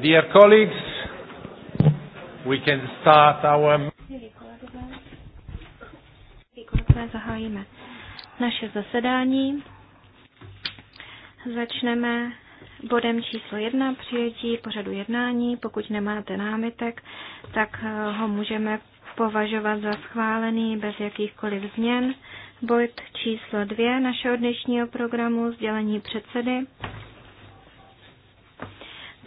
Dear colleagues, we can start our... zahájíme naše zasedání. Začneme bodem číslo jedna, přijetí pořadu jednání. Pokud nemáte námitek, tak eh, ho můžeme považovat za schválený bez jakýchkoliv změn. Bod číslo dvě našeho dnešního programu, sdělení předsedy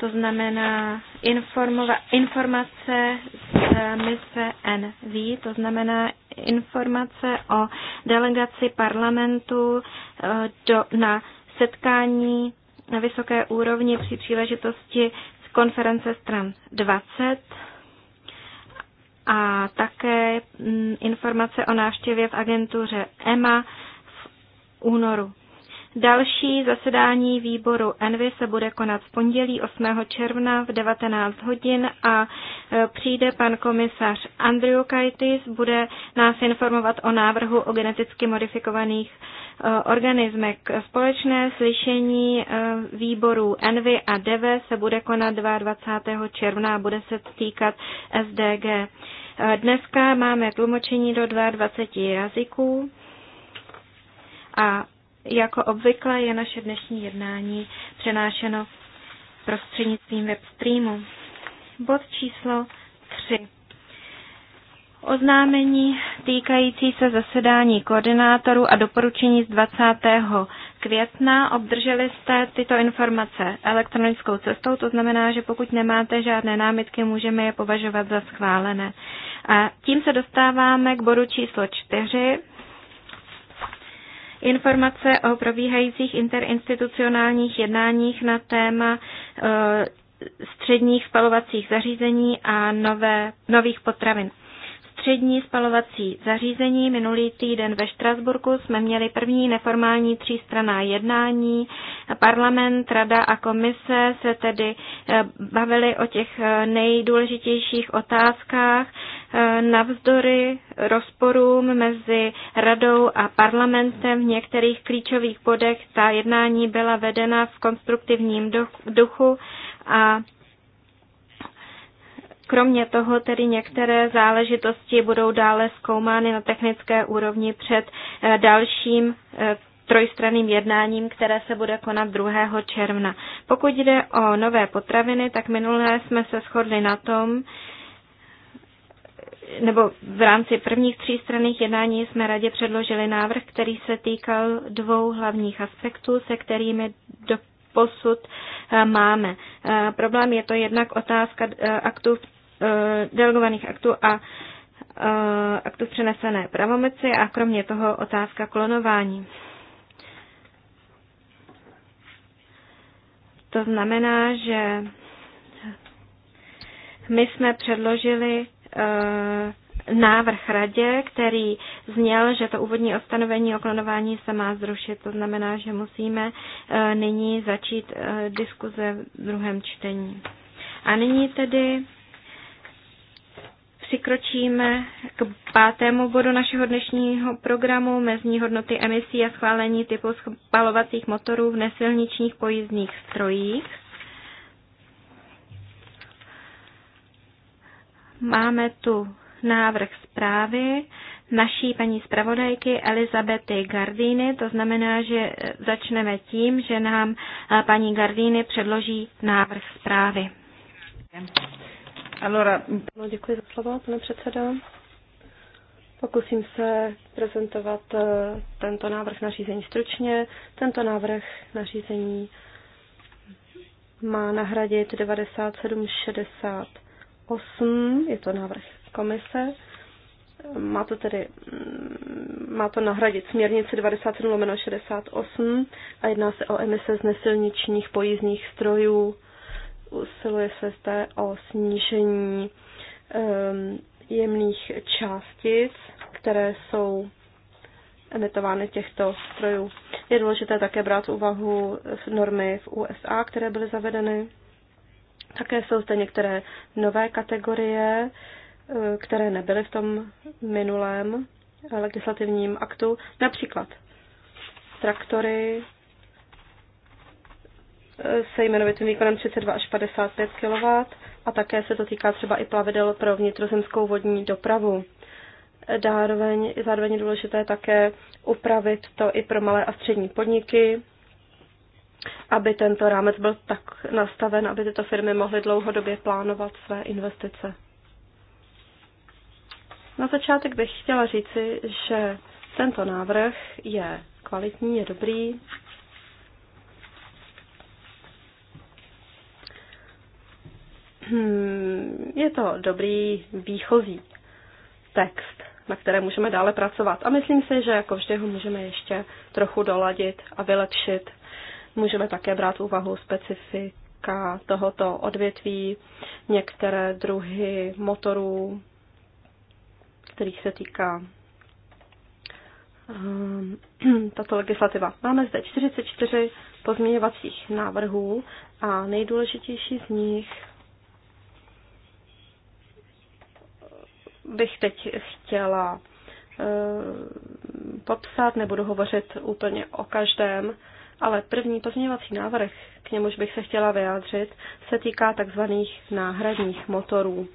to znamená informova, informace z mise NV, to znamená informace o delegaci parlamentu eh, do, na setkání na vysoké úrovni při příležitosti konference stran 20 a také mm, informace o návštěvě v agentuře EMA v únoru Další zasedání výboru Envy se bude konat v pondělí 8. června v 19 hodin a e, přijde pan komisař Andrew Kaitis, bude nás informovat o návrhu o geneticky modifikovaných e, organismech. Společné slyšení e, výborů Envy a DEVE se bude konat 22. června a bude se týkat SDG. Dneska máme tlumočení do 22 jazyků a jako obvykle je naše dnešní jednání přenášeno prostřednictvím webstreamu. Bod číslo 3. Oznámení týkající se zasedání koordinátorů a doporučení z 20. května. Obdrželi jste tyto informace elektronickou cestou, to znamená, že pokud nemáte žádné námitky, můžeme je považovat za schválené. A tím se dostáváme k bodu číslo 4, informace o probíhajících interinstitucionálních jednáních na téma e, středních spalovacích zařízení a nové, nových potravin střední spalovací zařízení. Minulý týden ve Štrasburku jsme měli první neformální třístraná jednání. Parlament, rada a komise se tedy eh, bavili o těch eh, nejdůležitějších otázkách eh, navzdory rozporům mezi radou a parlamentem v některých klíčových bodech ta jednání byla vedena v konstruktivním duchu a Kromě toho tedy některé záležitosti budou dále zkoumány na technické úrovni před eh, dalším eh, trojstranným jednáním, které se bude konat 2. června. Pokud jde o nové potraviny, tak minulé jsme se shodli na tom, nebo v rámci prvních třístranných jednání jsme radě předložili návrh, který se týkal dvou hlavních aspektů, se kterými do posud eh, máme. Problém je to jednak otázka aktu Eh, delegovaných aktů a eh, aktů přenesené pravomoci a kromě toho otázka klonování. To znamená, že my jsme předložili eh, návrh radě, který zněl, že to úvodní ustanovení o klonování se má zrušit. To znamená, že musíme nyní začít diskuze v druhém čtení. A nyní tedy přikročíme k pátému bodu našeho dnešního programu mezní hodnoty emisí a schválení typu spalovacích motorů v nesilničních pojízdních strojích. Máme tu návrh zprávy naší paní zpravodajky Elizabety Gardíny. To znamená, že začneme tím, že nám paní Gardíny předloží návrh zprávy. Děkujeme. Allora... No, děkuji za slovo, pane předsedo. Pokusím se prezentovat eh, tento návrh nařízení stručně. Tento návrh nařízení má nahradit 9768, je to návrh komise. Má to tedy mm, má to nahradit směrnici 97 68 a jedná se o emise z nesilničních pojízdních strojů usiluje se zde o snížení ehm, jemných částic, které jsou emitovány těchto strojů. Je důležité také brát v úvahu normy v USA, které byly zavedeny. Také jsou zde některé nové kategorie, eh, které nebyly v tom minulém legislativním aktu, například traktory, se jmenovitým výkonem 32 až 55 kW a také se to týká třeba i plavidel pro vnitrozemskou vodní dopravu. Zároveň, zároveň je důležité také upravit to i pro malé a střední podniky, aby tento rámec byl tak nastaven, aby tyto firmy mohly dlouhodobě plánovat své investice. Na začátek bych chtěla říci, že tento návrh je kvalitní, je dobrý, Hmm, je to dobrý výchozí text, na které můžeme dále pracovat. A myslím si, že jako vždy ho můžeme ještě trochu doladit a vylepšit. Můžeme také brát v úvahu specifika tohoto odvětví, některé druhy motorů, kterých se týká ehm, tato legislativa. Máme zde 44 pozměňovacích návrhů a nejdůležitější z nich bych teď chtěla eh, popsat, nebudu hovořit úplně o každém, ale první pozměňovací návrh, k němuž bych se chtěla vyjádřit, se týká takzvaných náhradních motorů.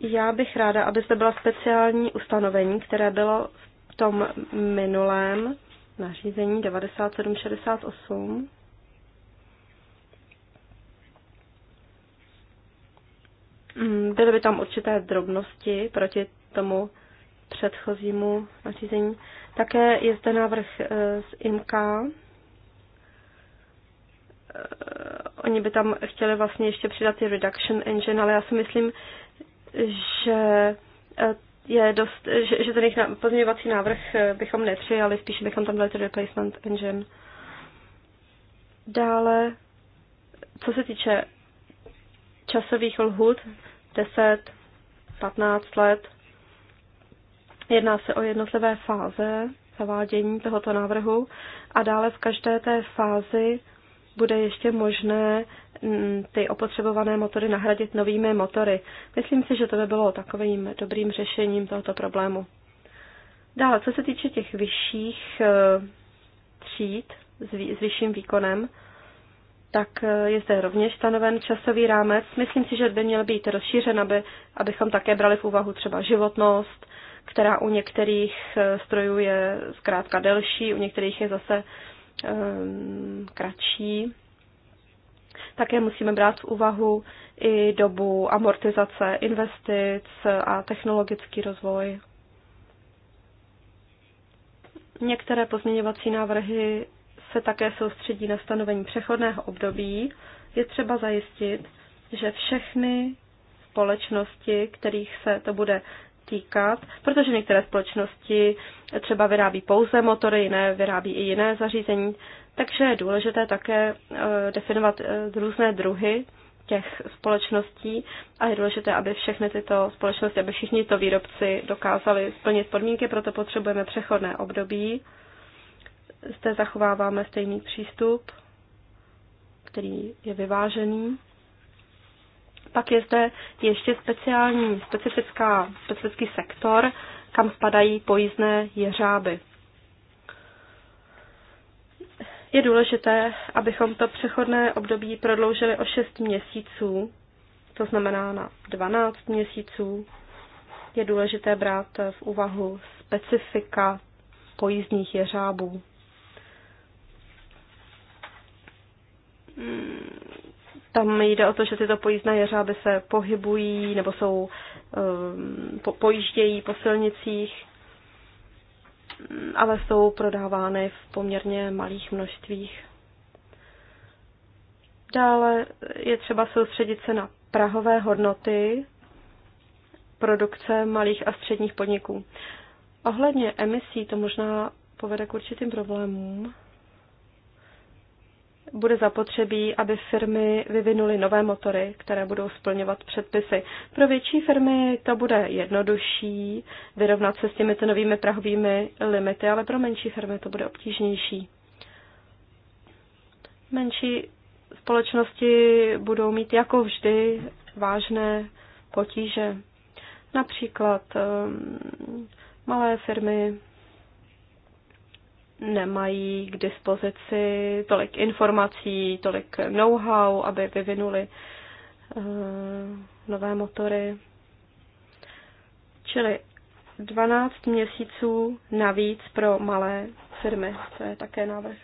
Já bych ráda, aby zde byla speciální ustanovení, které bylo v tom minulém nařízení 9768. Mm, byly by tam určité drobnosti proti tomu předchozímu nařízení. Také je zde návrh eh, z IMKA. Eh, oni by tam chtěli vlastně ještě přidat i reduction engine, ale já si myslím, že eh, je dost, že, že ten jejich pozměňovací návrh bychom nepřijali, spíše bychom tam dali replacement engine. Dále, co se týče časových lhut 10, 15 let. Jedná se o jednotlivé fáze zavádění tohoto návrhu a dále v každé té fázi bude ještě možné mm, ty opotřebované motory nahradit novými motory. Myslím si, že to by bylo takovým dobrým řešením tohoto problému. Dále, co se týče těch vyšších eh, tříd s vyšším výkonem, tak eh, je zde rovněž stanoven časový rámec. Myslím si, že by měl být rozšířen, aby, abychom také brali v úvahu třeba životnost, která u některých eh, strojů je zkrátka delší, u některých je zase um, kratší. Také musíme brát v úvahu i dobu amortizace investic a technologický rozvoj. Některé pozměňovací návrhy se také soustředí na stanovení přechodného období, je třeba zajistit, že všechny společnosti, kterých se to bude týkat, protože některé společnosti třeba vyrábí pouze motory, jiné vyrábí i jiné zařízení, takže je důležité také eh, definovat eh, různé druhy těch společností a je důležité, aby všechny tyto společnosti, aby všichni to výrobci dokázali splnit podmínky, proto potřebujeme přechodné období, zde zachováváme stejný přístup, který je vyvážený. Pak je zde ještě speciální, specifická, specifický sektor, kam spadají pojízdné jeřáby. Je důležité, abychom to přechodné období prodloužili o 6 měsíců, to znamená na 12 měsíců. Je důležité brát v úvahu specifika pojízdních jeřábů. tam jde o to, že tyto pojízdné jeřáby se pohybují nebo jsou eh, po, pojíždějí po silnicích, ale jsou prodávány v poměrně malých množstvích. Dále je třeba soustředit se na prahové hodnoty produkce malých a středních podniků. Ohledně emisí to možná povede k určitým problémům bude zapotřebí, aby firmy vyvinuly nové motory, které budou splňovat předpisy. Pro větší firmy to bude jednodušší vyrovnat se s těmito novými prahovými limity, ale pro menší firmy to bude obtížnější. Menší společnosti budou mít jako vždy vážné potíže. Například ehm, malé firmy nemají k dispozici tolik informací, tolik know-how, aby vyvinuli eh, nové motory. Čili 12 měsíců navíc pro malé firmy. To je také návrh.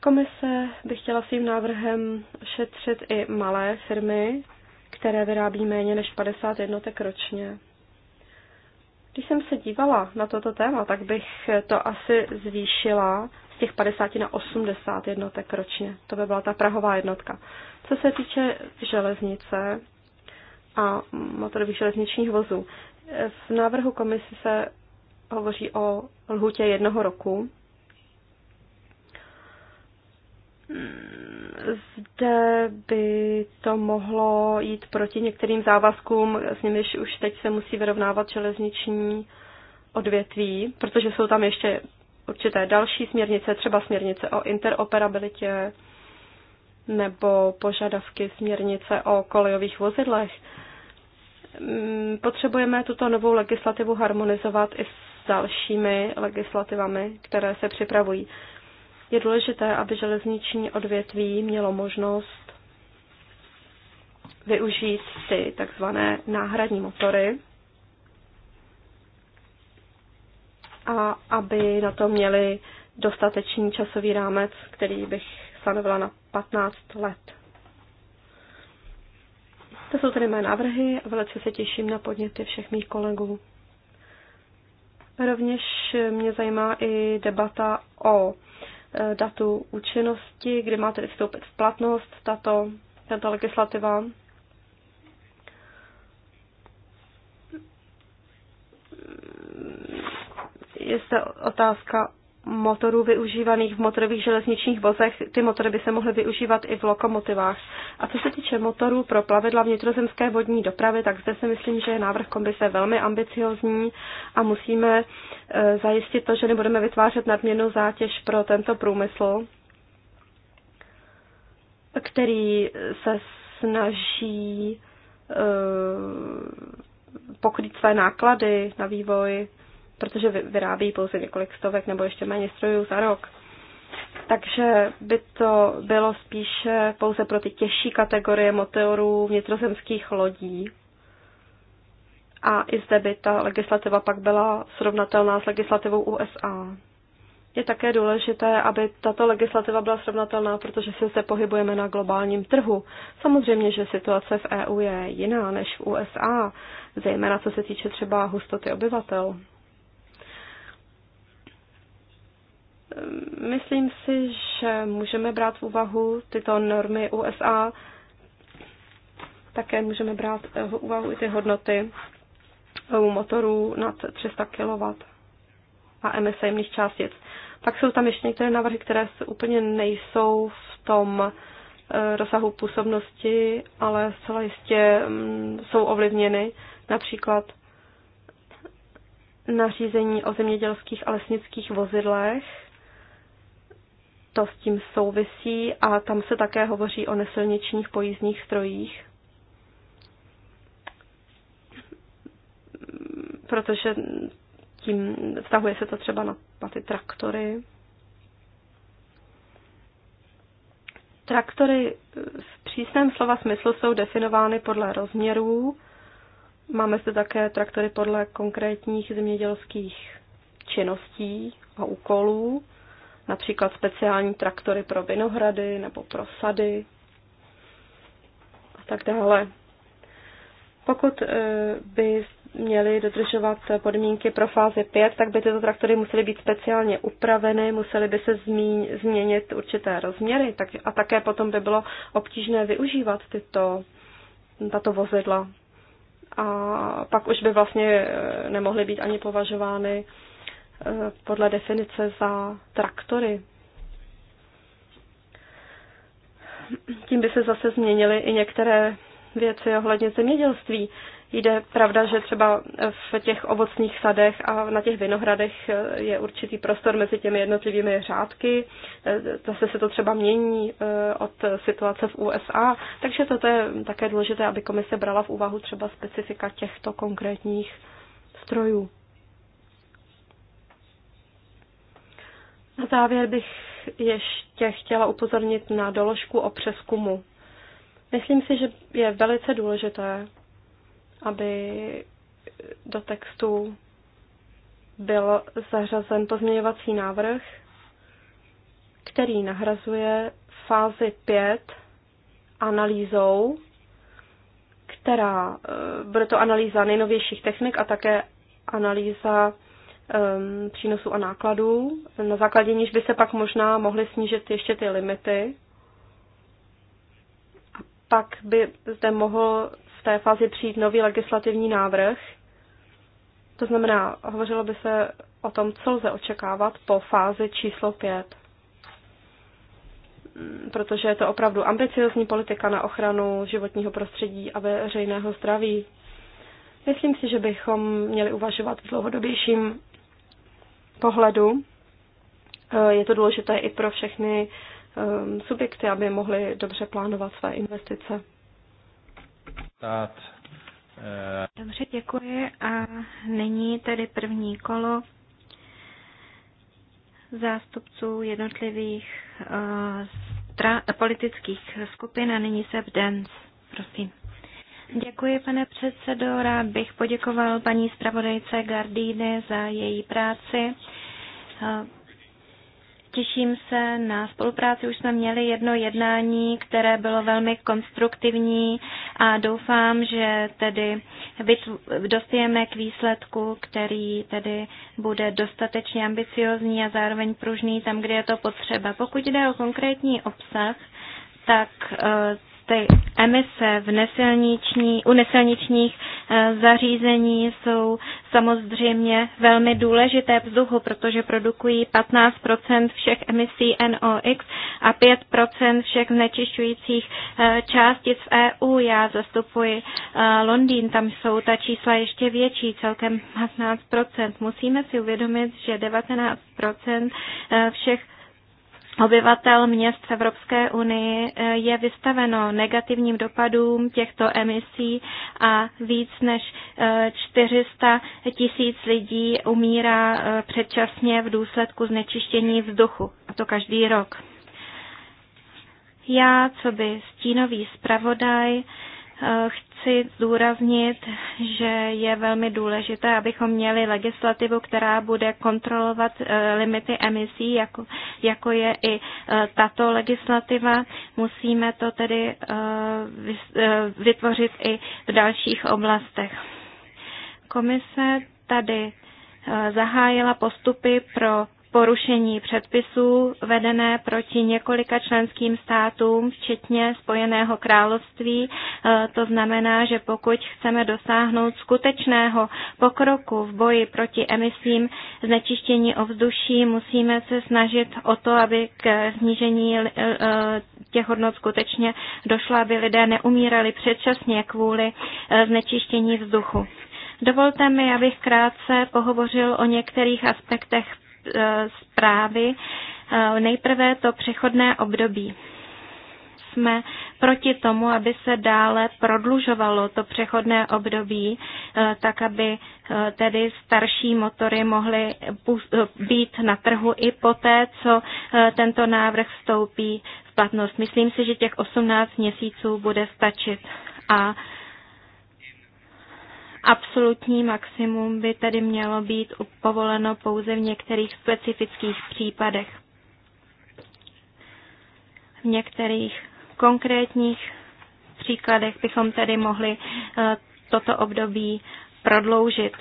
Komise by chtěla svým návrhem šetřit i malé firmy, které vyrábí méně než 50 jednotek ročně. Když jsem se dívala na toto téma, tak bych to asi zvýšila z těch 50 na 80 jednotek ročně. To by byla ta prahová jednotka. Co se týče železnice a motorových železničních vozů, v návrhu komise se hovoří o lhutě jednoho roku zde by to mohlo jít proti některým závazkům, s nimiž už teď se musí vyrovnávat železniční odvětví, protože jsou tam ještě určité další směrnice, třeba směrnice o interoperabilitě nebo požadavky směrnice o kolejových vozidlech. Mm, potřebujeme tuto novou legislativu harmonizovat i s dalšími legislativami, které se připravují. Je důležité, aby železniční odvětví mělo možnost využít ty takzvané náhradní motory a aby na to měli dostatečný časový rámec, který bych stanovila na 15 let. To jsou tedy mé návrhy a velice se těším na podněty všech mých kolegů. Rovněž mě zajímá i debata o Eh, datu účinnosti, kdy má tedy vstoupit v platnost tato, tato legislativa. Je zde otázka motorů využívaných v motorových železničních vozech, ty motory by se mohly využívat i v lokomotivách. A co se týče motorů pro plavidla vnitrozemské vodní dopravy, tak zde si myslím, že je návrh komise velmi ambiciozní a musíme e, zajistit to, že nebudeme vytvářet nadměrnou zátěž pro tento průmysl, který se snaží e, pokrýt své náklady na vývoj protože vyrábí pouze několik stovek nebo ještě méně strojů za rok. Takže by to bylo spíše pouze pro ty těžší kategorie motorů vnitrozemských lodí. A i zde by ta legislativa pak byla srovnatelná s legislativou USA. Je také důležité, aby tato legislativa byla srovnatelná, protože se zde pohybujeme na globálním trhu. Samozřejmě, že situace v EU je jiná než v USA, zejména co se týče třeba hustoty obyvatel. Myslím si, že můžeme brát v úvahu tyto normy USA, také můžeme brát eh, v úvahu i ty hodnoty u motorů nad 300 kW a emise jemných částic. Pak jsou tam ještě některé návrhy, které úplně nejsou v tom eh, rozsahu působnosti, ale zcela jistě mm, jsou ovlivněny. Například nařízení o zemědělských a lesnických vozidlech, to s tím souvisí a tam se také hovoří o nesilničních pojízdních strojích. Protože tím vztahuje se to třeba na, na ty traktory. Traktory v přísném slova smyslu jsou definovány podle rozměrů. Máme zde také traktory podle konkrétních zemědělských činností a úkolů například speciální traktory pro vinohrady nebo pro sady a tak dále. Pokud e, by měly dodržovat podmínky pro fázi 5, tak by tyto traktory musely být speciálně upraveny, musely by se změnit určité rozměry a také potom by bylo obtížné využívat tyto, tato vozidla. A pak už by vlastně e, nemohly být ani považovány Eh, podle definice za traktory. Tím by se zase změnily i některé věci ohledně zemědělství. Jde pravda, že třeba v těch ovocných sadech a na těch vinohradech eh, je určitý prostor mezi těmi jednotlivými řádky. Eh, zase se to třeba mění od situace v USA, takže toto je také důležité, aby komise brala v úvahu třeba specifika těchto konkrétních strojů. Na závěr bych ještě chtěla upozornit na doložku o přeskumu. Myslím si, že je velice důležité, aby do textu byl zařazen pozměňovací návrh, který nahrazuje fázi 5 analýzou, která eh, bude to analýza nejnovějších technik a také analýza um, přínosů a nákladů, na základě níž by se pak možná mohly snížit ještě ty limity. A pak by zde mohl v té fázi přijít nový legislativní návrh. To znamená, hovořilo by se o tom, co lze očekávat po fázi číslo 5 mm, protože je to opravdu ambiciozní politika na ochranu životního prostředí a veřejného zdraví. Myslím si, že bychom měli uvažovat v dlouhodobějším pohledu eh, je to důležité i pro všechny eh, subjekty, aby mohli dobře plánovat své investice. Eh, dobře, děkuji. A nyní tedy první kolo zástupců jednotlivých uh, politických skupin a nyní se v DENS. Prosím. Děkuji, pane předsedo. Rád bych poděkoval paní zpravodajce Gardíny za její práci. Těším se na spolupráci. Už jsme měli jedno jednání, které bylo velmi konstruktivní a doufám, že tedy dospějeme k výsledku, který tedy bude dostatečně ambiciozní a zároveň pružný tam, kde je to potřeba. Pokud jde o konkrétní obsah, tak eh, ty emise v nesilniční, u nesilničních eh, zařízení jsou samozřejmě velmi důležité vzduchu, protože produkují 15 všech emisí NOx a 5 všech znečišťujících eh, částic v EU. Já zastupuji eh, Londýn, tam jsou ta čísla ještě větší, celkem 15 Musíme si uvědomit, že 19 všech obyvatel měst v Evropské unii eh, je vystaveno negativním dopadům těchto emisí a víc než 400 eh, tisíc lidí umírá eh, předčasně v důsledku znečištění vzduchu, a to každý rok. Já, co by stínový zpravodaj, chci zdůraznit, že je velmi důležité, abychom měli legislativu, která bude kontrolovat eh, limity emisí, jako, jako je i eh, tato legislativa. Musíme to tedy eh, vytvořit i v dalších oblastech. Komise tady zahájila postupy pro porušení předpisů vedené proti několika členským státům, včetně Spojeného království. E, to znamená, že pokud chceme dosáhnout skutečného pokroku v boji proti emisím znečištění ovzduší, musíme se snažit o to, aby k snížení e, těch hodnot skutečně došlo, aby lidé neumírali předčasně kvůli e, znečištění vzduchu. Dovolte mi, abych krátce pohovořil o některých aspektech Eh, zprávy, eh, nejprve to přechodné období. Jsme proti tomu, aby se dále prodlužovalo to přechodné období, eh, tak aby tedy starší motory mohly být na trhu i poté, co tento návrh vstoupí v platnost. Myslím si, že těch 18 měsíců bude stačit. A Absolutní maximum by tedy mělo být povoleno pouze v některých specifických případech. V některých konkrétních příkladech bychom tedy mohli eh, toto období prodloužit.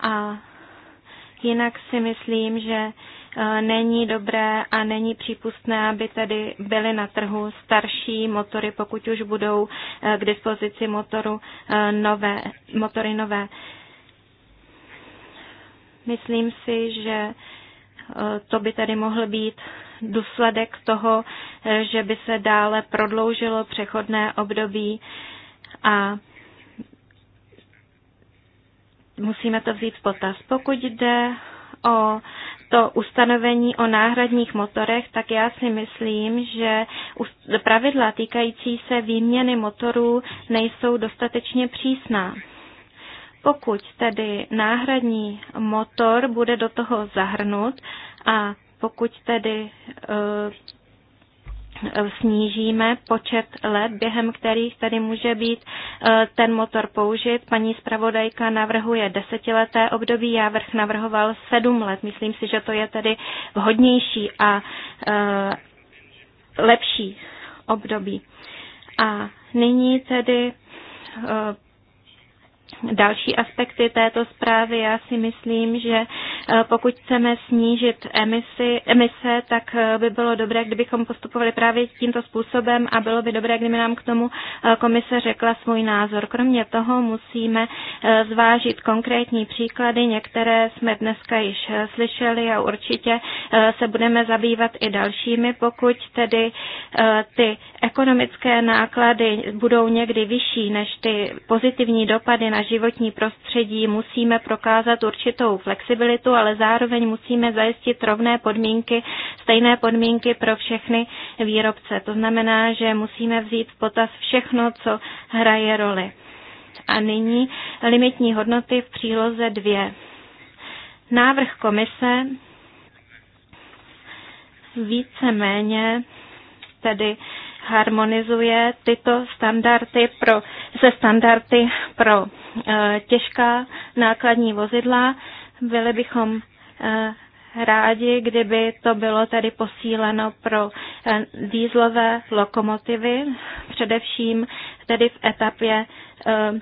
A jinak si myslím, že E, není dobré a není přípustné, aby tedy byly na trhu starší motory, pokud už budou e, k dispozici motoru e, nové, motory nové. Myslím si, že to by tady mohl být důsledek toho, že by se dále prodloužilo přechodné období a musíme to vzít v potaz. Pokud jde o to ustanovení o náhradních motorech, tak já si myslím, že pravidla týkající se výměny motorů nejsou dostatečně přísná. Pokud tedy náhradní motor bude do toho zahrnut a pokud tedy eh, snížíme počet let, během kterých tady může být eh, ten motor použit. Paní zpravodajka navrhuje desetileté období, já vrch navrhoval sedm let. Myslím si, že to je tedy vhodnější a eh, lepší období. A nyní tedy eh, další aspekty této zprávy. Já si myslím, že Eh, pokud chceme snížit emisi, emise, tak eh, by bylo dobré, kdybychom postupovali právě tímto způsobem a bylo by dobré, kdyby nám k tomu eh, komise řekla svůj názor. Kromě toho musíme zvážit konkrétní příklady, některé jsme dneska již slyšeli a určitě se budeme zabývat i dalšími, pokud tedy ty ekonomické náklady budou někdy vyšší než ty pozitivní dopady na životní prostředí, musíme prokázat určitou flexibilitu sportu, ale zároveň musíme zajistit rovné podmínky, stejné podmínky pro všechny výrobce. To znamená, že musíme vzít v potaz všechno, co hraje roli. A nyní limitní hodnoty v příloze 2. Návrh komise víceméně tedy harmonizuje tyto standardy pro, se standardy pro e, těžká nákladní vozidla byli bychom eh, rádi, kdyby to bylo tady posíleno pro eh, dýzlové lokomotivy, především tedy v etapě eh,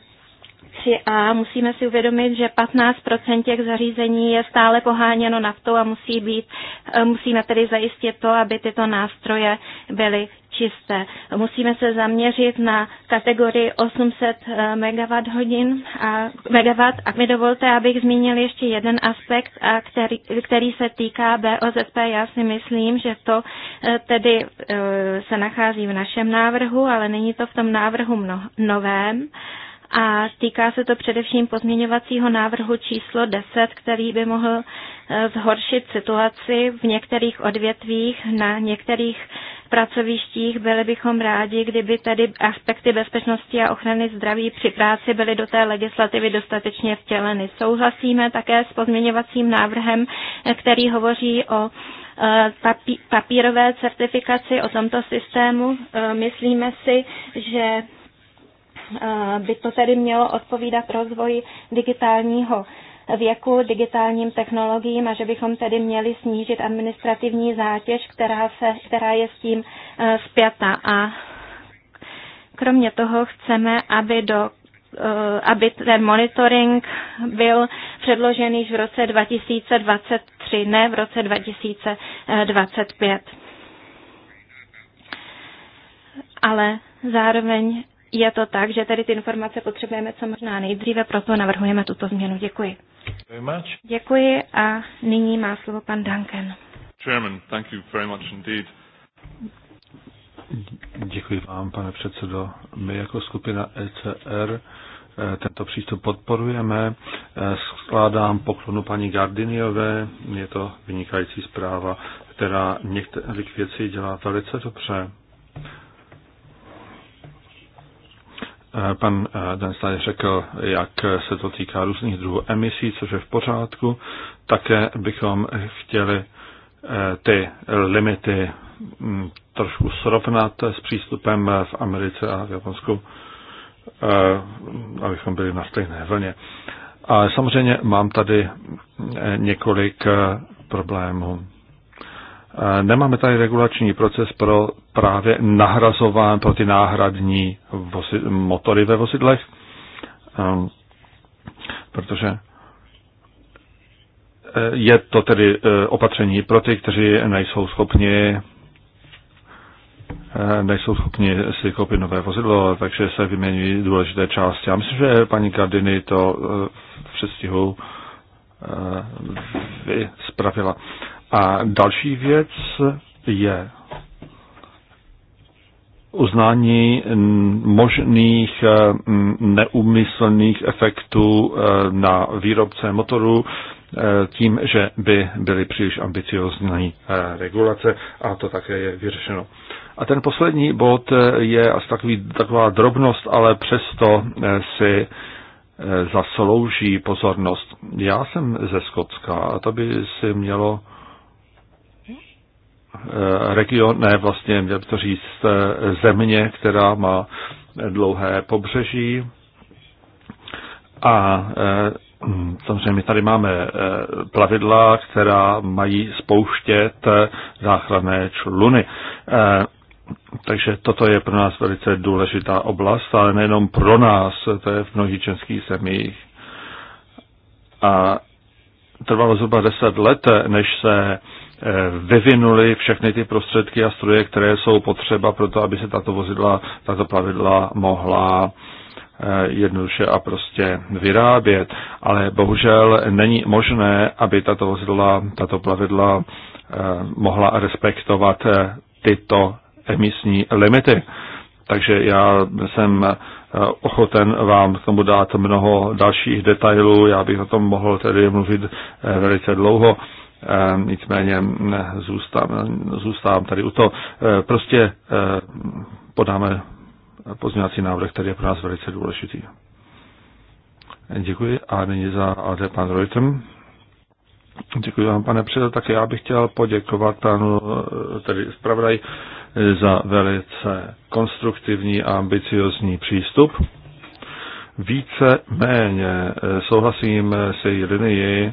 3A musíme si uvědomit, že 15 těch zařízení je stále poháněno naftou a musí být, e, musíme tedy zajistit to, aby tyto nástroje byly čisté. Musíme se zaměřit na kategorii 800 e, megawatt hodin a megawatt. A mi dovolte, abych zmínil ještě jeden aspekt, a který, který se týká BOZP. Já si myslím, že to e, tedy se nachází v našem návrhu, ale není to v tom návrhu novém a týká se to především pozměňovacího návrhu číslo 10, který by mohl eh, zhoršit situaci v některých odvětvích, na některých pracovištích. Byli bychom rádi, kdyby tedy aspekty bezpečnosti a ochrany zdraví při práci byly do té legislativy dostatečně vtěleny. Souhlasíme také s pozměňovacím návrhem, eh, který hovoří o eh, papírové certifikaci o tomto systému. Myslíme si, že Eh, by to tedy mělo odpovídat rozvoji digitálního věku, digitálním technologiím a že bychom tedy měli snížit administrativní zátěž, která, se, která je s tím zpěta. Eh, a kromě toho chceme, aby do eh, aby ten monitoring byl předložen již v roce 2023, ne v roce 2025. Ale zároveň je to tak, že tedy ty informace potřebujeme co možná nejdříve, proto navrhujeme tuto změnu. Děkuji. Děkuji a nyní má slovo pan Duncan. Chairman, thank you very much indeed. Děkuji vám, pane předsedo. My jako skupina ECR eh, tento přístup podporujeme. Eh, skládám poklonu paní Gardiniové. Je to vynikající zpráva, která některých věcí dělá velice dobře. Eh, pan eh, Denstein řekl, jak se to týká různých druhů emisí, což je v pořádku. Také bychom chtěli eh, ty limity mm, trošku srovnat s přístupem v Americe a v Japonsku, abychom byli na stejné vlně. A samozřejmě mám tady mm, několik problémů. Nemáme tady regulační proces pro právě nahrazován pro ty náhradní vosi, motory ve vozidlech, ehm, protože eh, je to tedy eh, opatření pro ty, kteří nejsou schopni eh, nejsou schopni si koupit nové vozidlo, takže se vyměňují důležité části. Já myslím, že paní Gardiny to v předstihu vyspravila. A další věc je uznání možných eh, neumyslných efektů eh, na výrobce motoru eh, tím, že by byly příliš ambiciozní regulace a to také je vyřešeno. A ten poslední bod je asi takový, taková drobnost, ale přesto si zaslouží pozornost. Já jsem ze Skotska a to by si mělo Eh, region, ne vlastně, měl to říct, eh, země, která má dlouhé pobřeží. A eh, samozřejmě tady máme plavidla, která mají spouštět záchranné čluny. Takže toto je pro nás velice důležitá oblast, ale nejenom pro nás, to je v mnohých českých zemích. A trvalo zhruba deset let, než se Eh, vyvinuli všechny ty prostředky a stroje, které jsou potřeba pro to, aby se tato vozidla, tato plavidla mohla eh, jednoduše a prostě vyrábět. Ale bohužel není možné, aby tato vozidla, tato plavidla eh, mohla respektovat tyto emisní limity. Takže já jsem ochoten vám k tomu dát mnoho dalších detailů, já bych o tom mohl tedy mluvit velice dlouho, Ehm, nicméně mm, zůstám zůstávám tady u toho. Ehm, prostě ehm, podáme pozměňovací návrh, který je pro nás velice důležitý. Děkuji a nyní za AD pan Reutem. Děkuji vám, pane předsedo. Tak já bych chtěl poděkovat panu eh, tedy zpravodaj eh, za velice konstruktivní a ambiciozní přístup. Více méně eh, souhlasím se její linii,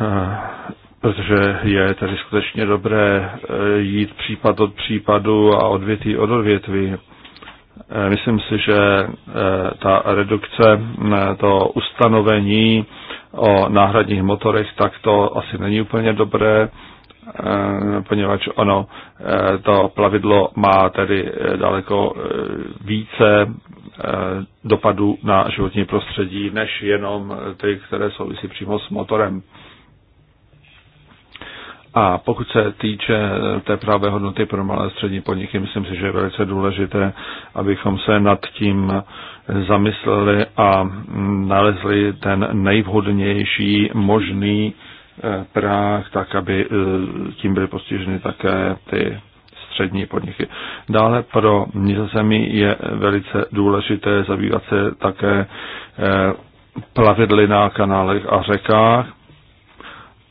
Eh, protože je tady skutečně dobré eh, jít případ od případu a odvětví od odvětví. Eh, myslím si, že ta redukce, to ustanovení o náhradních motorech, tak to asi není úplně dobré, poněvadž ono, to plavidlo má tedy daleko více dopadů na životní prostředí, než jenom ty, které souvisí přímo s motorem. A pokud se týče eh, té právě hodnoty pro malé střední podniky, myslím si, že je velice důležité, abychom se nad tím eh, zamysleli a mm, nalezli ten nejvhodnější možný eh, práh, tak aby tím byly postiženy také ty střední podniky. Dále pro nizozemí je velice důležité zabývat se také plavidly na kanálech a řekách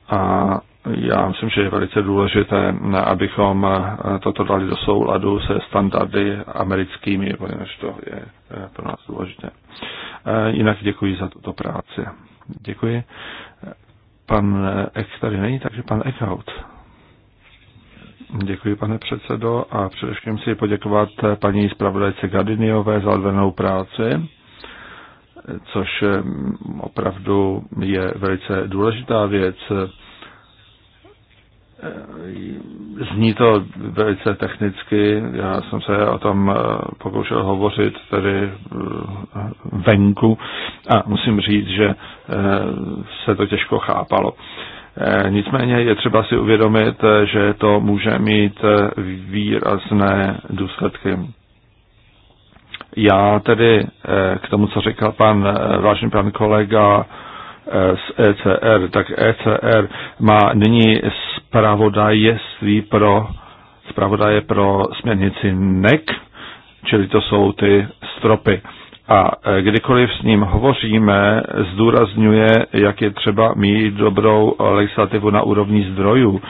a já myslím, že je velice důležité, abychom eh, toto dali do souladu se standardy americkými, protože to je eh, pro nás důležité. Eh, jinak děkuji za tuto práci. Děkuji. Pan Ek tady není, takže pan Eckhout. Děkuji, pane předsedo, a především si poděkovat paní zpravodajce Gardiniové za odvedenou práci což opravdu je velice důležitá věc. Eh, zní to velice technicky, já jsem se o tom eh, pokoušel hovořit tady eh, venku a musím říct, že se to těžko chápalo. Nicméně je třeba si uvědomit, že to může mít výrazné důsledky. Já tedy k tomu, co říkal pan vážný pan kolega Eh, z ECR, tak ECR má nyní zpravodajství pro zpravodaje pro směrnici NEC, čili to jsou ty stropy. A eh, kdykoliv s ním hovoříme, zdůrazňuje, jak je třeba mít dobrou legislativu na úrovni zdrojů.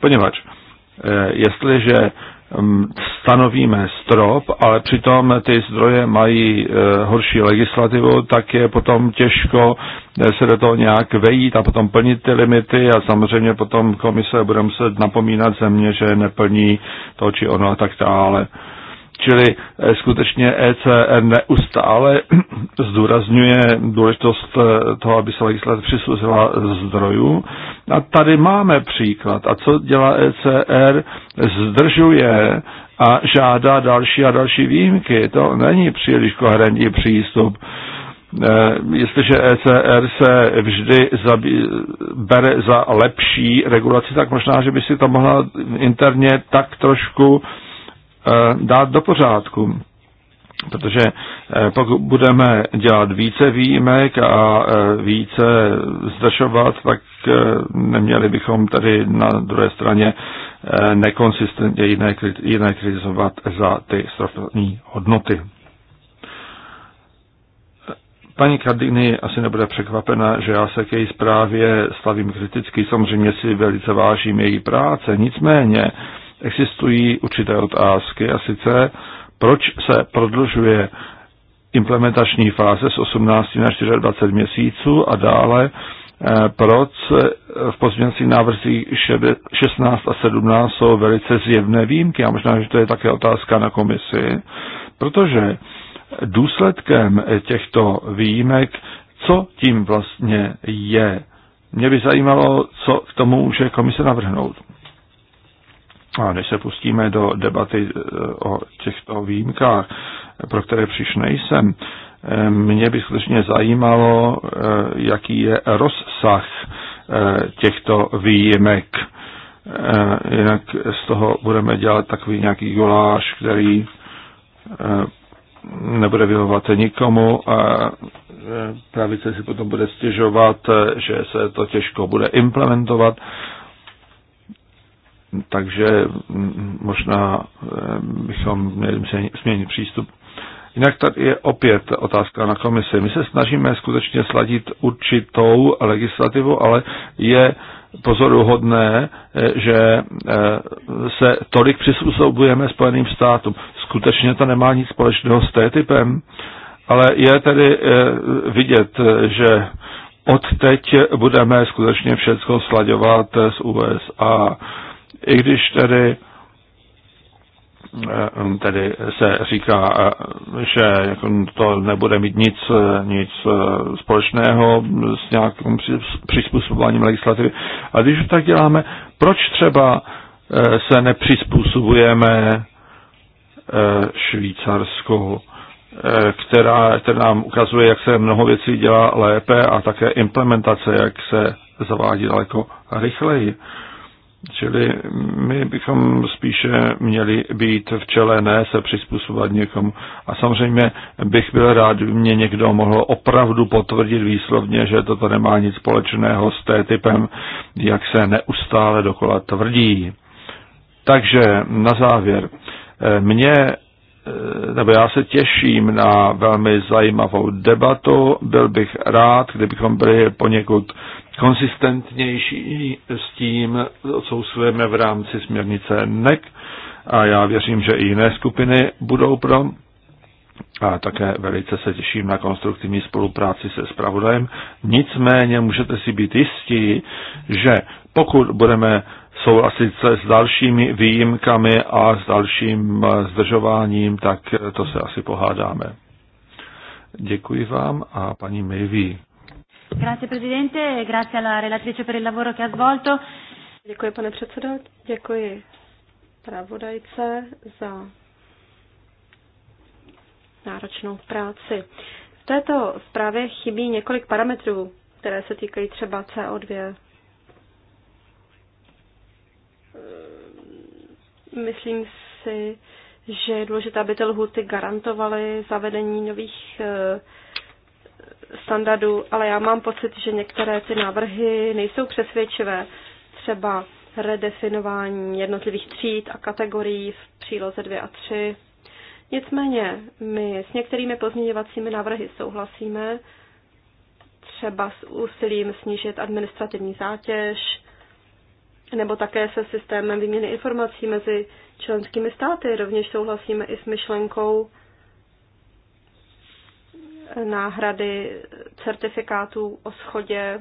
Poněvadž eh, jestliže Ehm, stanovíme strop, ale přitom ty zdroje mají eh, horší legislativu, tak je potom těžko eh, se do toho nějak vejít a potom plnit ty limity a samozřejmě potom komise bude muset napomínat země, že neplní to či ono a tak dále. Čili eh, skutečně ECR neustále zdůrazňuje důležitost eh, toho, aby se legislativa přisuzila zdrojů. A tady máme příklad. A co dělá ECR? Zdržuje a žádá další a další výjimky. To není příliš koherentní přístup eh, jestliže ECR se vždy zabí, bere za lepší regulaci, tak možná, že by si to mohla interně tak trošku Eh, dát do pořádku. Protože eh, pokud budeme dělat více výjimek a eh, více zdržovat, tak neměli bychom tady na druhé straně nekonsistentně jiné, kritizovat za ty strofní hodnoty. Paní Kardiny asi nebude překvapena, že já se k její zprávě stavím kriticky. Samozřejmě si velice vážím její práce. Nicméně existují určité otázky a sice proč se prodlužuje implementační fáze z 18 na 24 měsíců a dále eh, proč v pozměňovacích návrzích 16 a 17 jsou velice zjevné výjimky a možná, že to je také otázka na komisi, protože důsledkem těchto výjimek, co tím vlastně je. Mě by zajímalo, co k tomu může komise navrhnout. A než se pustíme do debaty eh, o těchto výjimkách, pro které příš nejsem, eh, mě by skutečně zajímalo, eh, jaký je rozsah těchto výjimek. Jinak z toho budeme dělat takový nějaký goláš, který nebude vyhovat nikomu a pravice si potom bude stěžovat, že se to těžko bude implementovat takže možná eh, bychom měli změnit přístup. Jinak tady je opět otázka na komisi. My se snažíme skutečně sladit určitou legislativu, ale je pozoruhodné, eh, že eh, se tolik přizpůsobujeme Spojeným státům. Skutečně to nemá nic společného s T-typem, ale je tedy vidět, že od teď budeme skutečně všechno slaďovat s USA. I když tedy eh, um, tedy se říká, eh, že jako to nebude mít nic, eh, nic společného s nějakým přizpůsobováním legislativy. A když tak děláme, proč třeba se nepřizpůsobujeme Švýcarsku, která, která nám ukazuje, jak se mnoho věcí dělá lépe a také implementace, jak se zavádí daleko rychleji. Čili my bychom spíše měli být v čele, ne se přizpůsobovat někomu. A samozřejmě bych byl rád, kdyby mě někdo mohl opravdu potvrdit výslovně, že toto nemá nic společného s té typem, jak se neustále dokola tvrdí. Takže na závěr. Mě, nebo já se těším na velmi zajímavou debatu. Byl bych rád, kdybychom byli poněkud konsistentnější s tím, co usilujeme v rámci směrnice NEC a já věřím, že i jiné skupiny budou pro. A také velice se těším na konstruktivní spolupráci se spravodajem. Nicméně můžete si být jistí, že pokud budeme souhlasit se s dalšími výjimkami a s dalším zdržováním, tak to se asi pohádáme. Děkuji vám a paní Mejví. Grazie Presidente, e grazie alla relatrice per il lavoro che ha svolto. Děkuji, pane předsedo, děkuji pravodajce za náročnou práci. V této zprávě chybí několik parametrů, které se týkají třeba CO2. Ehm, myslím si, že je důležité, aby ty lhuty garantovaly zavedení nových ehm, standardů, ale já mám pocit, že některé ty návrhy nejsou přesvědčivé. Třeba redefinování jednotlivých tříd a kategorií v příloze 2 a 3. Nicméně my s některými pozměňovacími návrhy souhlasíme, třeba s úsilím snížit administrativní zátěž, nebo také se systémem výměny informací mezi členskými státy. Rovněž souhlasíme i s myšlenkou náhrady certifikátů o schodě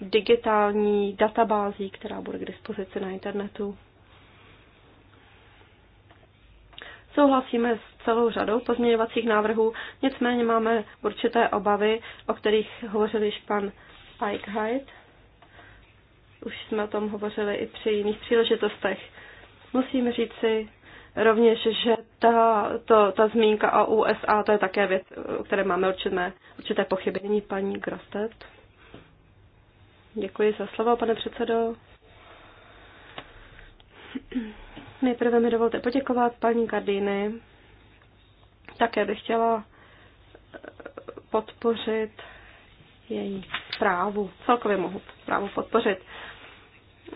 digitální databází, která bude k dispozici na internetu. Souhlasíme s celou řadou pozměňovacích návrhů, nicméně máme určité obavy, o kterých hovořil již pan Eichheit. Už jsme o tom hovořili i při jiných příležitostech. Musím říci, Rovněž, že ta, to, ta zmínka o USA, to je také věc, o které máme určité, určité pochybení, paní Grostet. Děkuji za slovo, pane předsedo. Nejprve mi dovolte poděkovat paní Gardiny. Také bych chtěla eh, podpořit její zprávu. Celkově mohu zprávu podpořit.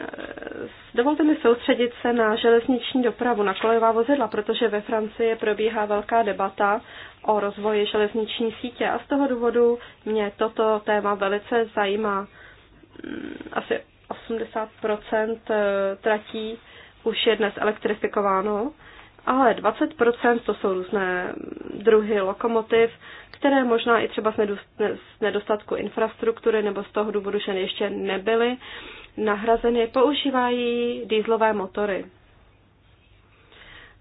Eh, dovolte mi soustředit se na železniční dopravu, na kolejová vozidla, protože ve Francii probíhá velká debata o rozvoji železniční sítě a z toho důvodu mě toto téma velice zajímá. Mm, asi 80 eh, tratí už je dnes elektrifikováno, ale 20 to jsou různé druhy lokomotiv, které možná i třeba z nedostatku infrastruktury nebo z toho důvodu, že ještě nebyly nahrazeny, používají dýzlové motory.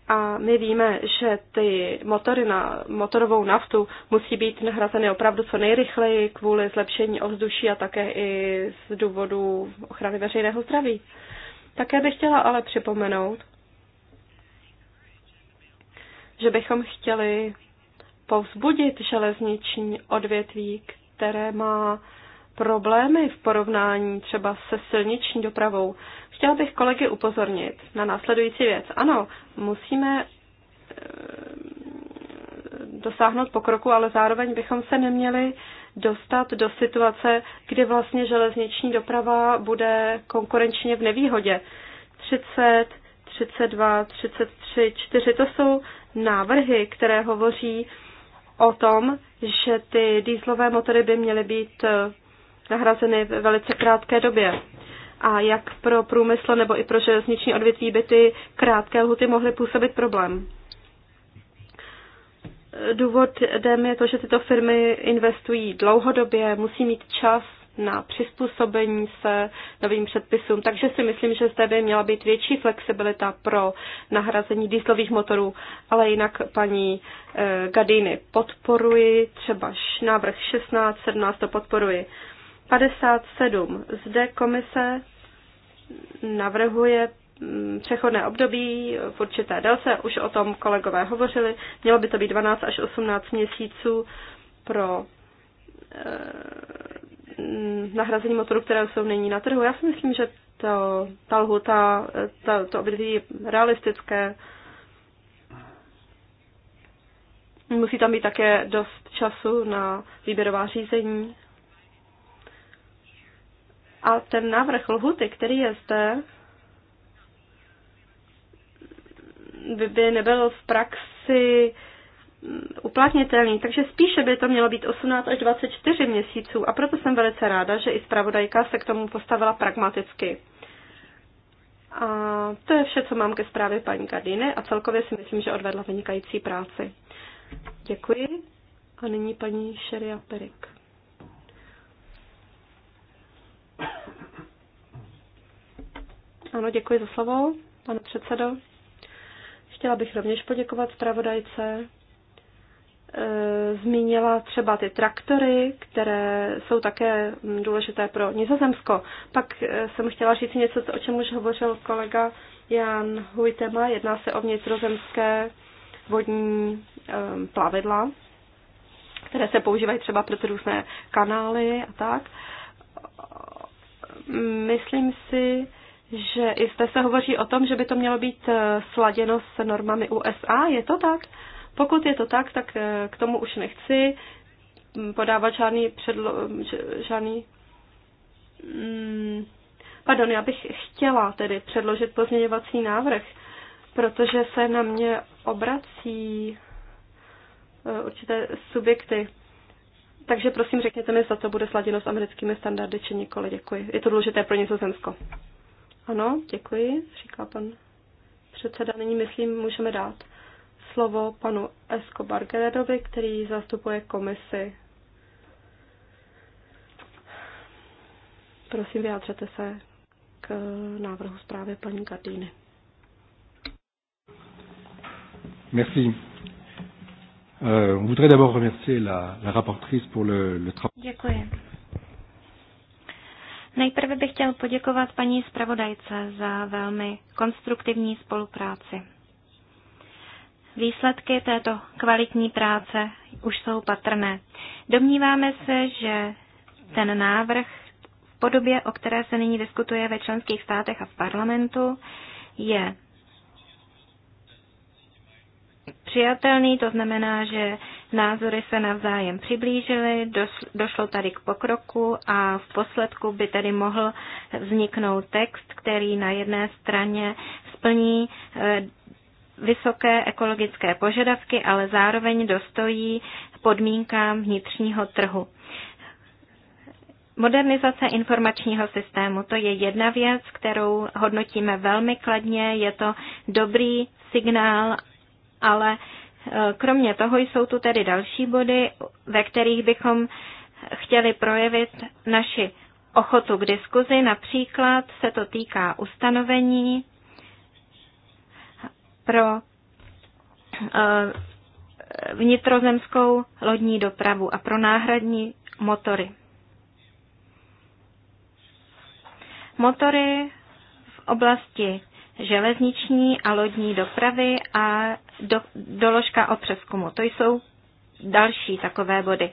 A my víme, že ty motory na motorovou naftu musí být nahrazeny opravdu co nejrychleji kvůli zlepšení ovzduší a také i z důvodu ochrany veřejného zdraví. Také bych chtěla ale připomenout, že bychom chtěli povzbudit železniční odvětví, které má problémy v porovnání třeba se silniční dopravou. Chtěla bych kolegy upozornit na následující věc. Ano, musíme eh, dosáhnout pokroku, ale zároveň bychom se neměli dostat do situace, kdy vlastně železniční doprava bude konkurenčně v nevýhodě. 30, 32, 33, 4 to jsou návrhy, které hovoří o tom, že ty dýzlové motory by měly být eh, nahrazeny ve velice krátké době. A jak pro průmysl nebo i pro železniční odvětví by ty krátké lhuty mohly působit problém? Důvodem je to, že tyto firmy investují dlouhodobě, musí mít čas na přizpůsobení se novým předpisům. Takže si myslím, že zde by měla být větší flexibilita pro nahrazení dýslových motorů, ale jinak paní eh, Gadiny podporuji, třeba návrh 16, 17 to podporuji. 57. Zde komise navrhuje mm, přechodné období v určité délce, už o tom kolegové hovořili, mělo by to být 12 až 18 měsíců pro eh, nahrazení motorů, které jsou nyní na trhu. Já si myslím, že to, ta lhuta, eh, ta, to období je realistické. Musí tam být také dost času na výběrová řízení a ten návrh lhuty, který je zde, by, by nebyl v praxi mm, uplatnitelný, takže spíše by to mělo být 18 až 24 měsíců a proto jsem velice ráda, že i zpravodajka se k tomu postavila pragmaticky. A to je vše, co mám ke zprávě paní Gardiny a celkově si myslím, že odvedla vynikající práci. Děkuji. A nyní paní Šeria Perik. Ano, děkuji za slovo, pane předsedo. Chtěla bych rovněž poděkovat zpravodajce. E, zmínila třeba ty traktory, které jsou také mm, důležité pro Nizozemsko. Pak e, jsem chtěla říct něco, o čem už hovořil kolega Jan Huitema. Jedná se o vnitrozemské vodní plavidla, které se používají třeba pro různé kanály a tak myslím si, že i zde se hovoří o tom, že by to mělo být eh, sladěno s normami USA. Je to tak? Pokud je to tak, tak eh, k tomu už nechci mm, podávat žádný, předlo, žádný mm, pardon, já bych chtěla tedy předložit pozměňovací návrh, protože se na mě obrací eh, určité subjekty. Takže prosím, řekněte mi, za to bude sladěno s americkými standardy, či nikoli. Děkuji. Je to důležité pro Nizozemsko. Ano, děkuji, říká pan předseda. Nyní, myslím, můžeme dát slovo panu Escobar Guerrerovi, který zastupuje komisi. Prosím, vyjádřete se k návrhu zprávy paní Gardíny. Merci. Euh, on voudrait d'abord remercier la, la rapportrice pour le, le travail. Děkuji. Nejprve bych chtěl poděkovat paní zpravodajce za velmi konstruktivní spolupráci. Výsledky této kvalitní práce už jsou patrné. Domníváme se, že ten návrh v podobě, o které se nyní diskutuje ve členských státech a v parlamentu, je přijatelný, to znamená, že názory se navzájem přiblížily, došlo tady k pokroku a v posledku by tady mohl vzniknout text, který na jedné straně splní eh, vysoké ekologické požadavky, ale zároveň dostojí podmínkám vnitřního trhu. Modernizace informačního systému, to je jedna věc, kterou hodnotíme velmi kladně, je to dobrý signál ale e, kromě toho jsou tu tedy další body, ve kterých bychom chtěli projevit naši ochotu k diskuzi. Například se to týká ustanovení pro e, vnitrozemskou lodní dopravu a pro náhradní motory. Motory v oblasti železniční a lodní dopravy a do, doložka o přeskumu. To jsou další takové body.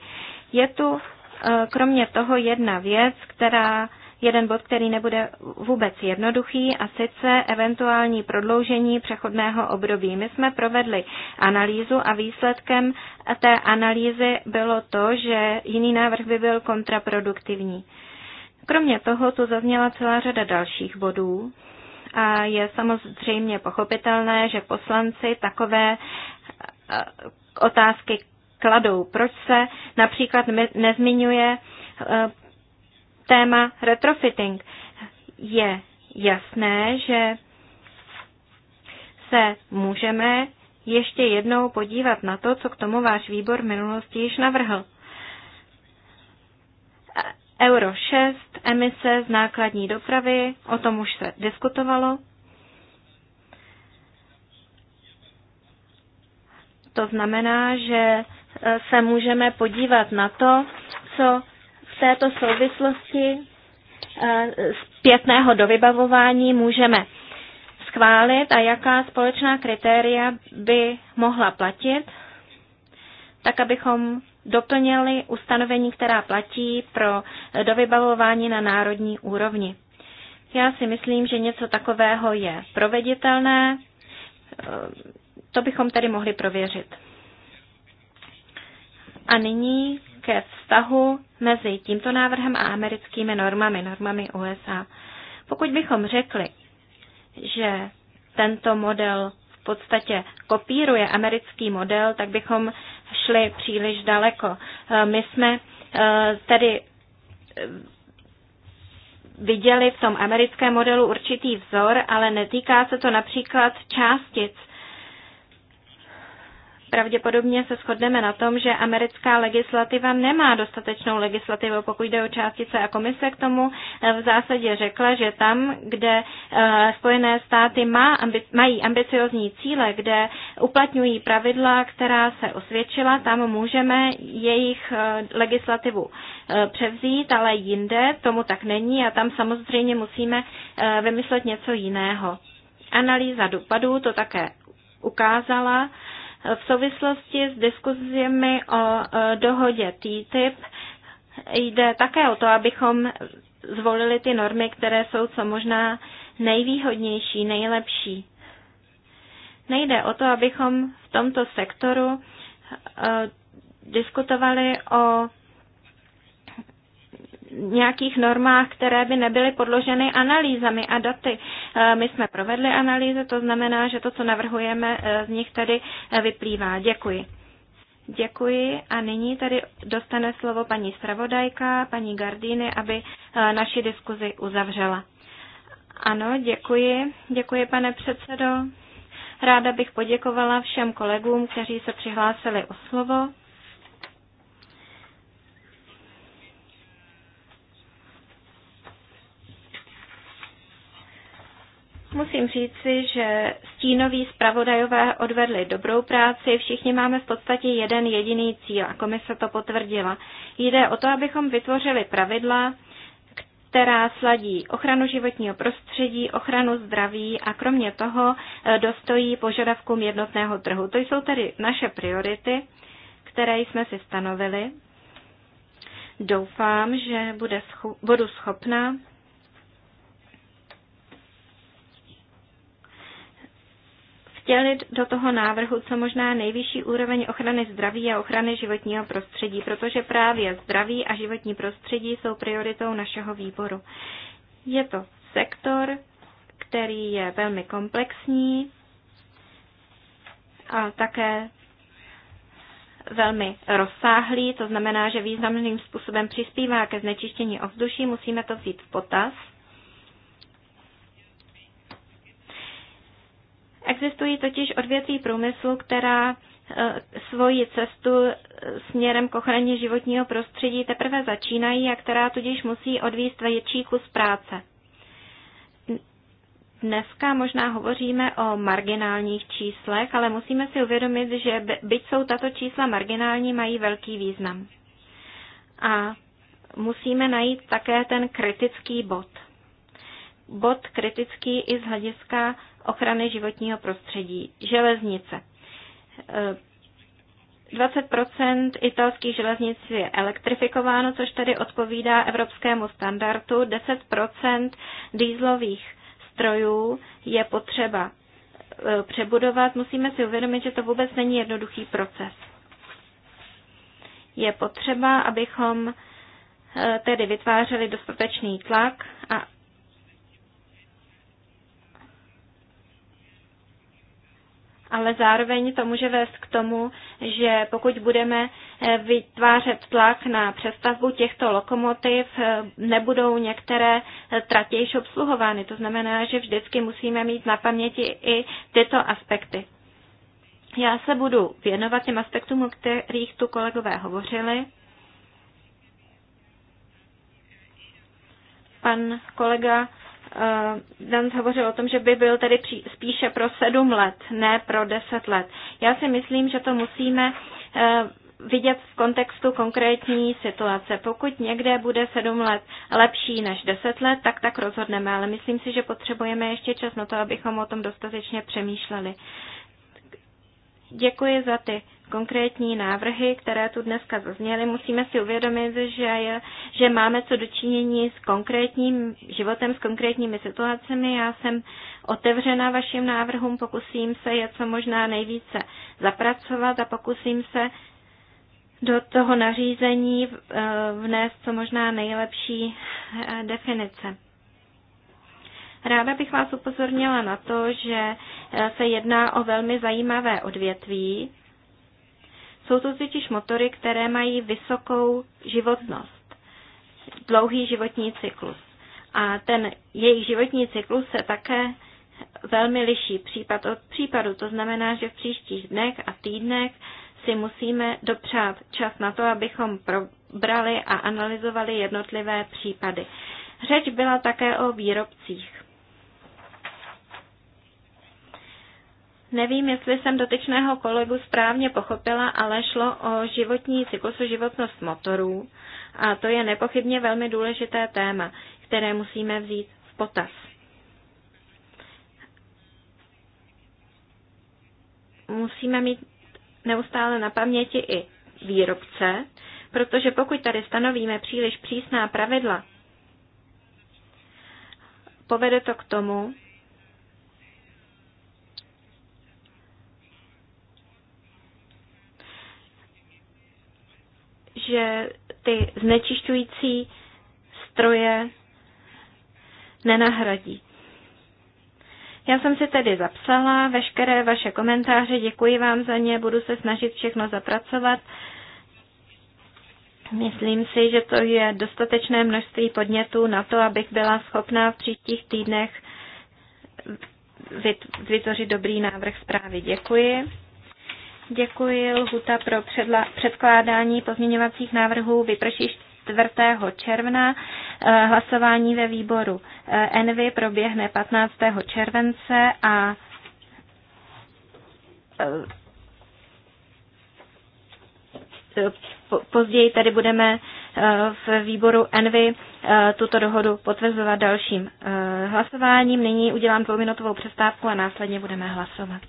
Je tu e, kromě toho jedna věc, která jeden bod, který nebude vůbec jednoduchý, a sice eventuální prodloužení přechodného období. My jsme provedli analýzu a výsledkem té analýzy bylo to, že jiný návrh by byl kontraproduktivní. Kromě toho tu zazněla celá řada dalších bodů, a je samozřejmě pochopitelné, že poslanci takové e, otázky kladou. Proč se například nezmiňuje e, téma retrofitting? Je jasné, že se můžeme ještě jednou podívat na to, co k tomu váš výbor v minulosti již navrhl. Euro 6, emise z nákladní dopravy, o tom už se diskutovalo. To znamená, že e, se můžeme podívat na to, co v této souvislosti e, zpětného dovybavování můžeme schválit a jaká společná kritéria by mohla platit, tak abychom doplnili ustanovení, která platí pro dovybavování na národní úrovni. Já si myslím, že něco takového je proveditelné. To bychom tedy mohli prověřit. A nyní ke vztahu mezi tímto návrhem a americkými normami, normami USA. Pokud bychom řekli, že tento model podstatě kopíruje americký model, tak bychom šli příliš daleko. Eh, my jsme eh, tedy eh, viděli v tom americkém modelu určitý vzor, ale netýká se to například částic pravděpodobně se shodneme na tom, že americká legislativa nemá dostatečnou legislativu, pokud jde o částice a komise k tomu eh, v zásadě řekla, že tam, kde eh, Spojené státy má, mají ambiciozní cíle, kde uplatňují pravidla, která se osvědčila, tam můžeme jejich eh, legislativu převzít, ale jinde tomu tak není a tam samozřejmě musíme vymyslet něco jiného. Analýza dopadů to také ukázala. V souvislosti s diskuzemi o e, dohodě TTIP jde také o to, abychom zvolili ty normy, které jsou co možná nejvýhodnější, nejlepší. Nejde o to, abychom v tomto sektoru e, diskutovali o nějakých normách, které by nebyly podloženy analýzami a daty. Eh, my jsme provedli analýzy, to znamená, že to, co navrhujeme, eh, z nich tady eh, vyplývá. Děkuji. Děkuji a nyní tady dostane slovo paní Stravodajka, paní Gardíny, aby naši diskuzi uzavřela. Ano, děkuji. Děkuji, pane předsedo. Ráda bych poděkovala všem kolegům, kteří se přihlásili o slovo. Musím říci, že stínoví zpravodajové odvedli dobrou práci, všichni máme v podstatě jeden jediný cíl a komise to potvrdila. Jde o to, abychom vytvořili pravidla, která sladí ochranu životního prostředí, ochranu zdraví a kromě toho eh, dostojí požadavkům jednotného trhu. To jsou tedy naše priority, které jsme si stanovili. Doufám, že bude scho- budu schopna vtělit do toho návrhu co možná nejvyšší úroveň ochrany zdraví a ochrany životního prostředí, protože právě zdraví a životní prostředí jsou prioritou našeho výboru. Je to sektor, který je velmi komplexní a také velmi rozsáhlý, to znamená, že významným způsobem přispívá ke znečištění ovzduší, musíme to vzít v potaz. Existují totiž odvětví průmyslu, která e, svoji cestu e, směrem k ochraně životního prostředí teprve začínají a která tudíž musí odvíst větší kus práce. Dneska možná hovoříme o marginálních číslech, ale musíme si uvědomit, že byť jsou tato čísla marginální, mají velký význam. A musíme najít také ten kritický bod. Bod kritický i z hlediska ochrany životního prostředí. Železnice. 20 eh, italských železnic je elektrifikováno, což tedy odpovídá evropskému standardu. 10 dýzlových strojů je potřeba eh, přebudovat. Musíme si uvědomit, že to vůbec není jednoduchý proces. Je potřeba, abychom eh, tedy vytvářeli dostatečný tlak a ale zároveň to může vést k tomu, že pokud budeme eh, vytvářet tlak na přestavbu těchto lokomotiv, eh, nebudou některé eh, tratě obsluhovány. To znamená, že vždycky musíme mít na paměti i tyto aspekty. Já se budu věnovat těm aspektům, o kterých tu kolegové hovořili. Pan kolega Eh, Dan hovořil o tom, že by byl tedy spíše pro sedm let, ne pro deset let. Já si myslím, že to musíme eh, vidět v kontextu konkrétní situace. Pokud někde bude sedm let lepší než deset let, tak tak rozhodneme, ale myslím si, že potřebujeme ještě čas na to, abychom o tom dostatečně přemýšleli. Uh, Děkuji za ty konkrétní návrhy, které tu dneska zazněly. Musíme si uvědomit, že, je, že máme co dočinění s konkrétním životem, s konkrétními situacemi. Já jsem otevřena vašim návrhům, pokusím se je co možná nejvíce zapracovat a pokusím se do toho nařízení eh, vnést co možná nejlepší eh, definice. Ráda bych vás upozornila na to, že eh, se jedná o velmi zajímavé odvětví. Jsou to totiž motory, které mají vysokou životnost, dlouhý životní cyklus. A ten jejich životní cyklus se také velmi liší případ od případu. To znamená, že v příštích dnech a týdnech si musíme dopřát čas na to, abychom probrali a analyzovali jednotlivé případy. Řeč byla také o výrobcích. Nevím, jestli jsem dotyčného kolegu správně pochopila, ale šlo o životní cyklus, životnost motorů a to je nepochybně velmi důležité téma, které musíme vzít v potaz. Musíme mít neustále na paměti i výrobce, protože pokud tady stanovíme příliš přísná pravidla, povede to k tomu, že ty znečišťující stroje nenahradí. Já jsem si tedy zapsala veškeré vaše komentáře, děkuji vám za ně, budu se snažit všechno zapracovat. Myslím si, že to je dostatečné množství podnětů na to, abych byla schopná v příštích týdnech vytvořit dobrý návrh zprávy. Děkuji. Děkuji. Lhuta pro předkládání pozměňovacích návrhů vyprší 4. června. Eh, hlasování ve výboru eh, Envy proběhne 15. července a eh, později tady budeme v výboru Envy tuto dohodu potvrzovat dalším hlasováním. Nyní udělám dvouminutovou přestávku a následně budeme hlasovat.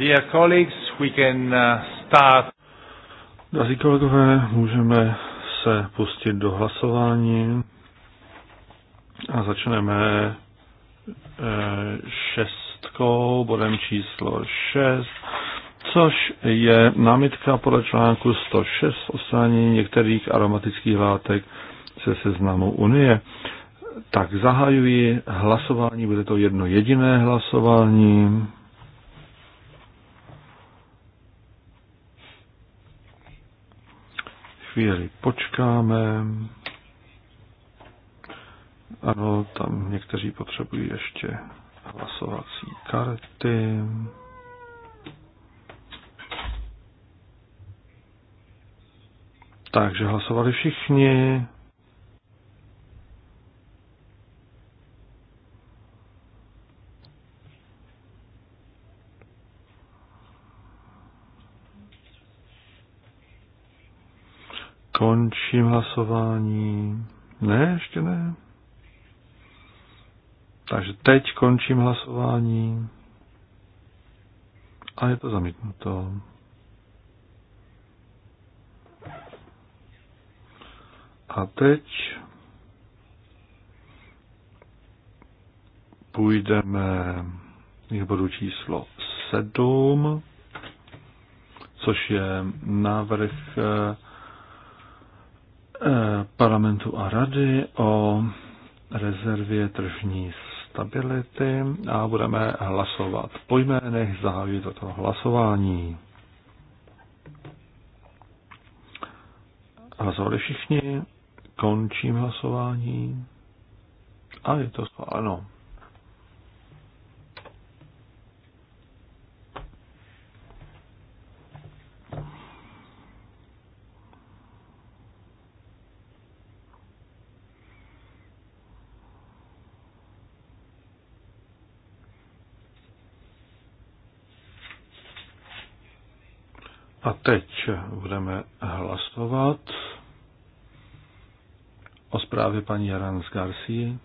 Dear colleagues, we can uh, start. Drazí kolegové, můžeme se pustit do hlasování a začneme eh, šestkou, bodem číslo šest. což je námitka podle článku 106 odstranění některých aromatických látek se seznamu Unie. Tak zahajuji hlasování, bude to jedno jediné hlasování. Chvíli počkáme. Ano, tam někteří potřebují ještě hlasovací karty. Takže hlasovali všichni. Končím hlasování. Ne, ještě ne. Takže teď končím hlasování. A je to zamítnuto. A teď půjdeme k bodu číslo 7, což je návrh eh, Eh, parlamentu a rady o rezervě tržní stability a budeme hlasovat po jménech, zahájí toto hlasování. Hlasovali všichni, končím hlasování a je to schváleno. A teď budeme hlasovat o zprávě paní Jarans Garcí.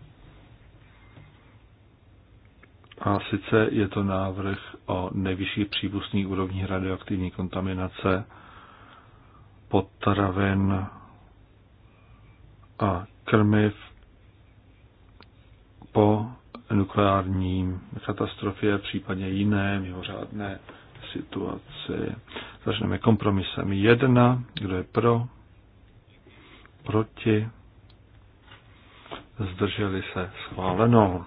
A sice je to návrh o nejvyšší přípustných úrovni radioaktivní kontaminace potravin a krmiv po nukleární katastrofě, případně jiné mimořádné Situace Začneme kompromisem jedna, kdo je pro, proti, zdrželi se schváleno.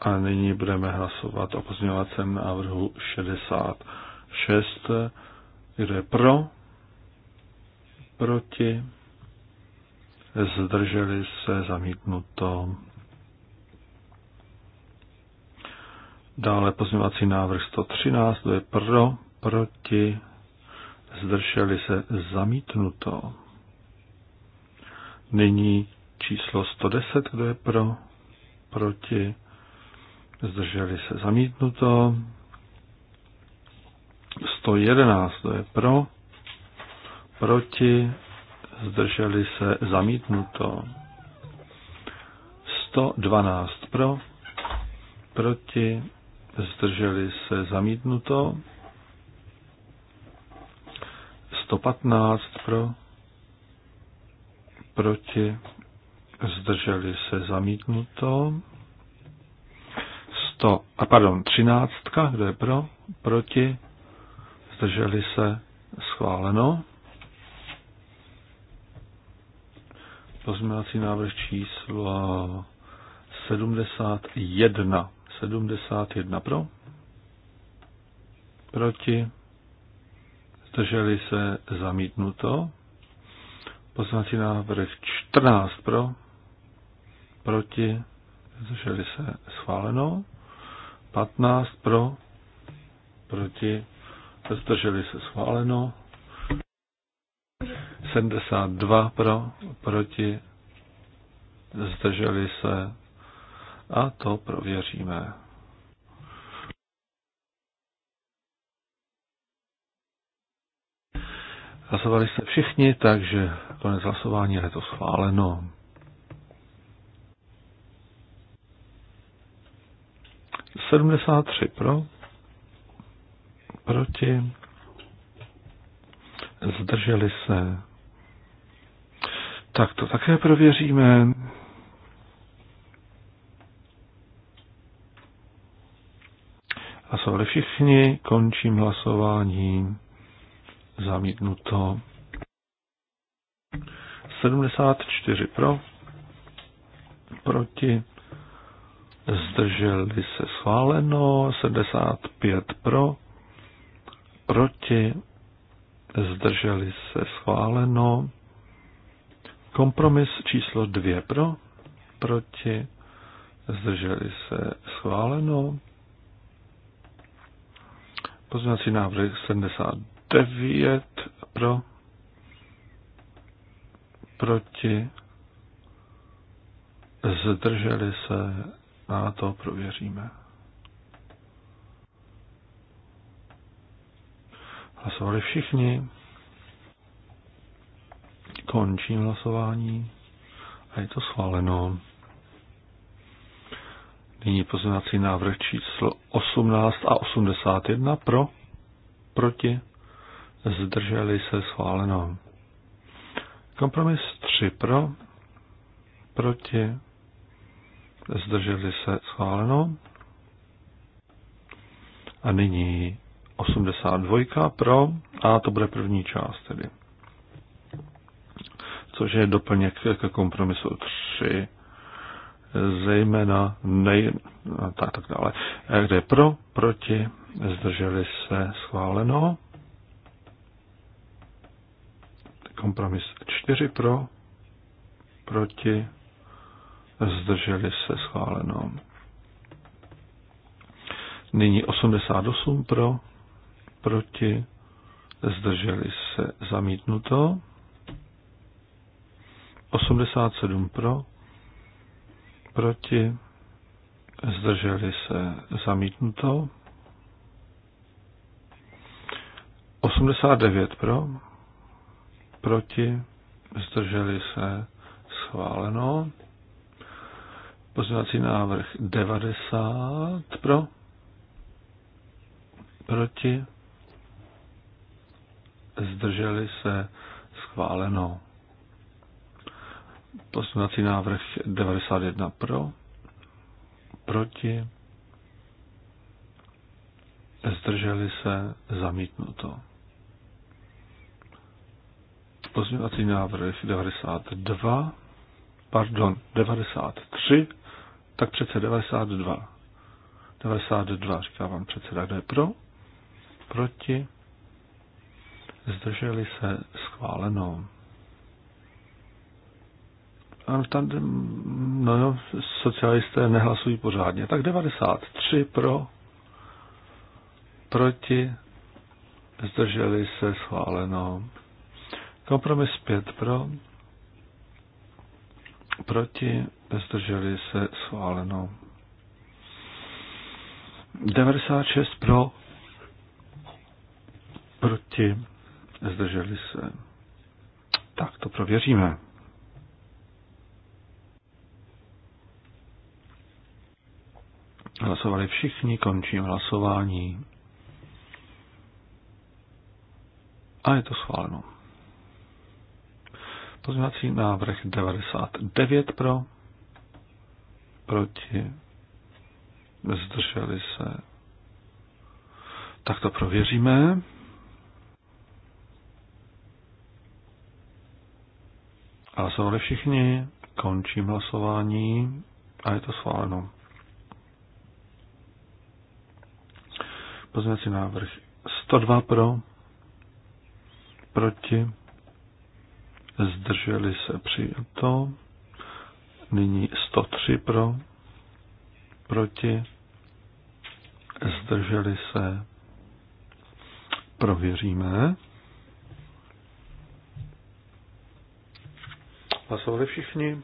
A nyní budeme hlasovat o pozměňovacím návrhu 66. Kdo je pro? Proti? Zdrželi se zamítnuto. Dále pozměňovací návrh 113, to je pro, proti, zdrželi se zamítnuto. Nyní číslo 110, kdo je pro, proti, zdrželi se zamítnuto. 111, to je pro, proti, zdrželi se zamítnuto. 112 pro, proti, zdrželi se zamítnuto, 115 pro, proti, zdrželi se zamítnuto, 100, a pardon, 13, kdo je pro, proti, zdrželi se schváleno. Pozměňovací návrh číslo 71 71 pro, proti, zdrželi se zamítnuto. Poslanci návrh 14 pro, proti, zdrželi se schváleno. 15 pro, proti, zdrželi se schváleno. 72 pro, proti, zdrželi se a to prověříme. Hlasovali se všichni, takže konec hlasování je to schváleno. Sedmdesát tři pro, proti, zdrželi se. Tak to také prověříme. Hlasovali všichni, končím hlasování. Zamítnuto. 74 pro, proti, zdrželi se schváleno, 75 pro, proti, zdrželi se schváleno, kompromis číslo 2 pro, proti, zdrželi se schváleno, Pozměňovací návrh 79 pro, proti, zdrželi se a to prověříme. Hlasovali všichni. Končím hlasování a je to schváleno. Nyní pozvací návrh číslo 18 a 81 pro, proti, zdrželi se schváleno. Kompromis 3 pro, proti, zdrželi se schváleno. A nyní 82 pro, a to bude první část tedy, což je doplněk ke kompromisu 3 zejména nej, no, tak, tak dále, eh, kde pro, proti, zdrželi se schváleno, kompromis 4 pro, proti, zdrželi se schváleno. Nyní 88 pro, proti, zdrželi se zamítnuto, 87 pro, proti, zdrželi se zamítnuto, 89 pro, proti, zdrželi se schváleno, Pozvací návrh 90 pro, proti, zdrželi se schváleno poslanací návrh 91 pro, proti, zdrželi se, zamítnuto. Pozměňovací návrh 92, pardon, 93, tak přece 92. 92, říká vám předseda, kdo je pro, proti, zdrželi se, schválenou. Ano, tam, no jo, socialisté nehlasují pořádně. Tak 93 pro, proti, zdrželi se schváleno. Kompromis 5 pro, proti, zdrželi se schváleno. 96 pro, proti, zdrželi se. Tak to prověříme. Hlasovali všichni, končím hlasování. A je to schváleno. Pozměňovací návrh 99 pro, proti, zdrželi se. Tak to prověříme. Hlasovali všichni, končím hlasování a je to schváleno. Pozměňovací návrh 102 pro, proti, zdrželi se při to, Nyní 103 pro, proti, zdrželi se. Prověříme. Hlasovali všichni.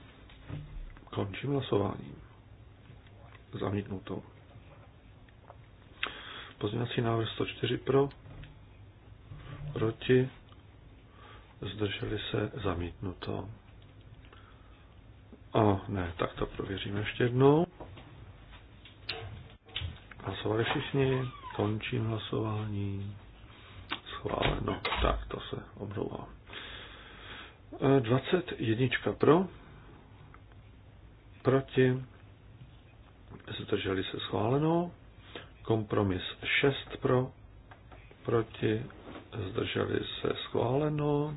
Končím hlasování. Zamítnuto. Pozměňovací návrh 104 pro, proti, zdrželi se, zamítnuto. O, ne, tak to prověříme ještě jednou. Hlasovali všichni, končím hlasování. Schváleno, tak to se omlouvám. 21 e, pro, proti, zdrželi se schváleno, Kompromis 6 pro, proti, zdrželi se schváleno.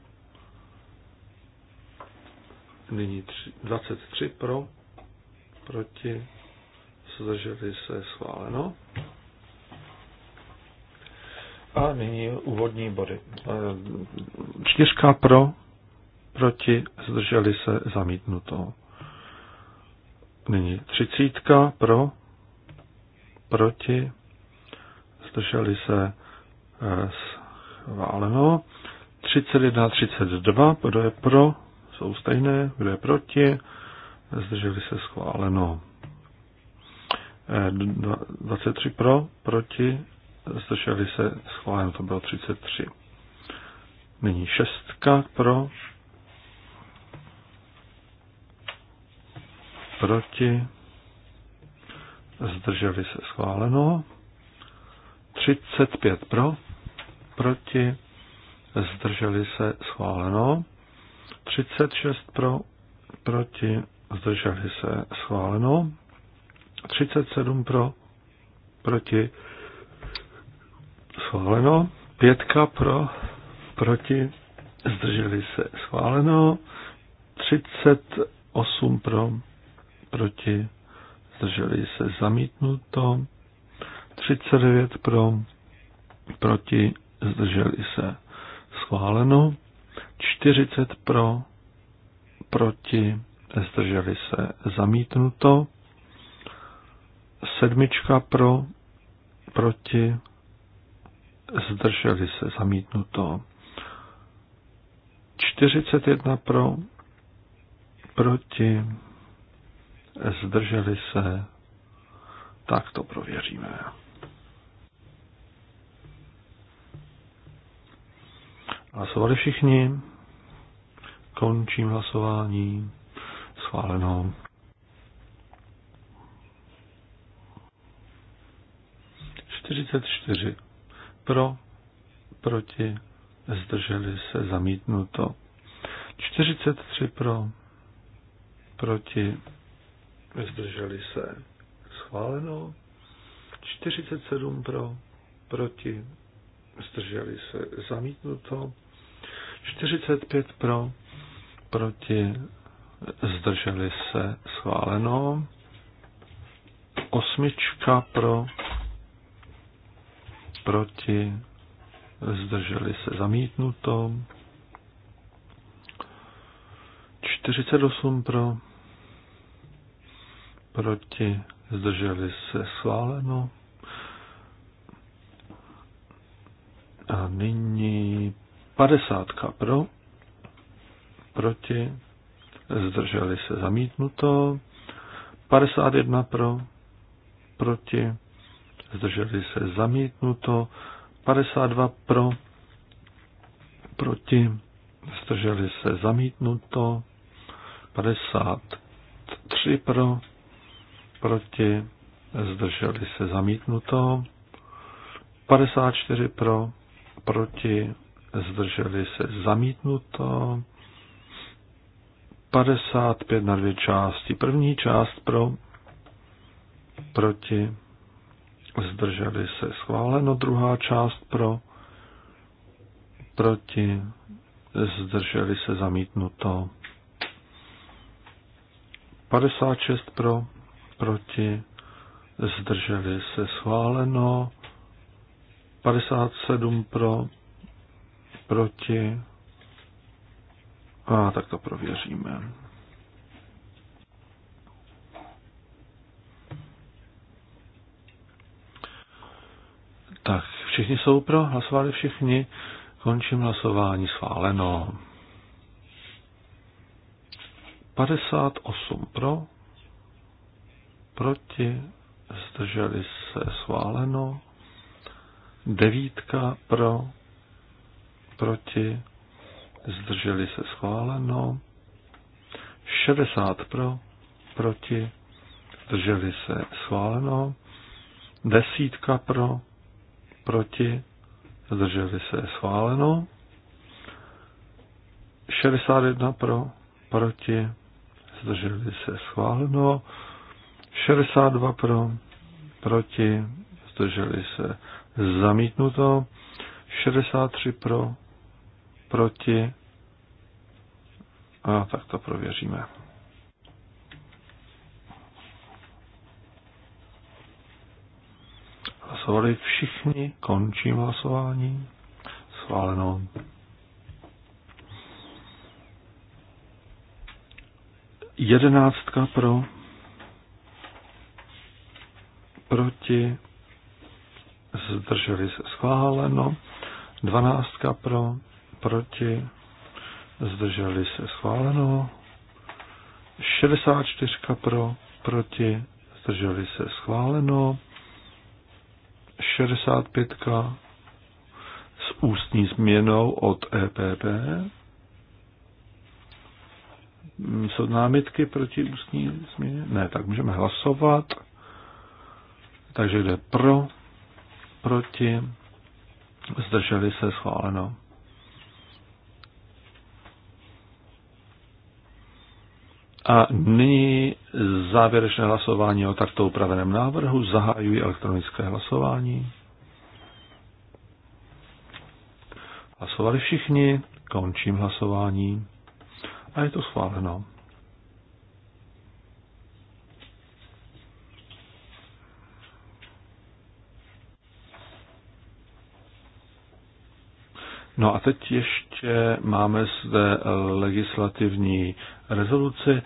Nyní 23 pro, proti, zdrželi se schváleno. A nyní úvodní body. E, čtyřka pro, proti, zdrželi se zamítnuto. Nyní třicítka pro, proti, zdrželi se eh, schváleno. 31 32, kdo je pro, jsou stejné, kdo je proti, zdrželi se schváleno. 23 eh, pro, proti, zdrželi se schváleno, to bylo 33. Nyní šestka pro, proti, zdrželi se schváleno. 35 pro, proti, zdrželi se schváleno. 36 pro, proti, zdrželi se schváleno. 37 pro, proti, schváleno. Pětka pro, proti, zdrželi se schváleno. 38 pro, proti, zdrželi se zamítnuto. 39 pro, proti, zdrželi se. Schváleno. 40 pro, proti, zdrželi se. Zamítnuto. Sedmička pro, proti, zdrželi se. Zamítnuto. 41 pro, proti, zdrželi se. Tak to prověříme. Hlasovali všichni. Končím hlasování. Schváleno. Pro, proti, zdrželi se, zamítnuto. 43 pro, proti, zdrželi se, schváleno. 47 pro, proti, zdrželi se, zamítnuto. 45 pro, proti, zdrželi se, schváleno. Osmička pro, proti, zdrželi se, zamítnuto. 48 pro, proti, zdrželi se, schváleno. A nyní 50 pro, proti, zdrželi se zamítnuto. 51 pro, proti, zdrželi se zamítnuto. 52 pro, proti, zdrželi se zamítnuto. 53 pro, proti, zdrželi se zamítnuto. 54 pro, proti, zdrželi se zamítnuto. 55 na dvě části. První část pro, proti, zdrželi se schváleno. Druhá část pro, proti, zdrželi se zamítnuto. 56 pro, proti, zdrželi se schváleno. 57 pro, proti. A tak to prověříme. Tak, všichni jsou pro, hlasovali všichni. Končím hlasování, schváleno. 58 pro, proti, zdrželi se, schváleno. Devítka pro, proti, zdrželi se schváleno, 60 pro, proti, zdrželi se schváleno, desítka pro, proti, zdrželi se schváleno, 61 pro, proti, zdrželi se schváleno, 62 pro, proti, zdrželi se zamítnuto, 63 pro, proti. A tak to prověříme. Hlasovali všichni, končím hlasování. Schváleno. Jedenáctka pro, proti, zdrželi se schváleno. Dvanáctka pro, proti, zdrželi se schváleno, 64 pro, proti, zdrželi se schváleno, 65 s ústní změnou od EPP, jsou námitky proti ústní změně? Ne, tak můžeme hlasovat. Takže jde pro, proti, zdrželi se schváleno. A nyní závěrečné hlasování o takto upraveném návrhu. Zahajuji elektronické hlasování. Hlasovali všichni, končím hlasování a je to schváleno. No a teď ještě máme zde eh, legislativní rezoluci. Eh,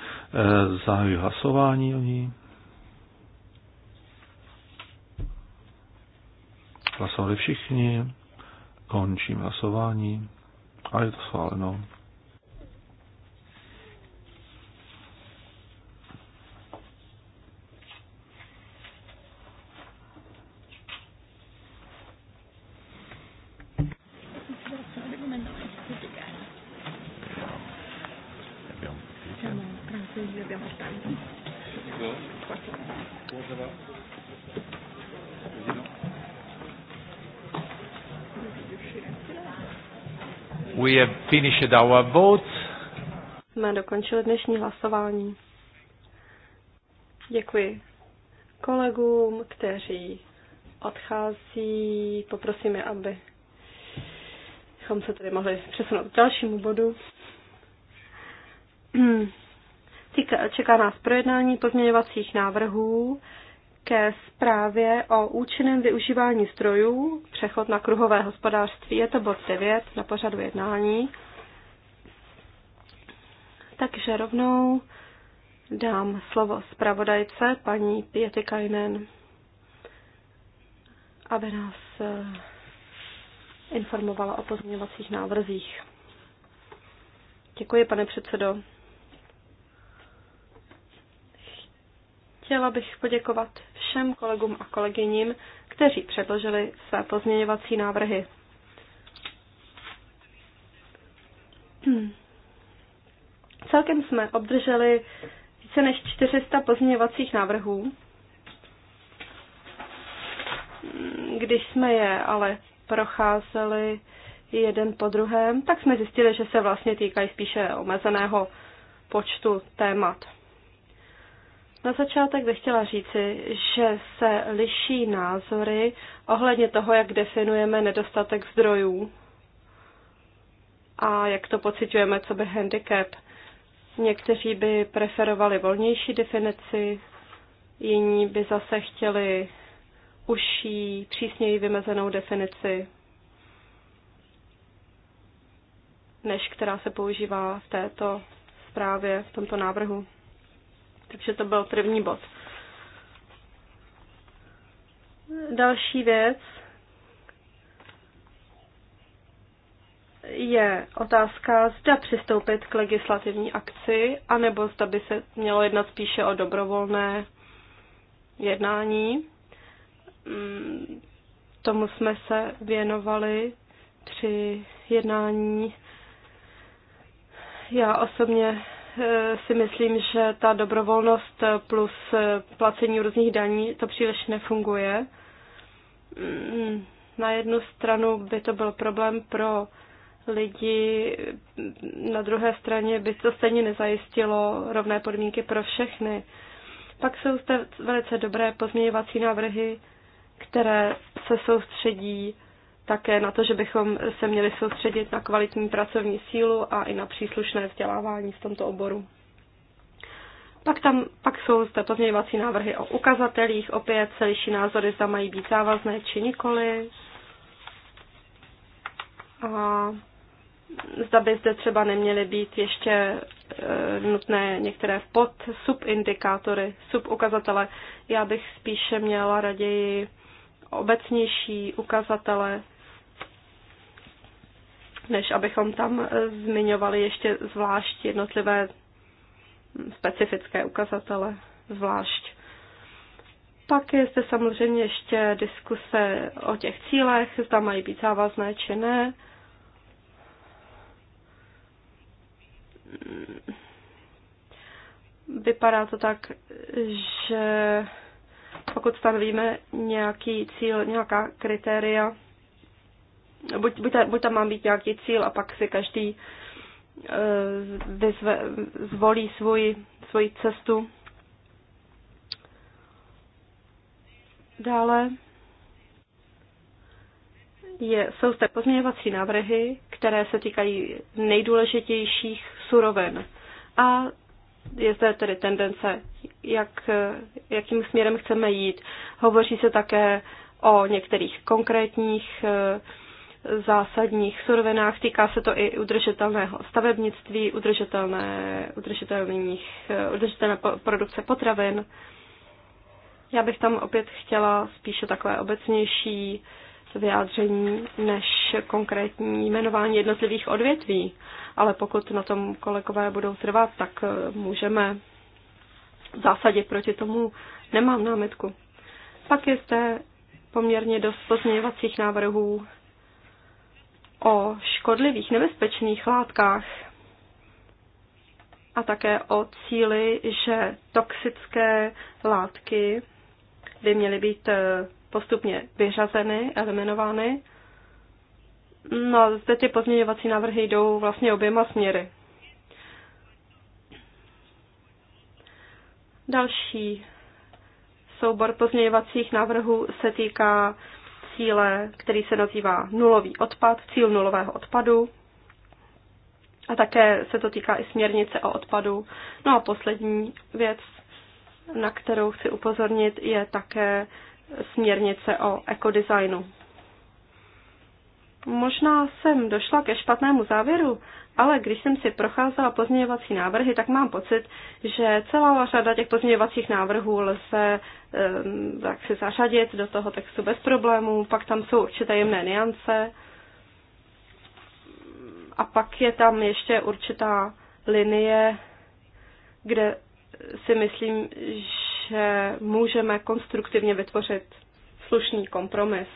zahajuji hlasování o ní. Hlasovali všichni. Končím hlasování. A je to schváleno. finished our votes. Jsme dokončili dnešní hlasování. Děkuji kolegům, kteří odchází. Poprosím je, aby bychom se tedy mohli přesunout k dalšímu bodu. čeká nás projednání pozměňovacích návrhů ke zprávě o účinném využívání strojů, přechod na kruhové hospodářství. Je to bod 9 na pořadu jednání. Takže rovnou dám slovo zpravodajce paní Pěty Kajnen, aby nás eh, informovala o pozměňovacích návrzích. Děkuji, pane předsedo. Chtěla bych poděkovat všem kolegům a kolegyním, kteří předložili své pozměňovací návrhy. Hmm. Celkem jsme obdrželi více než 400 pozměňovacích návrhů. Když jsme je ale procházeli jeden po druhém, tak jsme zjistili, že se vlastně týkají spíše omezeného počtu témat. Na začátek bych chtěla říci, že se liší názory ohledně toho, jak definujeme nedostatek zdrojů a jak to pociťujeme, co by handicap. Někteří by preferovali volnější definici, jiní by zase chtěli užší, přísněji vymezenou definici, než která se používá v této zprávě, v tomto návrhu. Takže to byl první bod. Další věc, je otázka, zda přistoupit k legislativní akci, anebo zda by se mělo jednat spíše o dobrovolné jednání. Mm, tomu jsme se věnovali při jednání. Já osobně eh, si myslím, že ta dobrovolnost plus eh, placení různých daní to příliš nefunguje. Mm, na jednu stranu by to byl problém pro lidi. Na druhé straně by to stejně nezajistilo rovné podmínky pro všechny. Pak jsou zde velice dobré pozměňovací návrhy, které se soustředí také na to, že bychom se měli soustředit na kvalitní pracovní sílu a i na příslušné vzdělávání v tomto oboru. Pak, tam, pak jsou zde pozměňovací návrhy o ukazatelích, opět se liší názory, zda mají být závazné či nikoli. A zda by zde třeba neměly být ještě eh, nutné některé pod subindikátory, subukazatele. Já bych spíše měla raději obecnější ukazatele, než abychom tam eh, zmiňovali ještě zvlášť jednotlivé specifické ukazatele, zvlášť. Pak je zde samozřejmě ještě diskuse o těch cílech, zda mají být závazné či ne. vypadá to tak, že pokud stanovíme nějaký cíl, nějaká kritéria, buď, buď, tam, buď tam má být nějaký cíl a pak si každý e, vyzve, zvolí svůj, svoji cestu. Dále je, jsou zde pozměňovací návrhy, které se týkají nejdůležitějších surovin. A je zde tedy tendence, jak, jakým směrem chceme jít. Hovoří se také o některých konkrétních eh, zásadních surovinách. Týká se to i udržitelného stavebnictví, udržitelné, udržitelných, eh, udržitelné produkce potravin. Já bych tam opět chtěla spíše takové obecnější vyjádření než konkrétní jmenování jednotlivých odvětví. Ale pokud na tom kolegové budou trvat, tak eh, můžeme v zásadě proti tomu nemám námitku. Pak je zde poměrně dost pozměňovacích návrhů o škodlivých, nebezpečných látkách a také o cíli, že toxické látky by měly být eh, postupně vyřazeny, eliminovány. No a zde ty pozměňovací návrhy jdou vlastně oběma směry. Další soubor pozměňovacích návrhů se týká cíle, který se nazývá nulový odpad, cíl nulového odpadu. A také se to týká i směrnice o odpadu. No a poslední věc, na kterou chci upozornit, je také směrnice o ekodesignu. Možná jsem došla ke špatnému závěru, ale když jsem si procházela pozměňovací návrhy, tak mám pocit, že celá řada těch pozměňovacích návrhů lze ehm, tak si zařadit do toho textu bez problémů, pak tam jsou určité jemné niance a pak je tam ještě určitá linie, kde si myslím, že můžeme konstruktivně vytvořit slušný kompromis.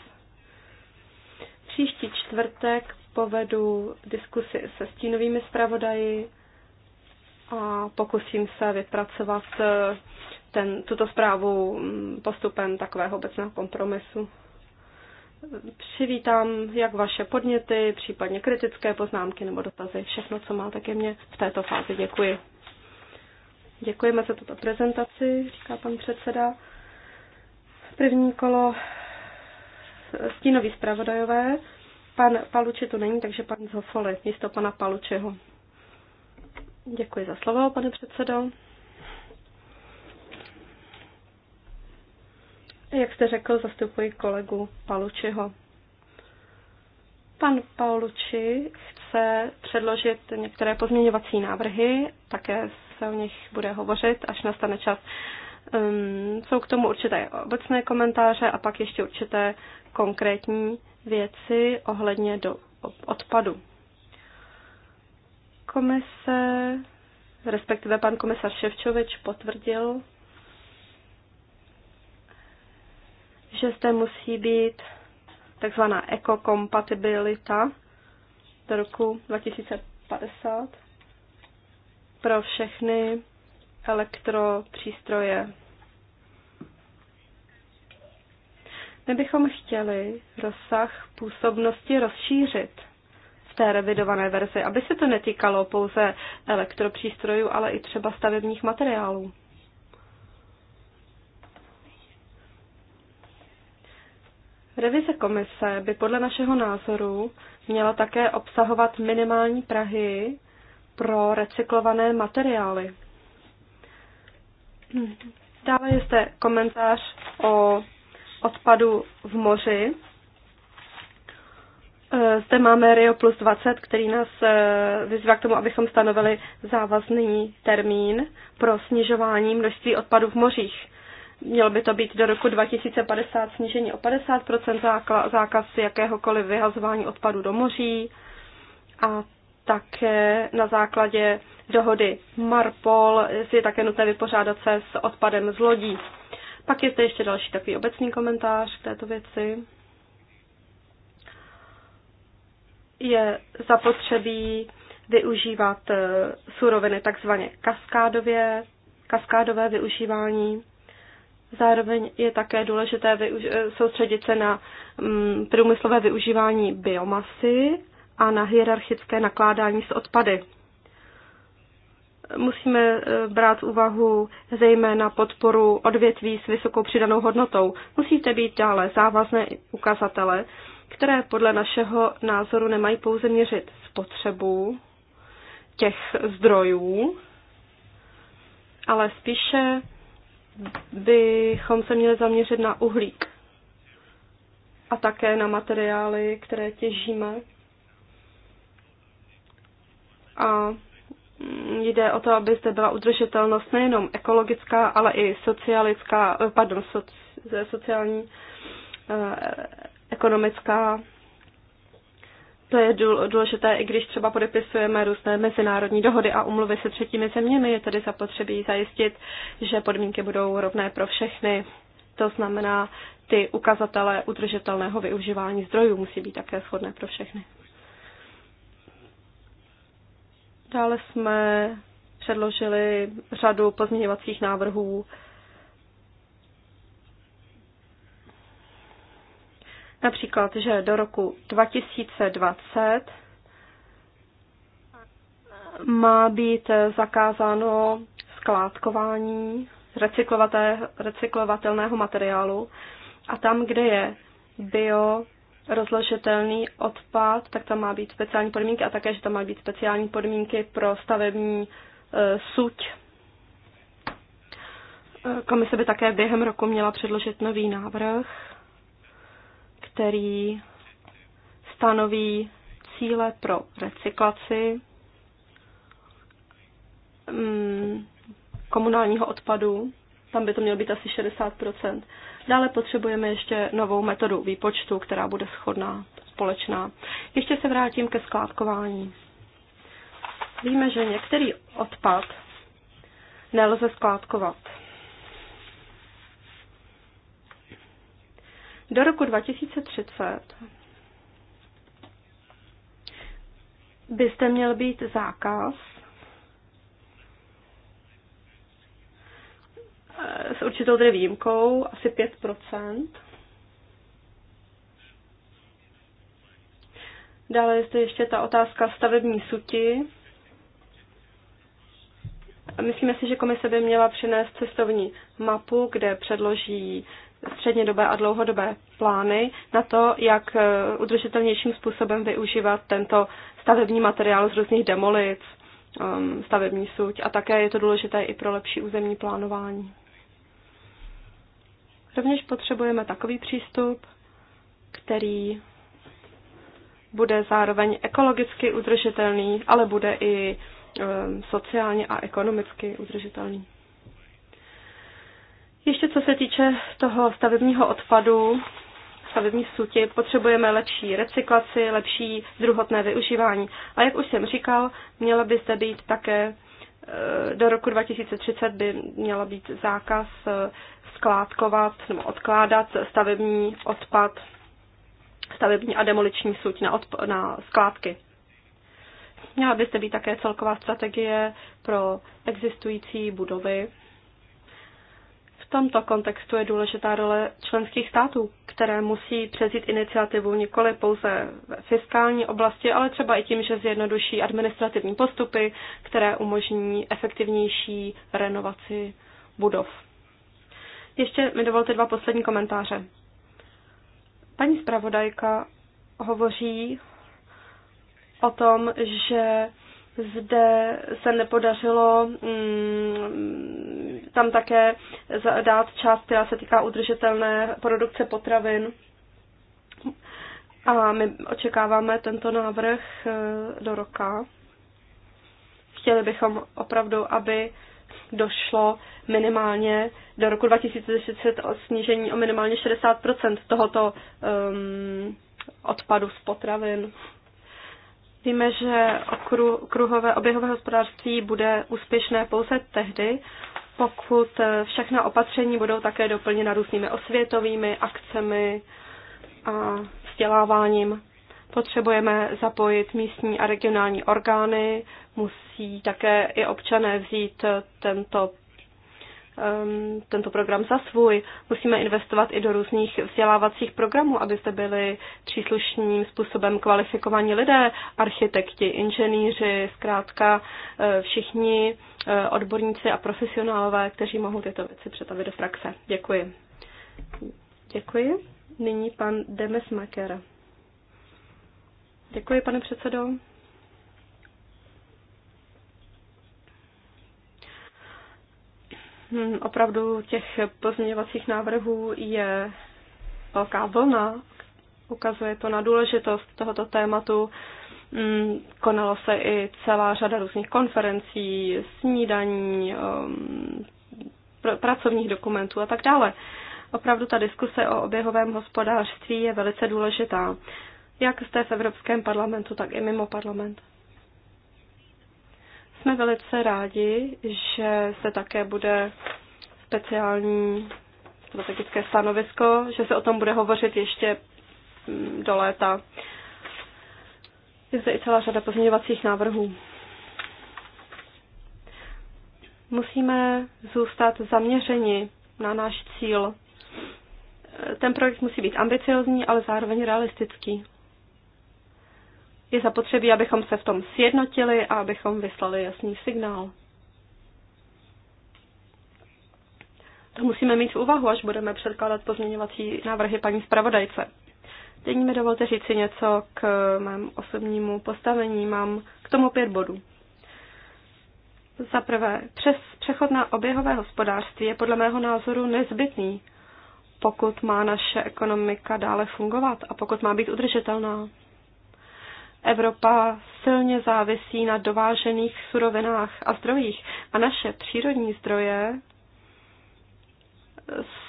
Příští čtvrtek povedu diskusi se stínovými zpravodaji a pokusím se vypracovat eh, ten, tuto zprávu mm, postupem takového obecného kompromisu. Přivítám jak vaše podněty, případně kritické poznámky nebo dotazy. Všechno, co máte ke mně v této fázi. Děkuji. Děkujeme za tuto prezentaci, říká pan předseda. První kolo stínový zpravodajové. Pan Paluče tu není, takže pan Zofoli místo pana Palučeho. Děkuji za slovo, pane předsedo. Jak jste řekl, zastupuji kolegu Palučeho. Pan Paulucci chce předložit některé pozměňovací návrhy, také se o nich bude hovořit, až nastane čas. Um, jsou k tomu určité obecné komentáře a pak ještě určité konkrétní věci ohledně do odpadu. Komise, respektive pan komisař Ševčovič potvrdil, že zde musí být takzvaná ekokompatibilita do roku 2050 pro všechny elektropřístroje. My bychom chtěli rozsah působnosti rozšířit v té revidované verzi, aby se to netýkalo pouze elektropřístrojů, ale i třeba stavebních materiálů. Revize komise by podle našeho názoru měla také obsahovat minimální prahy pro recyklované materiály. Dále je zde komentář o odpadu v moři. Zde máme Rio plus 20, který nás eh, vyzývá k tomu, abychom stanovili závazný termín pro snižování množství odpadu v mořích. Mělo by to být do roku 2050 snížení o 50%, zákaz jakéhokoliv vyhazování odpadu do moří a také na základě dohody Marpol si je také nutné vypořádat se s odpadem z lodí. Pak je zde ještě další takový obecný komentář k této věci. Je zapotřebí využívat eh, suroviny takzvaně kaskádově, kaskádové využívání. Zároveň je také důležité eh, soustředit se na mm, průmyslové využívání biomasy a na hierarchické nakládání s odpady. Musíme eh, brát v úvahu zejména podporu odvětví s vysokou přidanou hodnotou. Musíte být dále závazné ukazatele, které podle našeho názoru nemají pouze měřit spotřebu těch zdrojů, ale spíše bychom se měli zaměřit na uhlík a také na materiály, které těžíme. A jde o to, aby zde byla udržitelnost nejenom ekologická, ale i socialická, eh, pardon, soci, sociální, eh, ekonomická to je důležité, i když třeba podepisujeme různé mezinárodní dohody a umluvy se třetími zeměmi, je tedy zapotřebí zajistit, že podmínky budou rovné pro všechny. To znamená, ty ukazatele udržitelného využívání zdrojů musí být také shodné pro všechny. Dále jsme předložili řadu pozměňovacích návrhů Například, že do roku 2020 má být zakázáno skládkování recyklovatelného materiálu a tam, kde je bio rozložitelný odpad, tak tam má být speciální podmínky a také, že tam má být speciální podmínky pro stavební e, suť. E, komise by také během roku měla předložit nový návrh který stanoví cíle pro recyklaci mm, komunálního odpadu. Tam by to mělo být asi 60 Dále potřebujeme ještě novou metodu výpočtu, která bude schodná, společná. Ještě se vrátím ke skládkování. Víme, že některý odpad nelze skládkovat. Do roku 2030 byste měl být zákaz eh, s určitou tedy výjimkou, asi 5%. Dále je zde ještě ta otázka stavební suti. Myslíme si, že komise by měla přinést cestovní mapu, kde předloží střednědobé a dlouhodobé plány na to, jak eh, udržitelnějším způsobem využívat tento stavební materiál z různých demolic, ehm, stavební suť a také je to důležité i pro lepší územní plánování. Rovněž potřebujeme takový přístup, který bude zároveň ekologicky udržitelný, ale bude i ehm, sociálně a ekonomicky udržitelný. Ještě co se týče toho stavebního odpadu, stavební suti, potřebujeme lepší recyklaci, lepší druhotné využívání. A jak už jsem říkal, měla by zde být také e, do roku 2030 by měla být zákaz e, skládkovat nebo odkládat stavební odpad, stavební a demoliční suť na, odp- na skládky. Měla byste být také celková strategie pro existující budovy tomto kontextu je důležitá role členských států, které musí přezít iniciativu nikoli pouze v fiskální oblasti, ale třeba i tím, že zjednoduší administrativní postupy, které umožní efektivnější renovaci budov. Ještě mi dovolte dva poslední komentáře. Paní zpravodajka hovoří o tom, že zde se nepodařilo mm, tam také dát část, která se týká udržitelné produkce potravin. A my očekáváme tento návrh eh, do roka. Chtěli bychom opravdu, aby došlo minimálně do roku 2010 o snížení o minimálně 60 tohoto um, odpadu z potravin. Víme, že okru, kruhové oběhové hospodářství bude úspěšné pouze tehdy, pokud všechna opatření budou také doplněna různými osvětovými akcemi a vzděláváním. Potřebujeme zapojit místní a regionální orgány, musí také i občané vzít tento Um, tento program za svůj. Musíme investovat i do různých vzdělávacích programů, aby se byli příslušným způsobem kvalifikovaní lidé, architekti, inženýři, zkrátka eh, všichni eh, odborníci a profesionálové, kteří mohou tyto věci přetavit do praxe. Děkuji. Děkuji. Nyní pan Demesmaker. Děkuji, pane předsedo. Hm, opravdu těch pozměňovacích návrhů je velká vlna. Ukazuje to na důležitost tohoto tématu. Hm, Konalo se i celá řada různých konferencí, snídaní, ehm, pr- pracovních dokumentů a tak dále. Opravdu ta diskuse o oběhovém hospodářství je velice důležitá, jak zde v Evropském parlamentu, tak i mimo parlament. Jsme velice rádi, že se také bude speciální strategické stanovisko, že se o tom bude hovořit ještě mm, do léta. Je zde i celá řada pozměňovacích návrhů. Musíme zůstat zaměřeni na náš cíl. Ten projekt musí být ambiciozní, ale zároveň realistický je zapotřebí, abychom se v tom sjednotili a abychom vyslali jasný signál. To musíme mít v úvahu, až budeme předkládat pozměňovací návrhy paní zpravodajce. Teď mi dovolte říci něco k mému osobnímu postavení. Mám k tomu pět bodů. Za prvé, přes přechod na oběhové hospodářství je podle mého názoru nezbytný, pokud má naše ekonomika dále fungovat a pokud má být udržitelná. Evropa silně závisí na dovážených surovinách a zdrojích a naše přírodní zdroje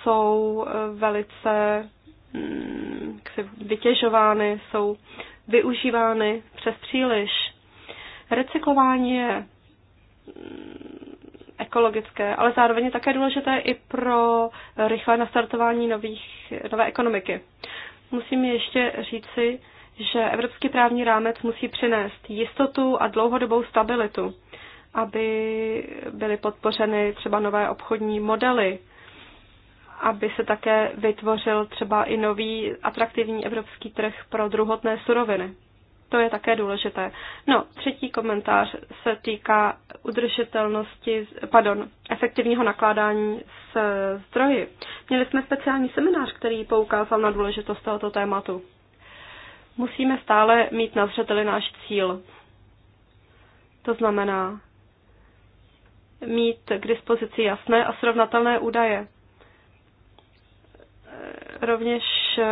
jsou eh, velice mm, vytěžovány, jsou využívány přes příliš. Recyklování je mm, ekologické, ale zároveň je také důležité i pro rychlé nastartování nových, nové ekonomiky. Musím ještě říci, že evropský právní rámec musí přinést jistotu a dlouhodobou stabilitu, aby byly podpořeny třeba nové obchodní modely, aby se také vytvořil třeba i nový atraktivní evropský trh pro druhotné suroviny. To je také důležité. No, třetí komentář se týká udržitelnosti, pardon, efektivního nakládání s zdroji. Měli jsme speciální seminář, který poukázal na důležitost tohoto tématu musíme stále mít na zřeteli náš cíl. To znamená mít k dispozici jasné a srovnatelné údaje. Eh, rovněž eh,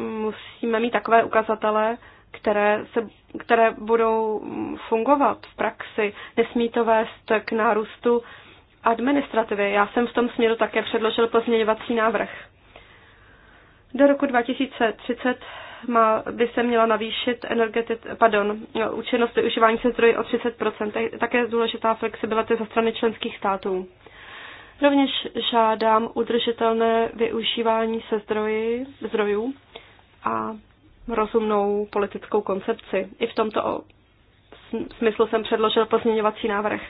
musíme mít takové ukazatele, které, se, které budou fungovat v praxi. Nesmí to vést k nárůstu administrativy. Já jsem v tom směru také předložil pozměňovací návrh. Do roku 2030 má, by se měla navýšit energetic, pardon, účinnost využívání se zdrojů o 30 Také je důležitá flexibilita ze strany členských států. Rovněž žádám udržitelné využívání se zdroji, zdrojů a rozumnou politickou koncepci. I v tomto smyslu jsem předložil pozměňovací návrh.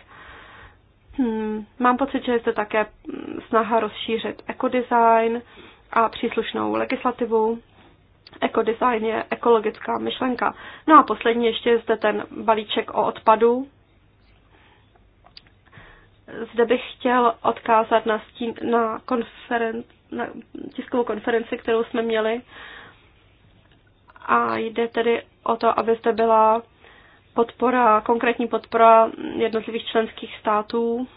Hmm, mám pocit, že je zde také snaha rozšířit ekodesign a příslušnou legislativu ekodesign je ekologická myšlenka. No a poslední ještě je zde ten balíček o odpadu. Zde bych chtěl odkázat na, stín, na, konferen, na tiskovou konferenci, kterou jsme měli. A jde tedy o to, aby zde byla podpora, konkrétní podpora jednotlivých členských států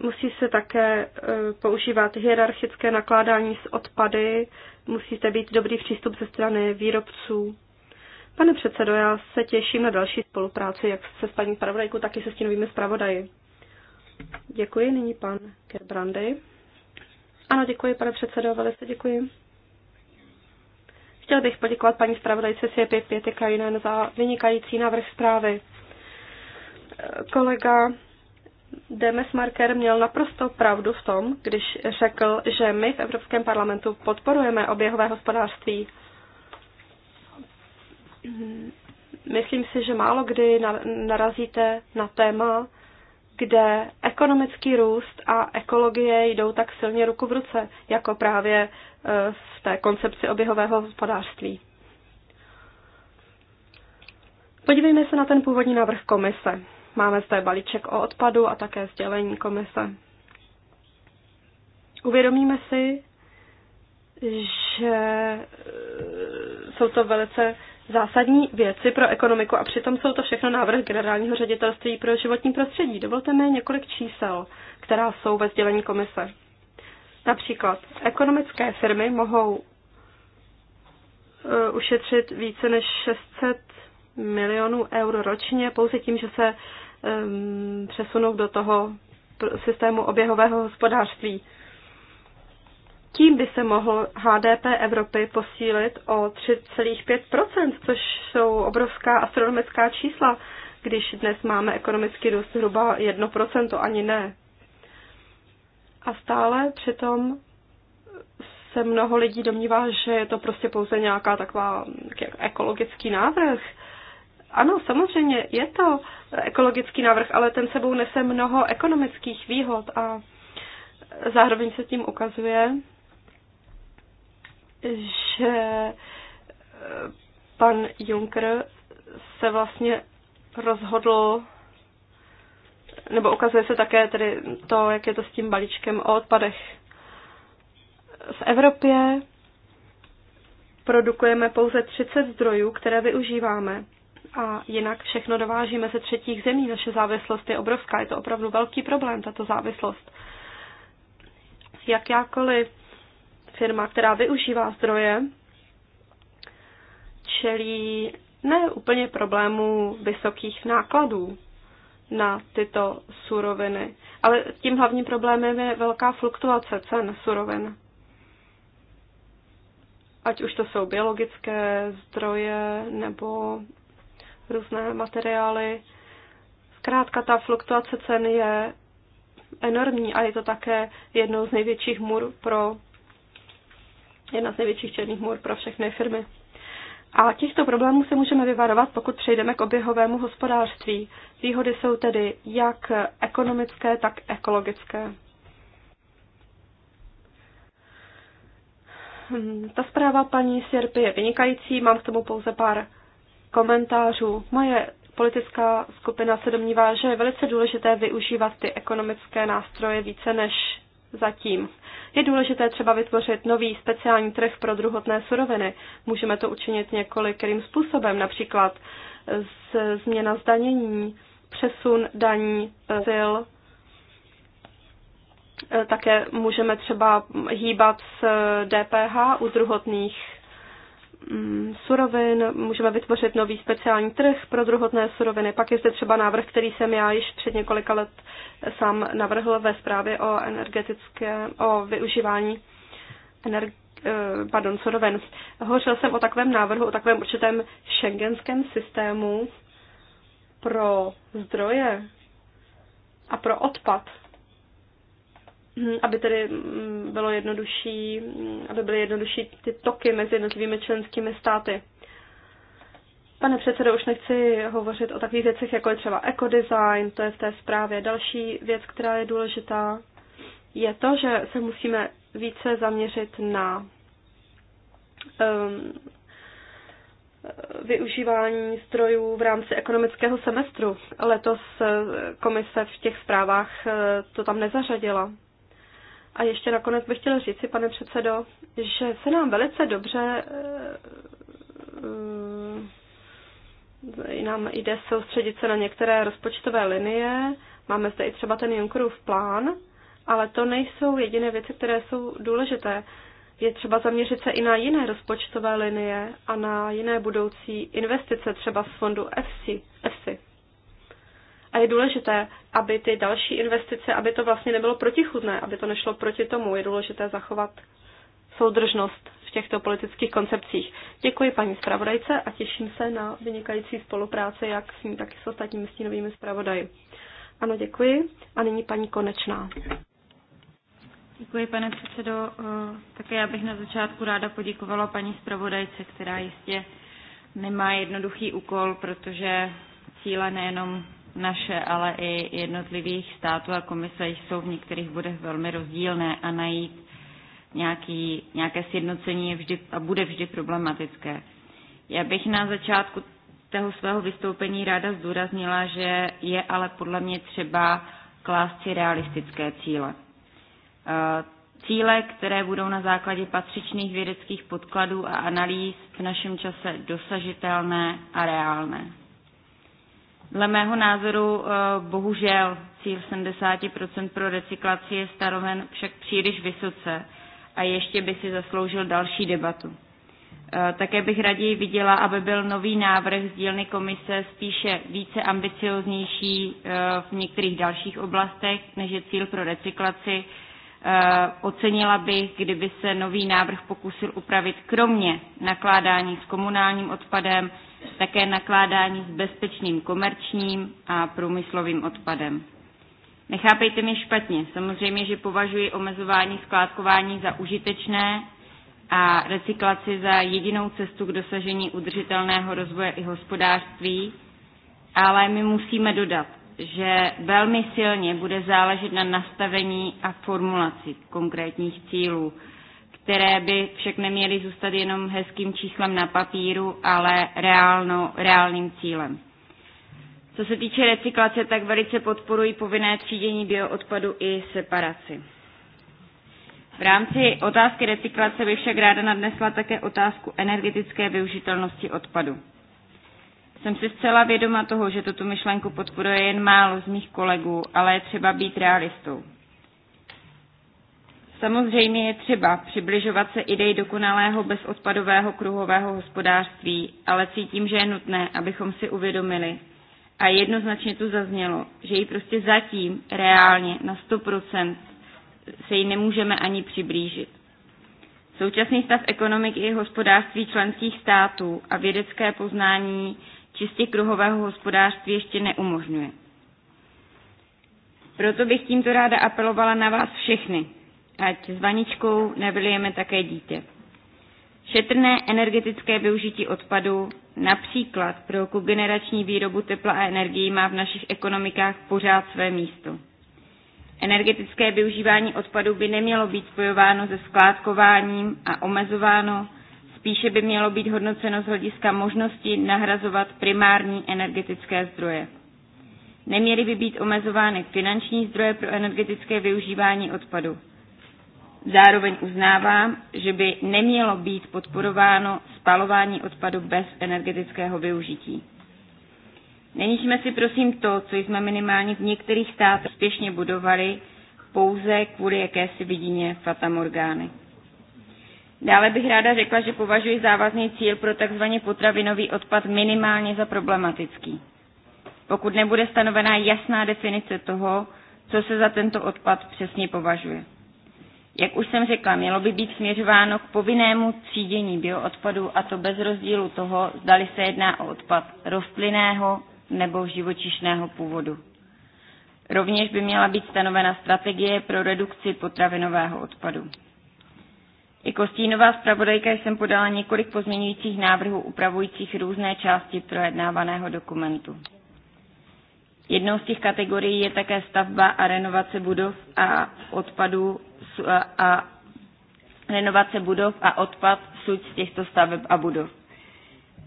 musí se také eh, používat hierarchické nakládání s odpady, Musíte být dobrý přístup ze strany výrobců. Pane předsedo, já se těším na další spolupráci, jak se s paní zpravodajkou, tak i se novými zpravodaji. Děkuji, nyní pan Kerbrandy. Ano, děkuji, pane předsedo, velice děkuji. Chtěl bych poděkovat paní zpravodajce Sěpy Pětikajinen za vynikající návrh zprávy. Kolega Marker měl naprosto pravdu v tom, když řekl, že my v Evropském parlamentu podporujeme oběhové hospodářství. Myslím si, že málo kdy narazíte na téma, kde ekonomický růst a ekologie jdou tak silně ruku v ruce, jako právě eh, v té koncepci oběhového hospodářství. Podívejme se na ten původní návrh komise. Máme zde balíček o odpadu a také sdělení komise. Uvědomíme si, že eh, jsou to velice zásadní věci pro ekonomiku a přitom jsou to všechno návrh generálního ředitelství pro životní prostředí. Dovolte mi několik čísel, která jsou ve sdělení komise. Například ekonomické firmy mohou eh, ušetřit více než 600 milionů eur ročně pouze tím, že se um, přesunou do toho systému oběhového hospodářství. Tím by se mohl HDP Evropy posílit o 3,5%, což jsou obrovská astronomická čísla, když dnes máme ekonomický růst zhruba 1%, ani ne. A stále přitom se mnoho lidí domnívá, že je to prostě pouze nějaká taková ekologický návrh, ano, samozřejmě, je to ekologický návrh, ale ten sebou nese mnoho ekonomických výhod a zároveň se tím ukazuje, že eh, pan Juncker se vlastně rozhodl, nebo ukazuje se také tedy to, jak je to s tím balíčkem o odpadech. V Evropě produkujeme pouze 30 zdrojů, které využíváme a jinak všechno dovážíme ze třetích zemí. Naše závislost je obrovská, je to opravdu velký problém, tato závislost. Jakákoliv firma, která využívá zdroje, čelí ne úplně problému vysokých nákladů na tyto suroviny, ale tím hlavním problémem je velká fluktuace cen surovin ať už to jsou biologické zdroje nebo různé materiály. Zkrátka ta fluktuace cen je enormní a je to také jednou z největších mur pro jedna z největších černých mur pro všechny firmy. A těchto problémů se můžeme vyvarovat, pokud přejdeme k oběhovému hospodářství. Výhody jsou tedy jak ekonomické, tak ekologické. Hmm, ta zpráva paní Sierpy je vynikající, mám k tomu pouze pár komentářů. Moje politická skupina se domnívá, že je velice důležité využívat ty ekonomické nástroje více než zatím. Je důležité třeba vytvořit nový speciální trh pro druhotné suroviny. Můžeme to učinit několikrým způsobem, například z, změna zdanění, přesun daní, sil. Také můžeme třeba hýbat s DPH u druhotných Mm, surovin, můžeme vytvořit nový speciální trh pro druhotné suroviny. Pak je zde třeba návrh, který jsem já již před několika let sám navrhl ve zprávě o energetické, o využívání energie eh, pardon, surovin. Hovořil jsem o takovém návrhu, o takovém určitém šengenském systému pro zdroje a pro odpad Hm, aby tedy hm, bylo jednodušší, hm, aby byly jednodušší ty toky mezi jednotlivými členskými státy. Pane předsedo, už nechci hovořit o takových věcech, jako je třeba ekodesign, to je v té zprávě. Další věc, která je důležitá, je to, že se musíme více zaměřit na um, využívání zdrojů v rámci ekonomického semestru. Letos eh, komise v těch zprávách eh, to tam nezařadila. A ještě nakonec bych chtěl říci, pane předsedo, že se nám velice dobře eh, eh, nám jde soustředit se na některé rozpočtové linie, máme zde i třeba ten Junckerův plán, ale to nejsou jediné věci, které jsou důležité. Je třeba zaměřit se i na jiné rozpočtové linie a na jiné budoucí investice, třeba z fondu EFSI. EFSI. A je důležité, aby ty další investice, aby to vlastně nebylo protichudné, aby to nešlo proti tomu. Je důležité zachovat soudržnost v těchto politických koncepcích. Děkuji paní zpravodajce a těším se na vynikající spolupráci jak s ní, tak i s ostatními stínovými zpravodaji. Ano, děkuji. A nyní paní Konečná. Děkuji, pane předsedo. Eh, také já bych na začátku ráda poděkovala paní zpravodajce, která jistě nemá jednoduchý úkol, protože cíle nejenom naše, ale i jednotlivých států a komise jsou v některých bodech velmi rozdílné a najít nějaký, nějaké sjednocení je vždy a bude vždy problematické. Já bych na začátku toho svého vystoupení ráda zdůraznila, že je ale podle mě třeba klást si realistické cíle. E, cíle, které budou na základě patřičných vědeckých podkladů a analýz v našem čase dosažitelné a reálné. Dle mého názoru eh, bohužel cíl 70% pro recyklaci je staroven však příliš vysoce a ještě by si zasloužil další debatu. Eh, také bych raději viděla, aby byl nový návrh z dílny komise spíše více ambicioznější eh, v některých dalších oblastech, než je cíl pro recyklaci. Ocenila bych, kdyby se nový návrh pokusil upravit kromě nakládání s komunálním odpadem, také nakládání s bezpečným komerčním a průmyslovým odpadem. Nechápejte mě špatně, samozřejmě, že považuji omezování skládkování za užitečné a recyklaci za jedinou cestu k dosažení udržitelného rozvoje i hospodářství, ale my musíme dodat, že velmi silně bude záležet na nastavení a formulaci konkrétních cílů, které by však neměly zůstat jenom hezkým číslem na papíru, ale reálno, reálným cílem. Co se týče recyklace, tak velice podporují povinné třídění bioodpadu i separaci. V rámci otázky recyklace bych však ráda nadnesla také otázku energetické využitelnosti odpadu. Jsem si zcela vědoma toho, že tuto myšlenku podporuje jen málo z mých kolegů, ale je třeba být realistou. Samozřejmě je třeba přibližovat se idei dokonalého bezodpadového kruhového hospodářství, ale cítím, že je nutné, abychom si uvědomili, a jednoznačně tu zaznělo, že ji prostě zatím reálně na 100% se jí nemůžeme ani přiblížit. Současný stav ekonomiky i hospodářství členských států a vědecké poznání čistě kruhového hospodářství ještě neumožňuje. Proto bych tímto ráda apelovala na vás všechny, ať s vaničkou nevylijeme také dítě. Šetrné energetické využití odpadu, například pro kogenerační výrobu tepla a energii, má v našich ekonomikách pořád své místo. Energetické využívání odpadu by nemělo být spojováno se skládkováním a omezováno, spíše by mělo být hodnoceno z hlediska možnosti nahrazovat primární energetické zdroje. Neměly by být omezovány finanční zdroje pro energetické využívání odpadu. Zároveň uznávám, že by nemělo být podporováno spalování odpadu bez energetického využití. Neníčme si prosím to, co jsme minimálně v některých státech spěšně budovali, pouze kvůli jakési vidině Fata Morgány. Dále bych ráda řekla, že považuji závazný cíl pro tzv. potravinový odpad minimálně za problematický. Pokud nebude stanovená jasná definice toho, co se za tento odpad přesně považuje. Jak už jsem řekla, mělo by být směřováno k povinnému třídění bioodpadu a to bez rozdílu toho, zdali se jedná o odpad rostlinného nebo živočišného původu. Rovněž by měla být stanovena strategie pro redukci potravinového odpadu. Jako stínová zpravodajka jsem podala několik pozměňujících návrhů upravujících různé části projednávaného dokumentu. Jednou z těch kategorií je také stavba a renovace budov a odpadů a renovace budov a odpad suť z těchto staveb a budov.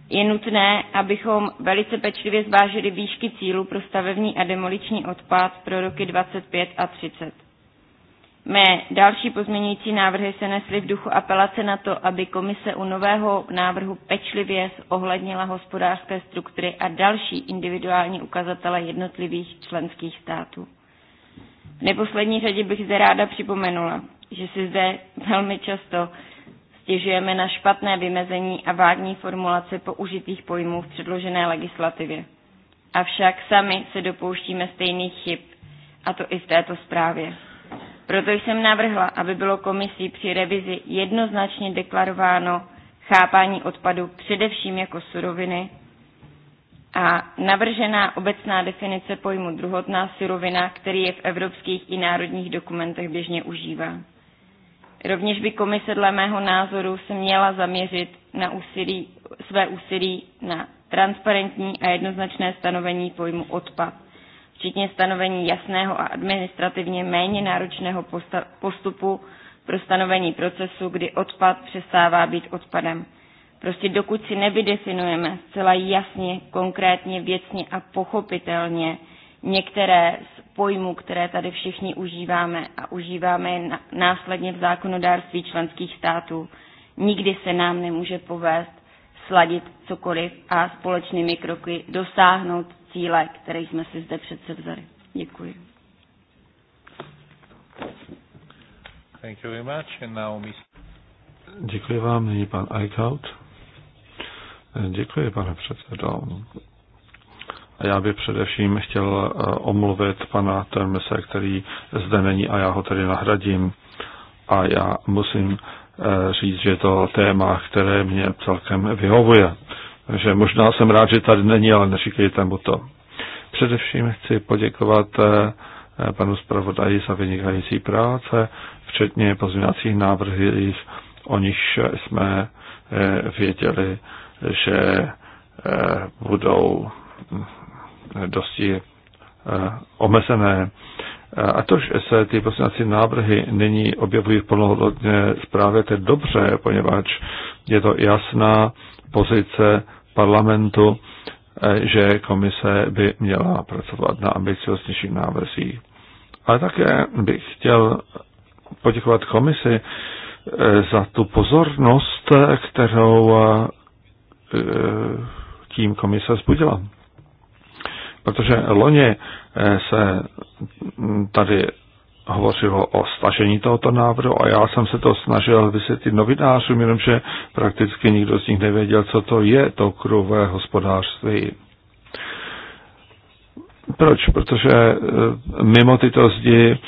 Je nutné, abychom velice pečlivě zvážili výšky cílů pro stavební a demoliční odpad pro roky 25 a 30. Mé další pozměňující návrhy se nesly v duchu apelace na to, aby komise u nového návrhu pečlivě zohlednila hospodářské struktury a další individuální ukazatele jednotlivých členských států. V neposlední řadě bych zde ráda připomenula, že si zde velmi často stěžujeme na špatné vymezení a vágní formulace použitých pojmů v předložené legislativě. Avšak sami se dopouštíme stejných chyb, a to i v této zprávě. Proto jsem navrhla, aby bylo komisí při revizi jednoznačně deklarováno chápání odpadu především jako suroviny, a navržená obecná definice pojmu druhotná surovina, který je v evropských i národních dokumentech běžně užívá. Rovněž by komise dle mého názoru se měla zaměřit na úsilí, své úsilí na transparentní a jednoznačné stanovení pojmu odpad, včetně stanovení jasného a administrativně méně náročného postupu pro stanovení procesu, kdy odpad přestává být odpadem Prostě dokud si nevydefinujeme zcela jasně, konkrétně, věcně a pochopitelně některé z pojmů, které tady všichni užíváme a užíváme je následně v zákonodárství členských států, nikdy se nám nemůže povést sladit cokoliv a společnými kroky dosáhnout cíle, které jsme si zde přece vzali. Děkuji. Thank you very much. And now, Děkuji vám, nyní pan Eichhout. Děkuji, pane předsedo. A já bych především chtěl eh, omluvit pana Termese, který zde není a já ho tedy nahradím. A já musím eh, říct, že je to téma, které mě celkem vyhovuje. Takže možná jsem rád, že tady není, ale neříkejte mu to. Především chci poděkovat eh, panu zpravodaji za vynikající práce, včetně pozměňovacích návrhy, o nich jsme věděli že eh, budou hm, dosti eh, omezené. A to, že se ty poslanecí návrhy nyní objevují v plnohodnotné zprávě, to je dobře, poněvadž je to jasná pozice parlamentu, eh, že komise by měla pracovat na ambicioznějších návrzích. Ale také bych chtěl poděkovat komisi za tu pozornost, kterou E, tím komise zbudila. Protože loni e, se tady hovořilo o stažení tohoto návrhu a já jsem se to snažil vysvětlit novinářům, jenomže prakticky nikdo z nich nevěděl, co to je to kruhové hospodářství. Proč? Protože e, mimo tyto zdi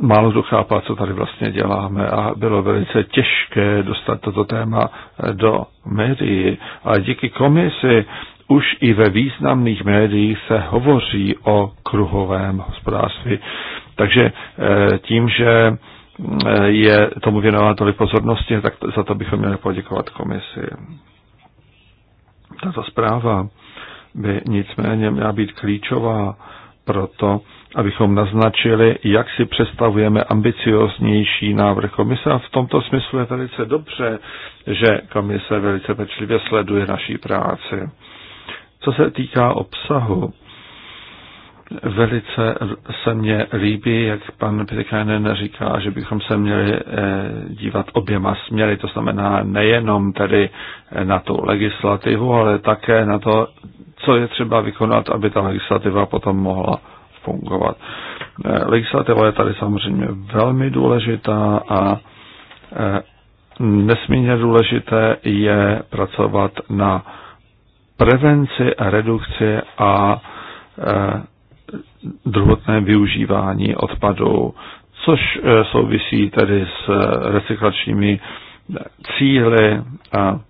málo kdo chápá, co tady vlastně děláme a bylo velice těžké dostat toto téma eh, do médií. A díky komisi už i ve významných médiích se hovoří o kruhovém hospodářství. Takže eh, tím, že eh, je tomu věnována tolik pozornosti, tak za to bychom měli poděkovat komisi. Tato zpráva by nicméně měla být klíčová pro to, abychom naznačili, jak si představujeme ambicioznější návrh komise. A v tomto smyslu je velice dobře, že komise velice pečlivě sleduje naší práci. Co se týká obsahu, velice se mně líbí, jak pan Pitekainen říká, že bychom se měli eh, dívat oběma směry, to znamená nejenom tedy eh, na tu legislativu, ale také na to, co je třeba vykonat, aby ta legislativa potom mohla fungovat. Eh, legislativa je tady samozřejmě velmi důležitá a eh, nesmírně důležité je pracovat na prevenci, redukci a eh, druhotné využívání odpadů, což souvisí tedy s recyklačními cíly a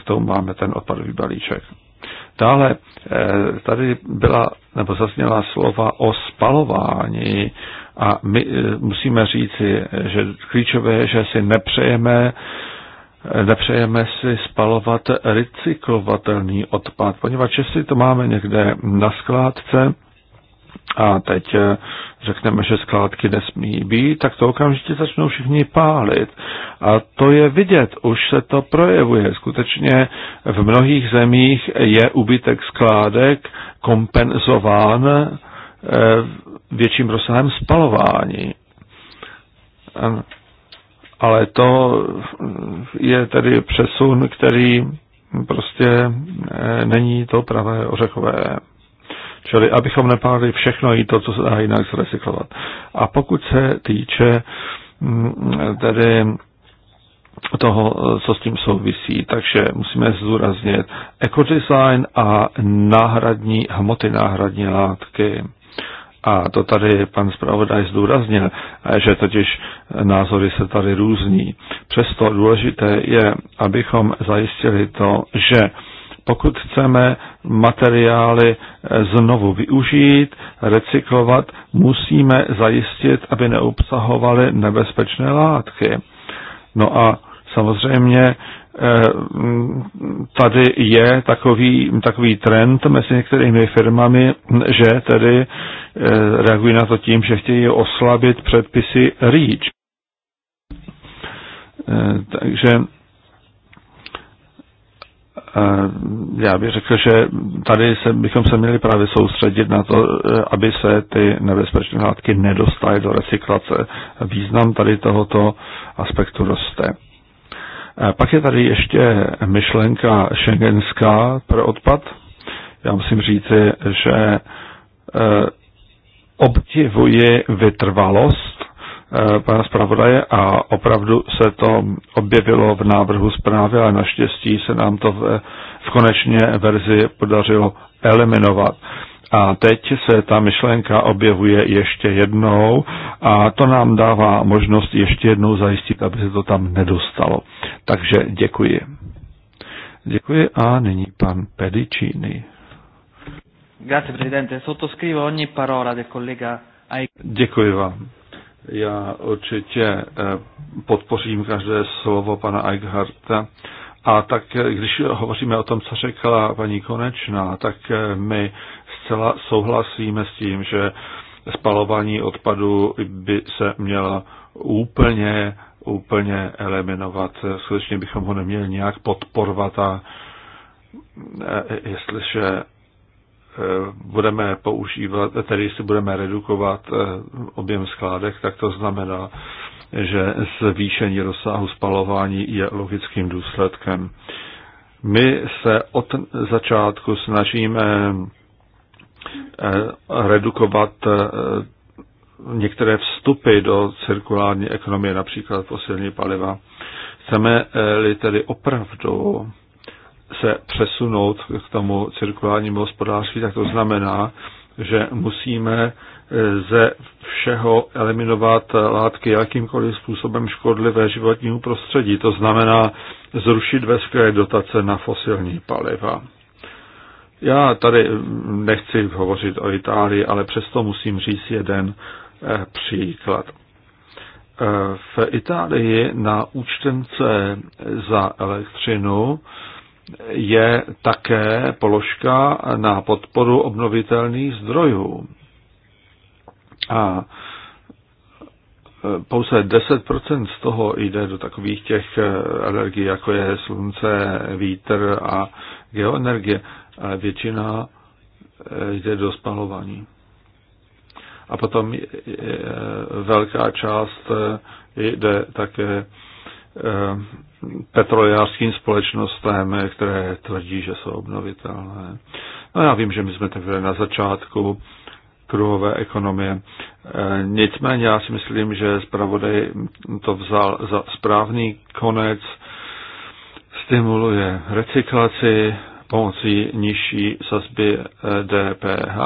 k tomu máme ten odpadový balíček. Dále eh, tady byla nebo zazněla slova o spalování a my eh, musíme říci, že klíčové je, že si nepřejeme eh, nepřejeme si spalovat recyklovatelný odpad, poněvadž jestli to máme někde na skládce, a teď eh, řekneme, že skládky nesmí být, tak to okamžitě začnou všichni pálit. A to je vidět, už se to projevuje. Skutečně v mnohých zemích je ubytek skládek kompenzován eh, větším rozsahem spalování. Ale to je tedy přesun, který prostě eh, není to pravé ořechové. Čili abychom nepálili všechno i to, co se dá jinak zrecyklovat. A pokud se týče mm, tedy toho, co s tím souvisí. Takže musíme zdůraznit ekodesign a náhradní hmoty, náhradní látky. A to tady pan zpravodaj zdůraznil, že totiž názory se tady různí. Přesto důležité je, abychom zajistili to, že pokud chceme materiály eh, znovu využít, recyklovat, musíme zajistit, aby neobsahovaly nebezpečné látky. No a samozřejmě eh, tady je takový, takový trend mezi některými firmami, že tedy eh, reagují na to tím, že chtějí oslabit předpisy REACH. Takže Eh, já bych řekl, že tady se, bychom se měli právě soustředit na to, eh, aby se ty nebezpečné látky nedostaly do recyklace. Význam tady tohoto aspektu roste. Eh, pak je tady ještě myšlenka šengenská pro odpad. Já musím říci, že obdivuji vytrvalost Eh, pana zpravodaje a opravdu se to objevilo v návrhu zprávy, ale naštěstí se nám to v, v konečné verzi podařilo eliminovat. A teď se ta myšlenka objevuje ještě jednou a to nám dává možnost ještě jednou zajistit, aby se to tam nedostalo. Takže děkuji. Děkuji a nyní pan Pedicini. Grazie Presidente, sottoscrivo ogni parola del collega Děkuji vám. Já určitě eh, podpořím každé slovo pana Eichharta. A tak, eh, když hovoříme o tom, co řekla paní Konečná, tak eh, my zcela souhlasíme s tím, že spalování odpadu by se mělo úplně, úplně eliminovat. Skutečně bychom ho neměli nějak podporovat a jestliže Eh, budeme používat, tedy si budeme redukovat eh, objem skládek, tak to znamená, že zvýšení rozsahu spalování je logickým důsledkem. My se od začátku snažíme eh, redukovat některé vstupy do cirkulární ekonomie, například fosilní paliva. Chceme-li tedy opravdu se přesunout k tomu cirkulárnímu hospodářství, tak to znamená, že musíme e, ze všeho eliminovat látky jakýmkoliv způsobem škodlivé životnímu prostředí. To znamená zrušit veškeré dotace na fosilní paliva. Já tady nechci hovořit o Itálii, ale přesto musím říct jeden e, příklad. E, v Itálii na účtence za elektřinu je také položka na podporu obnovitelných zdrojů. A e, pouze 10% z toho jde do takových těch e, energií, jako je slunce, vítr a geoenergie. A většina e, jde do spalování. A potom velká část jde také petrolejářským společnostem, které tvrdí, že jsou obnovitelné. No já vím, že my jsme teprve na začátku kruhové ekonomie. E, nicméně já si myslím, že zpravodaj to vzal za správný konec, stimuluje recyklaci pomocí nižší sazby e, DPH,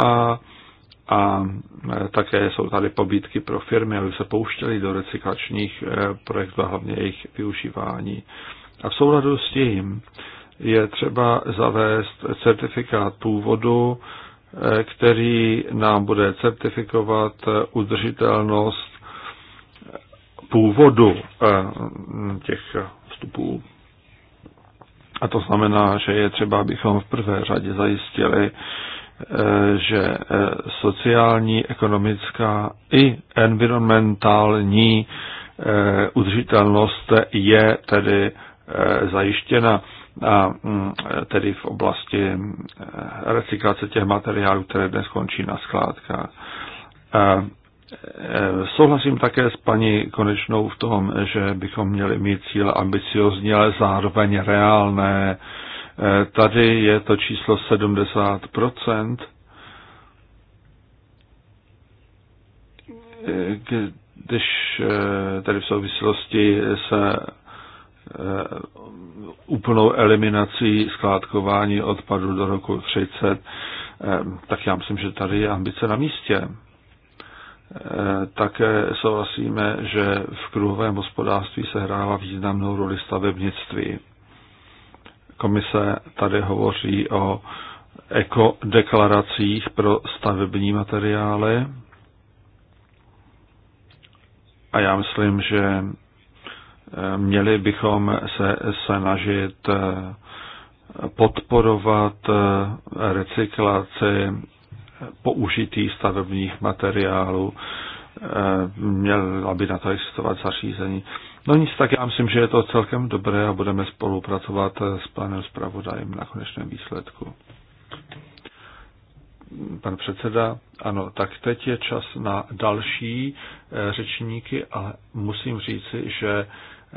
a e, také jsou tady pobídky pro firmy, aby se pouštěly do recyklačních e, projektů a hlavně jejich využívání. A v souladu s tím je třeba zavést certifikát původu, e, který nám bude certifikovat udržitelnost původu těch vstupů. A to znamená, že je třeba, abychom v prvé řadě zajistili, Eh, že eh, sociální, ekonomická i environmentální eh, udržitelnost je tedy zajištěna a mm, tedy v oblasti recyklace těch materiálů, které dnes končí na skládkách. Souhlasím také s paní Konečnou v tom, že bychom měli mít cíle ambiciozní, ale zároveň reálné Eh, tady je to číslo 70 eh, když eh, tady v souvislosti se úplnou eliminací skládkování odpadu do roku 30, tak já myslím, že tady je ambice na místě. Také souhlasíme, že v kruhovém hospodářství se hrává významnou roli stavebnictví. Komise tady hovoří o ekodeklaracích pro stavební materiály. A já myslím, že eh, měli bychom se snažit eh, podporovat eh, recyklaci použitých stavebních materiálů, měla by na to existovat zařízení. No nic, tak já myslím, že je to celkem dobré a budeme spolupracovat s panem zpravodajem na konečném výsledku. Pan předseda, ano, tak teď je čas na další eh, řečníky a musím říci, že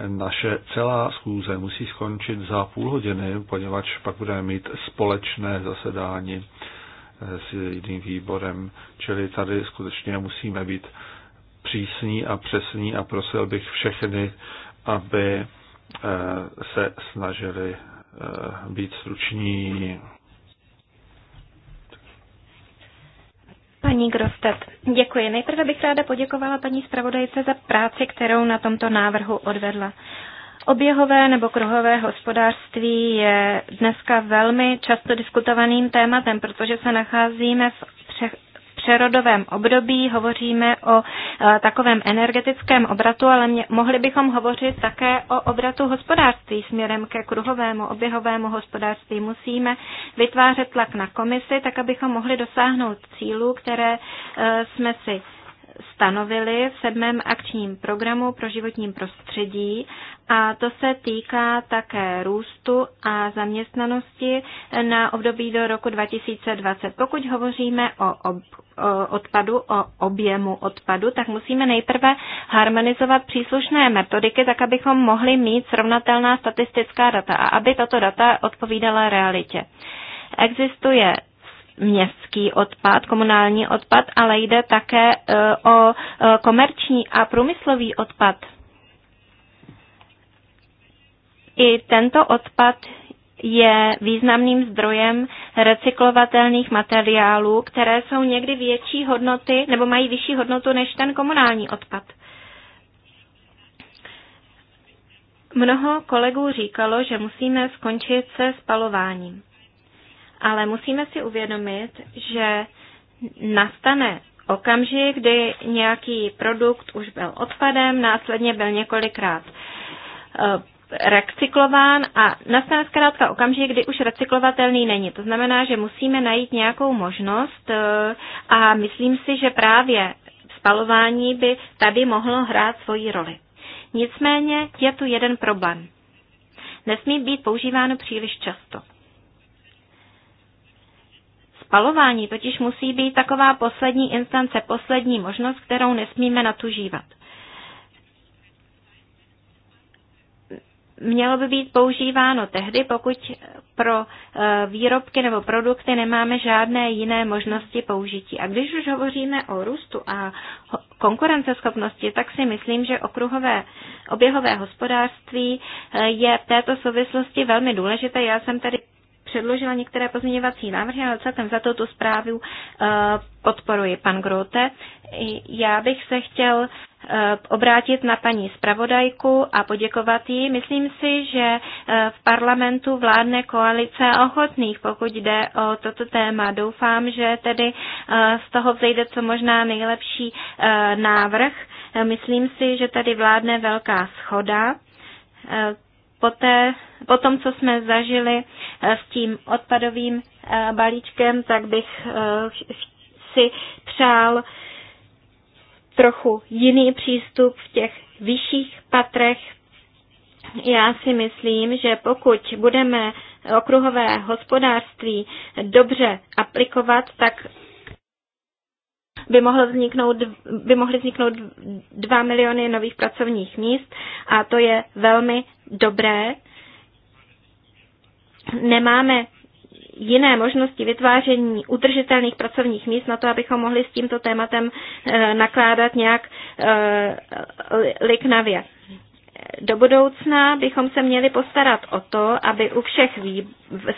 naše celá schůze musí skončit za půl hodiny, poněvadž pak budeme mít společné zasedání eh, s jedním výborem, čili tady skutečně musíme být přísný a přesný a prosil bych všechny, aby eh, se snažili eh, být struční. Paní Grostet, děkuji. Nejprve bych ráda poděkovala paní zpravodajce za práci, kterou na tomto návrhu odvedla. Oběhové nebo kruhové hospodářství je dneska velmi často diskutovaným tématem, protože se nacházíme v přerodovém období, hovoříme o e, takovém energetickém obratu, ale mě, mohli bychom hovořit také o obratu hospodářství směrem ke kruhovému oběhovému hospodářství. Musíme vytvářet tlak na komisi, tak abychom mohli dosáhnout cílů, které e, jsme si stanovili v sedmém akčním programu pro životní prostředí a to se týká také růstu a zaměstnanosti na období do roku 2020. Pokud hovoříme o, ob, o odpadu, o objemu odpadu, tak musíme nejprve harmonizovat příslušné metodiky, tak abychom mohli mít srovnatelná statistická data a aby tato data odpovídala realitě. Existuje městský odpad, komunální odpad, ale jde také e, o e, komerční a průmyslový odpad. I tento odpad je významným zdrojem recyklovatelných materiálů, které jsou někdy větší hodnoty nebo mají vyšší hodnotu než ten komunální odpad. Mnoho kolegů říkalo, že musíme skončit se spalováním ale musíme si uvědomit, že nastane okamžik, kdy nějaký produkt už byl odpadem, následně byl několikrát eh, recyklován a nastane zkrátka okamžik, kdy už recyklovatelný není. To znamená, že musíme najít nějakou možnost eh, a myslím si, že právě spalování by tady mohlo hrát svoji roli. Nicméně je tu jeden problém. Nesmí být používáno příliš často spalování totiž musí být taková poslední instance, poslední možnost, kterou nesmíme natužívat. Mělo by být používáno tehdy, pokud pro eh, výrobky nebo produkty nemáme žádné jiné možnosti použití. A když už hovoříme o růstu a konkurenceschopnosti, tak si myslím, že okruhové oběhové hospodářství eh, je v této souvislosti velmi důležité. Já jsem tady předložila některé pozměňovací návrhy, ale celkem za to tu zprávu eh, podporuji pan Grote. Já bych se chtěl eh, obrátit na paní zpravodajku a poděkovat jí. Myslím si, že eh, v parlamentu vládne koalice ochotných, pokud jde o toto téma. Doufám, že tedy z toho vzejde co možná nejlepší návrh. Myslím si, že tady vládne velká schoda Poté, po tom, co jsme zažili eh, s tím odpadovým eh, balíčkem, tak bych eh, si přál trochu jiný přístup v těch vyšších patrech. Já si myslím, že pokud budeme okruhové hospodářství dobře aplikovat, tak by, mohlo vzniknout, by mohly vzniknout 2 miliony nových pracovních míst a to je velmi dobré. Nemáme jiné možnosti vytváření udržitelných pracovních míst na to, abychom mohli s tímto tématem eh, nakládat nějak eh, liknavě do budoucna bychom se měli postarat o to, aby u všech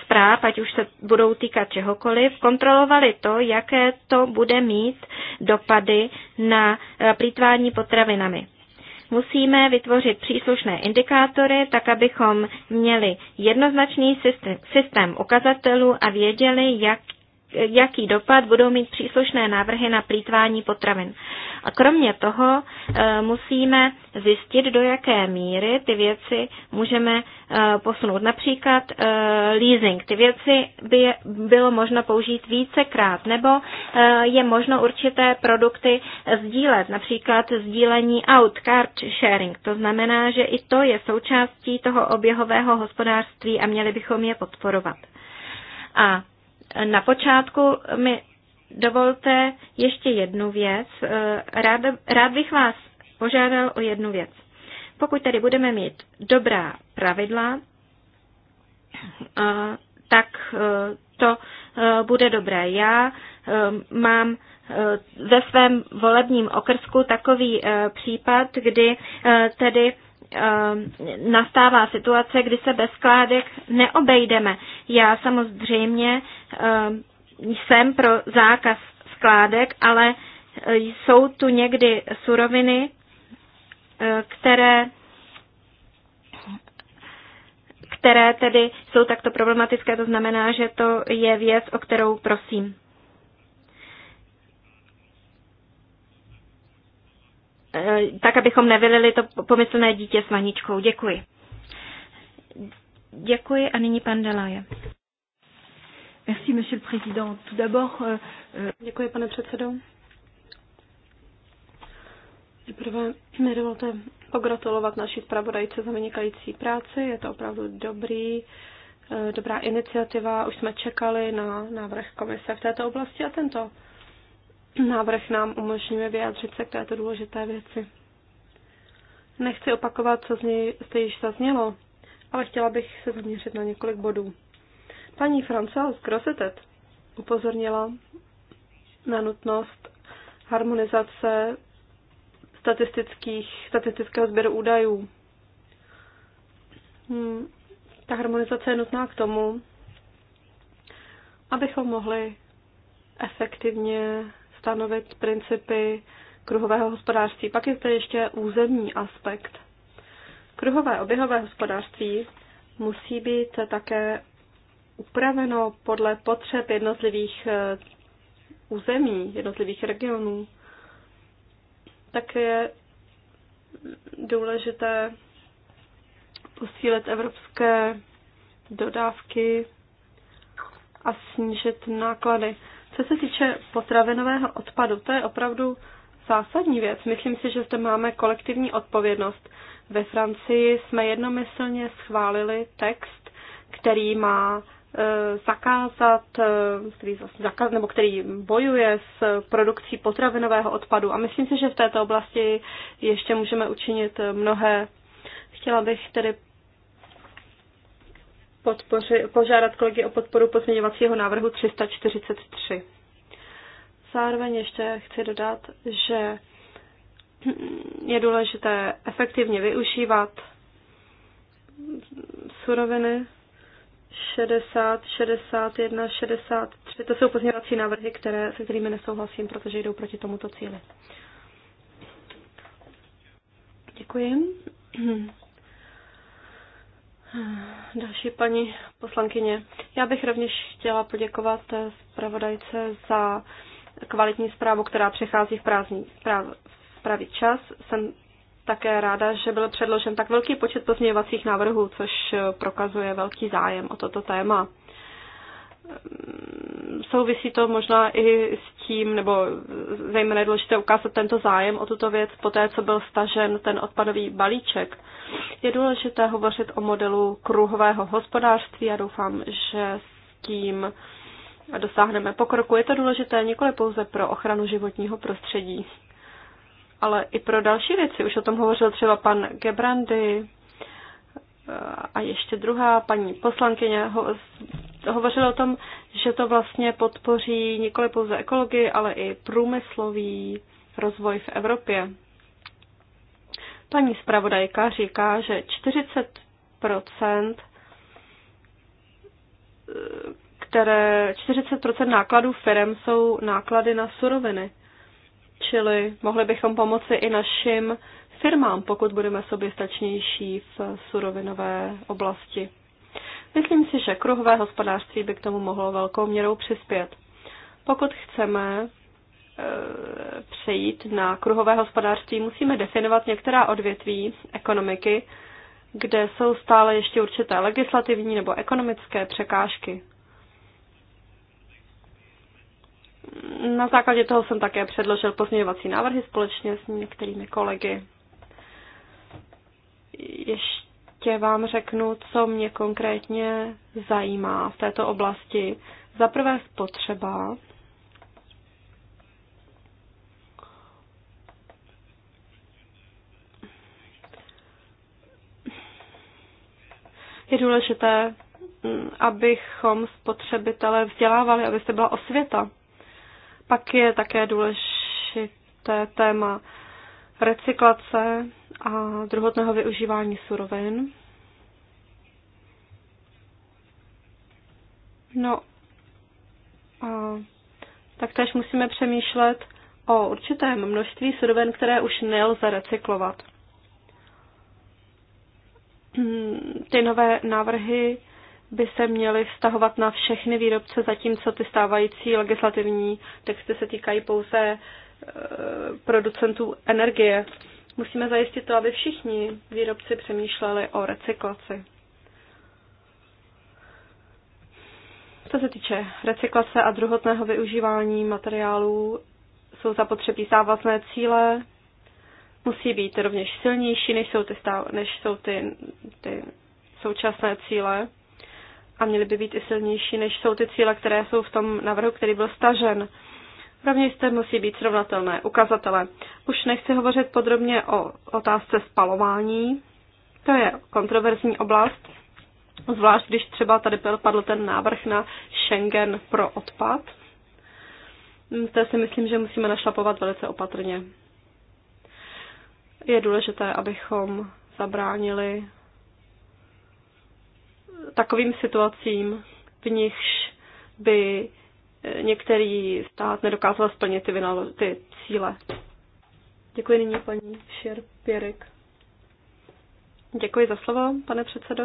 zpráv, ať už se budou týkat čehokoliv, kontrolovali to, jaké to bude mít dopady na eh, plítvání potravinami. Musíme vytvořit příslušné indikátory, tak abychom měli jednoznačný systém, systém ukazatelů a věděli, jak jaký dopad budou mít příslušné návrhy na plítvání potravin. A kromě toho e, musíme zjistit, do jaké míry ty věci můžeme e, posunout. Například e, leasing. Ty věci by bylo možno použít vícekrát, nebo je možno určité produkty sdílet, například sdílení aut, car sharing. To znamená, že i to je součástí toho oběhového hospodářství a měli bychom je podporovat. A na počátku mi dovolte ještě jednu věc. Rád, rád bych vás požádal o jednu věc. Pokud tady budeme mít dobrá pravidla, eh, tak eh, to eh, bude dobré. Já mám ve svém volebním okrsku takový případ, kdy tedy Eh, nastává situace, kdy se bez skládek neobejdeme. Já samozřejmě eh, jsem pro zákaz skládek, ale eh, jsou tu někdy suroviny, které které tedy jsou takto problematické, to znamená, že to je věc, o kterou prosím. Eh, tak abychom nevylili to pomyslné dítě s vaničkou. Děkuji. Děkuji a nyní pan Delaje. Merci, monsieur le président. Tout d'abord, euh, euh Děkuji, pane předsedo. Nejprve mi dovolte pogratulovat naší zpravodajce za vynikající práci. Je to opravdu dobrý, eh, dobrá iniciativa. Už jsme čekali na návrh komise v této oblasti a tento návrh nám umožňuje vyjádřit se k této důležité věci. Nechci opakovat, co z něj jste již zaznělo, ale chtěla bych se zaměřit na několik bodů. Paní Francouz Grosetet upozornila na nutnost harmonizace statistických, statistického sběru údajů. Hmm, ta harmonizace je nutná k tomu, abychom mohli efektivně stanovit principy kruhového hospodářství. Pak je to ještě územní aspekt. Kruhové oběhové hospodářství musí být také upraveno podle potřeb jednotlivých eh, území, jednotlivých regionů. Tak je důležité posílit evropské dodávky a snížit náklady. Co se týče potravinového odpadu, to je opravdu zásadní věc. Myslím si, že zde máme kolektivní odpovědnost. Ve Francii jsme jednomyslně schválili text, který má e, zakázat, e, který, zakaz, nebo který bojuje s produkcí potravinového odpadu. A myslím si, že v této oblasti ještě můžeme učinit mnohé. Chtěla bych tedy podpoři, požádat kolegy o podporu pozměňovacího návrhu 343. Zároveň ještě chci dodat, že je důležité efektivně využívat suroviny 60, 61, 63. To jsou pozměňovací návrhy, které, se kterými nesouhlasím, protože jdou proti tomuto cíli. Děkuji. Další paní poslankyně. Já bych rovněž chtěla poděkovat zpravodajce za kvalitní zprávu, která přechází v, prázdný, práv, v pravý čas. Jsem také ráda, že byl předložen tak velký počet pozměňovacích návrhů, což prokazuje velký zájem o toto téma. Mm, souvisí to možná i s tím, nebo zejména je důležité ukázat tento zájem o tuto věc, poté co byl stažen ten odpadový balíček je důležité hovořit o modelu kruhového hospodářství a doufám, že s tím dosáhneme pokroku. Je to důležité nikoli pouze pro ochranu životního prostředí, ale i pro další věci. Už o tom hovořil třeba pan Gebrandy a ještě druhá paní poslankyně hovořila o tom, že to vlastně podpoří nikoli pouze ekologii, ale i průmyslový rozvoj v Evropě. Paní zpravodajka říká, že 40 které 40 nákladů firm jsou náklady na suroviny. Čili mohli bychom pomoci i našim firmám, pokud budeme soběstačnější v surovinové oblasti. Myslím si, že kruhové hospodářství by k tomu mohlo velkou měrou přispět. Pokud chceme přejít na kruhové hospodářství, musíme definovat některá odvětví ekonomiky, kde jsou stále ještě určité legislativní nebo ekonomické překážky. Na základě toho jsem také předložil pozměňovací návrhy společně s některými kolegy. Ještě vám řeknu, co mě konkrétně zajímá v této oblasti. Za prvé spotřeba, Je důležité, mm, abychom spotřebitele vzdělávali, aby se byla osvěta. Pak je také důležité téma recyklace a druhotného využívání surovin. No, a taktéž musíme přemýšlet o určitém množství surovin, které už nelze recyklovat ty nové návrhy by se měly vztahovat na všechny výrobce, zatímco ty stávající legislativní texty se týkají pouze eh, producentů energie. Musíme zajistit to, aby všichni výrobci přemýšleli o recyklaci. Co se týče recyklace a druhotného využívání materiálů, jsou zapotřebí závazné cíle, musí být rovněž silnější, než jsou ty, stav, než jsou ty, ty současné cíle a měly by být i silnější, než jsou ty cíle, které jsou v tom návrhu, který byl stažen. Rovněž zde musí být srovnatelné ukazatele. Už nechci hovořit podrobně o otázce spalování. To je kontroverzní oblast, zvlášť když třeba tady padl ten návrh na Schengen pro odpad. To si myslím, že musíme našlapovat velice opatrně je důležité, abychom zabránili takovým situacím, v nichž by některý stát nedokázal splnit ty, vynalo- ty cíle. Děkuji nyní paní Šer Pěrik. Děkuji za slovo, pane předsedo.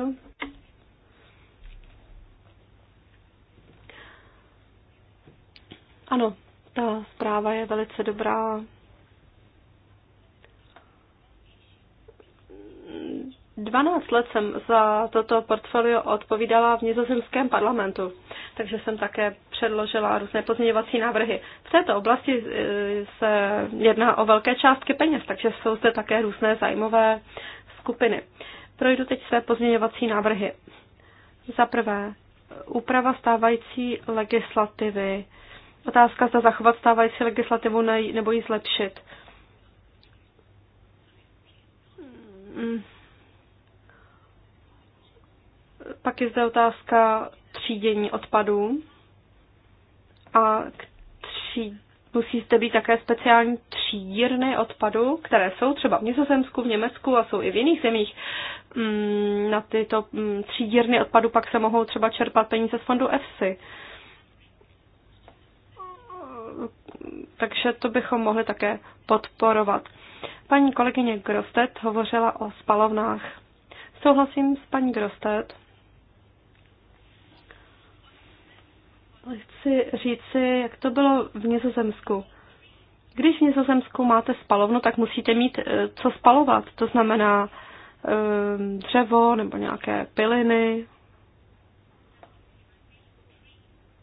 Ano, ta zpráva je velice dobrá, 12 let jsem za toto portfolio odpovídala v nizozemském parlamentu, takže jsem také předložila různé pozměňovací návrhy. V této oblasti eh, se jedná o velké částky peněz, takže jsou zde také různé zájmové skupiny. Projdu teď své pozměňovací návrhy. Za prvé, úprava stávající legislativy. Otázka, zda zachovat stávající legislativu nebo ji zlepšit. Mm. Pak je zde otázka třídění odpadů a k tří, musí zde být také speciální třídírny odpadu, které jsou třeba v Nizozemsku, v Německu a jsou i v jiných zemích. Mm, na tyto mm, třídírny odpadu pak se mohou třeba čerpat peníze z fondu EFSI. Takže to bychom mohli také podporovat. Paní kolegyně Grostet hovořila o spalovnách. Souhlasím s paní Grostet, chci říci, jak to bylo v Nizozemsku. Když v Nizozemsku máte spalovnu, tak musíte mít eh, co spalovat. To znamená eh, dřevo nebo nějaké piliny.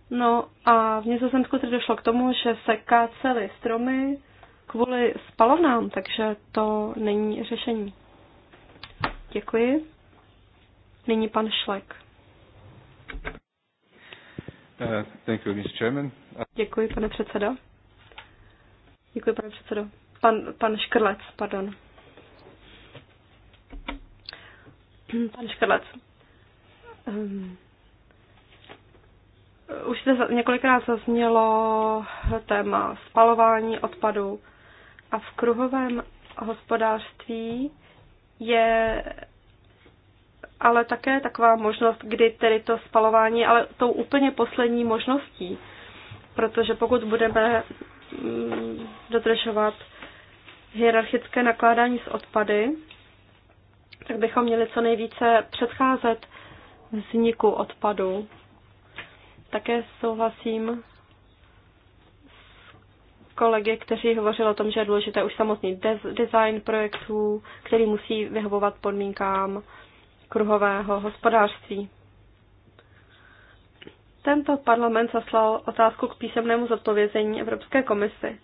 No a v Nizozemsku tedy došlo k tomu, že se kácely stromy kvůli spalovnám, takže to není řešení. Děkuji. Nyní pan Šlek. Uh, thank you, Mr. Chairman. Uh, Děkuji, pane předsedo. Děkuji, pane předsedo. Pan, pan Škrlec, pardon. Pan Škrlec. Um, už se několikrát zaznělo téma spalování odpadu a v kruhovém hospodářství je ale také taková možnost, kdy tedy to spalování, ale tou úplně poslední možností, protože pokud budeme mm, dodržovat hierarchické nakládání s odpady, tak bychom měli co nejvíce předcházet vzniku odpadu. Také souhlasím s kolegy, kteří hovořili o tom, že je důležité už samotný design projektů, který musí vyhovovat podmínkám kruhového hospodářství. Tento parlament zaslal otázku k písemnému zodpovězení Evropské komisi.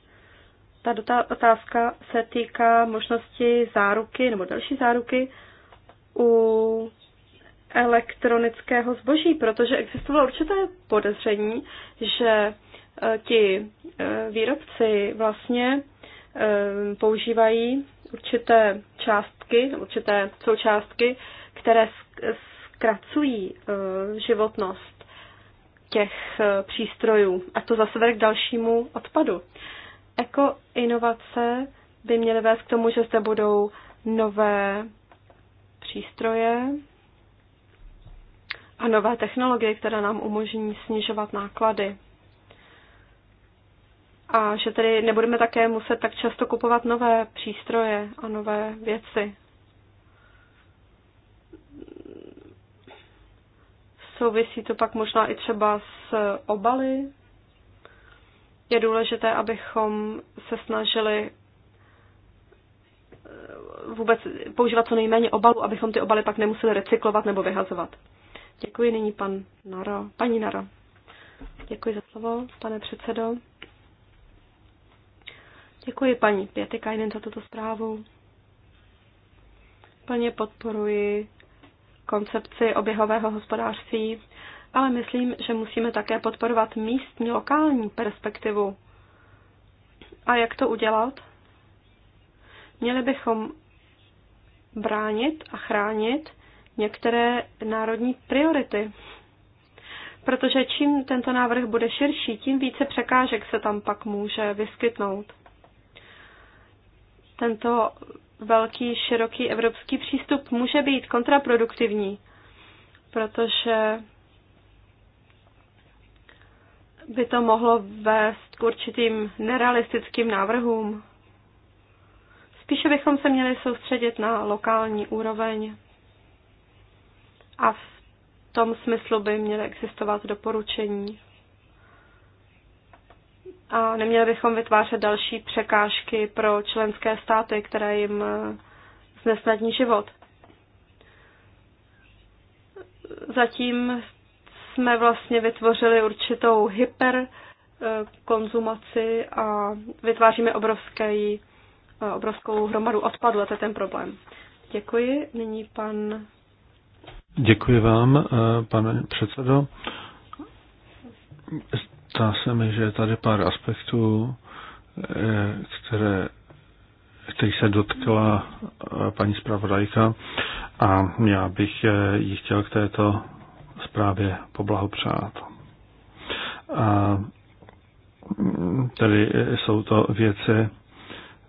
Ta otázka se týká možnosti záruky nebo další záruky u elektronického zboží, protože existovalo určité podezření, že e, ti e, výrobci vlastně e, používají určité částky, určité součástky které zkracují eh, životnost těch eh, přístrojů. A to zase vede k dalšímu odpadu. inovace by měly vést k tomu, že zde budou nové přístroje a nové technologie, které nám umožní snižovat náklady. A že tedy nebudeme také muset tak často kupovat nové přístroje a nové věci. Souvisí to pak možná i třeba s obaly. Je důležité, abychom se snažili eh, vůbec používat co nejméně obalu, abychom ty obaly pak nemuseli recyklovat nebo vyhazovat. Děkuji nyní pan Naro, paní Naro. Děkuji za slovo, pane předsedo. Děkuji paní Pětikajnen za tuto zprávu. Plně podporuji koncepci oběhového hospodářství, ale myslím, že musíme také podporovat místní, lokální perspektivu. A jak to udělat? Měli bychom bránit a chránit některé národní priority. Protože čím tento návrh bude širší, tím více překážek se tam pak může vyskytnout. Tento velký, široký evropský přístup může být kontraproduktivní, protože by to mohlo vést k určitým nerealistickým návrhům. Spíše bychom se měli soustředit na lokální úroveň a v tom smyslu by měly existovat doporučení a neměli bychom vytvářet další překážky pro členské státy, které jim eh, znesnadní život. Zatím jsme vlastně vytvořili určitou hyperkonzumaci eh, a vytváříme obrovské, eh, obrovskou hromadu odpadu a to je ten problém. Děkuji. Nyní pan. Děkuji vám, pane předsedo Zdá se mi, že je tady pár aspektů, eh, které, který se dotkla eh, paní zpravodajka a já bych eh, ji chtěl k této zprávě poblahopřát. A mm, tady jsou to věci,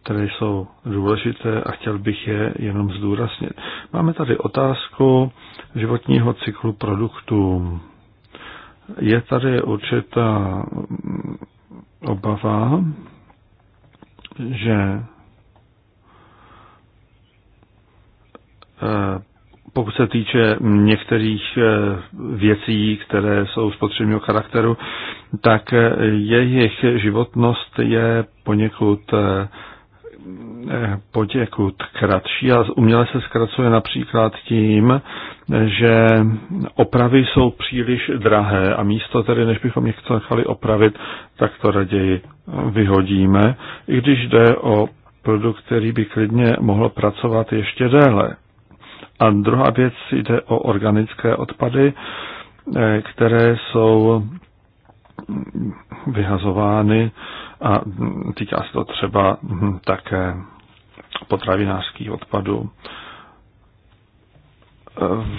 které jsou důležité a chtěl bych je jenom zdůraznit. Máme tady otázku životního cyklu produktů. Je tady určitá obava, že eh, pokud se týče některých eh, věcí, které jsou spotřebního charakteru, tak eh, jejich životnost je poněkud poděkud kratší a uměle se zkracuje například tím, že opravy jsou příliš drahé a místo tedy, než bychom něco nechali opravit, tak to raději vyhodíme, i když jde o produkt, který by klidně mohl pracovat ještě déle. A druhá věc jde o organické odpady, eh, které jsou vyhazovány a týká se to třeba také potravinářských odpadů.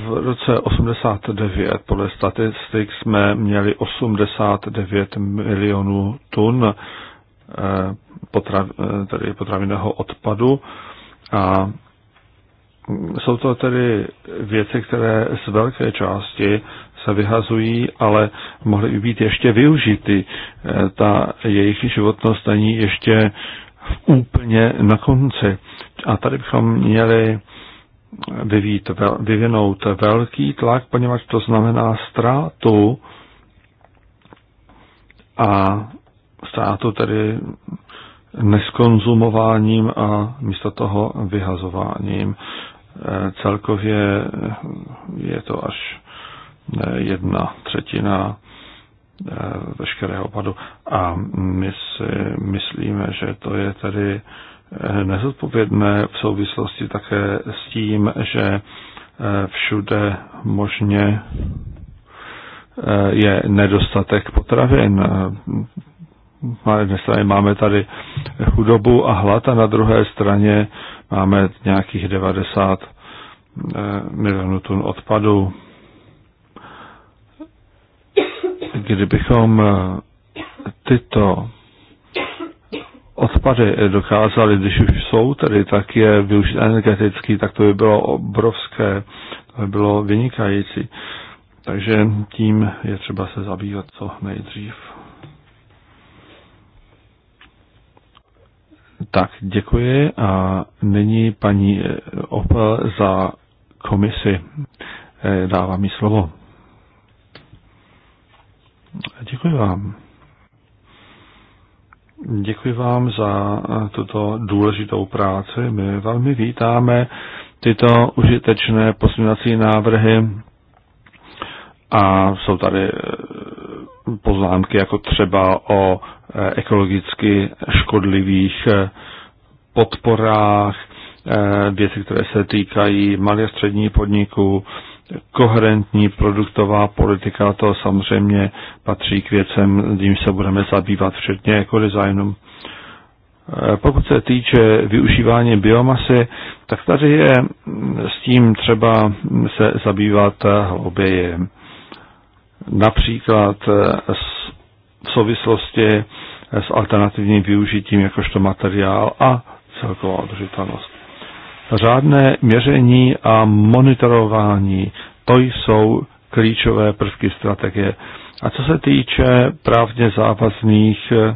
V roce 89 podle statistik jsme měli 89 milionů tun eh, potrav, eh, tedy potravinového odpadu a jsou to tedy věci, které z velké části se vyhazují, ale mohly by být ještě využity. E, ta jejich životnost není ještě úplně na konci. A tady bychom měli vyvít, vyvinout velký tlak, poněvadž to znamená ztrátu a ztrátu tedy neskonzumováním a místo toho vyhazováním. E, celkově je to až jedna třetina eh, veškerého padu. A my si myslíme, že to je tedy eh, nezodpovědné v souvislosti také s tím, že eh, všude možně je nedostatek potravin. Na jedné straně máme tady chudobu a hlad a na druhé straně máme nějakých 90 milionů tun odpadu kdybychom eh, tyto odpady dokázali, když už jsou tady, tak je využít energetický, tak to by bylo obrovské, to by bylo vynikající. Takže tím je třeba se zabývat co nejdřív. Tak, děkuji a nyní paní eh, Opel za komisi. Eh, Dávám mi slovo. Děkuji vám. Děkuji vám za eh, tuto důležitou práci. My velmi vítáme tyto užitečné posunací návrhy a jsou tady eh, poznámky jako třeba o eh, ekologicky škodlivých podporách, věci, které se týkají malých a středních podniků, koherentní produktová politika, to samozřejmě patří k věcem, tím se budeme zabývat včetně jako designu. E, pokud se týče využívání biomasy, tak tady je s tím třeba se zabývat hlouběji. E, Například e, v souvislosti s alternativním využitím jakožto materiál a celková udržitelnost. Řádné měření a monitorování, to jsou klíčové prvky strategie. A co se týče právně závazných eh,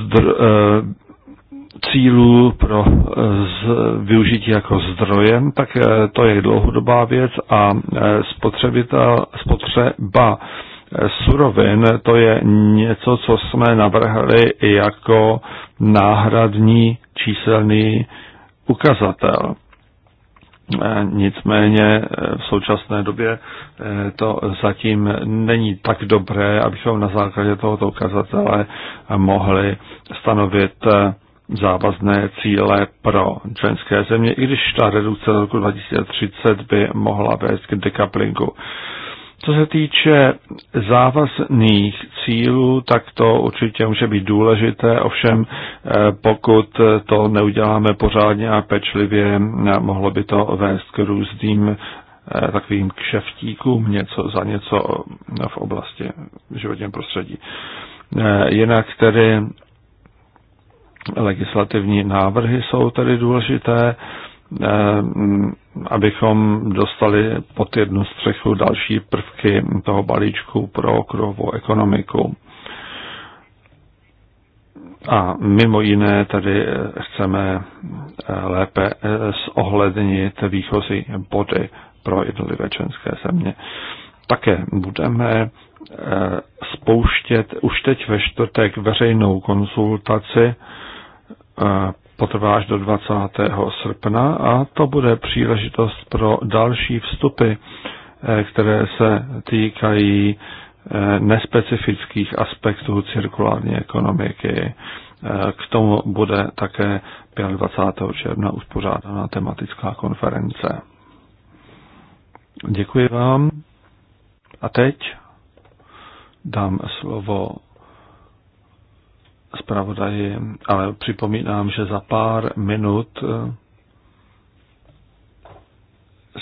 zdr, eh, cílů pro eh, z, využití jako zdrojem, tak to je dlouhodobá věc a spotřeba surovin, to je něco, co jsme navrhli jako náhradní číselný ukazatel. Eh, nicméně eh, v současné době eh, to zatím není tak dobré, abychom na základě tohoto ukazatele mohli stanovit závazné cíle pro členské země, i když ta redukce do roku 2030 by mohla vést k dekaplingu. Co se týče závazných cílů, tak to určitě může být důležité, ovšem eh, pokud to neuděláme pořádně a pečlivě, eh, mohlo by to vést k různým eh, takovým kšeftíkům něco za něco v oblasti životního prostředí. Jinak tedy legislativní návrhy jsou tedy důležité Eh, abychom dostali pod jednu střechu další prvky toho balíčku pro okruhovou ekonomiku. A mimo jiné tady eh, chceme eh, lépe zohlednit výchozí body pro jednotlivé členské země. Také budeme spouštět už teď ve čtvrtek veřejnou konzultaci potrvá až do 20. srpna a to bude příležitost pro další vstupy, eh, které se týkají eh, nespecifických aspektů cirkulární ekonomiky. Eh, k tomu bude také 25. června uspořádána tematická konference. Děkuji vám. A teď dám slovo zpravodaji, ale připomínám, že za pár minut eh,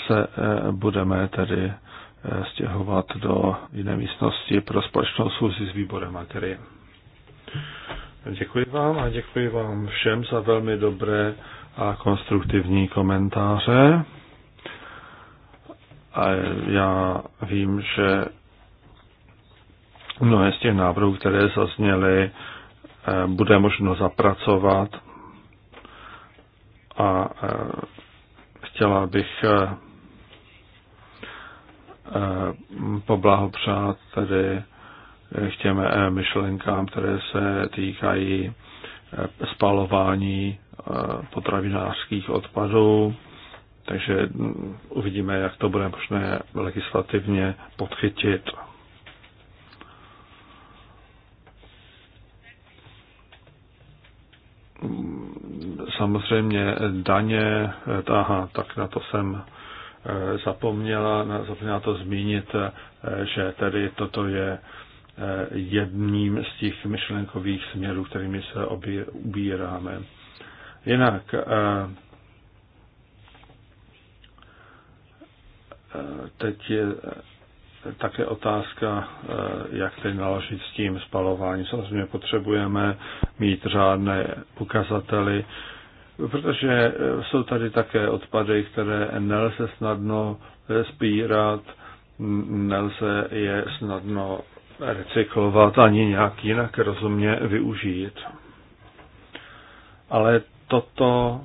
se eh, budeme tedy eh, stěhovat do jiné místnosti pro společnou schůzi s výborem Agri. Děkuji vám a děkuji vám všem za velmi dobré a konstruktivní komentáře. A já vím, že mnohé z těch návrhů, které zazněly, bude možno zapracovat a eh, chtěla bych eh, eh, poblahopřát tedy k těm myšlenkám, které se týkají spalování potravinářských odpadů. Takže mm, uvidíme, jak to bude možné legislativně podchytit. samozřejmě daně, eh, aha, tak na to jsem eh, zapomněla, zapomněla to zmínit, eh, že tedy toto je jedním z těch myšlenkových směrů, kterými se obě, ubíráme. Jinak, teď je také otázka, jak teď naložit s tím spalováním. Samozřejmě potřebujeme mít řádné ukazateli, protože eh, jsou tady také odpady, které nelze snadno spírat, nelze je snadno recyklovat ani nějak jinak rozumně využít. Ale toto,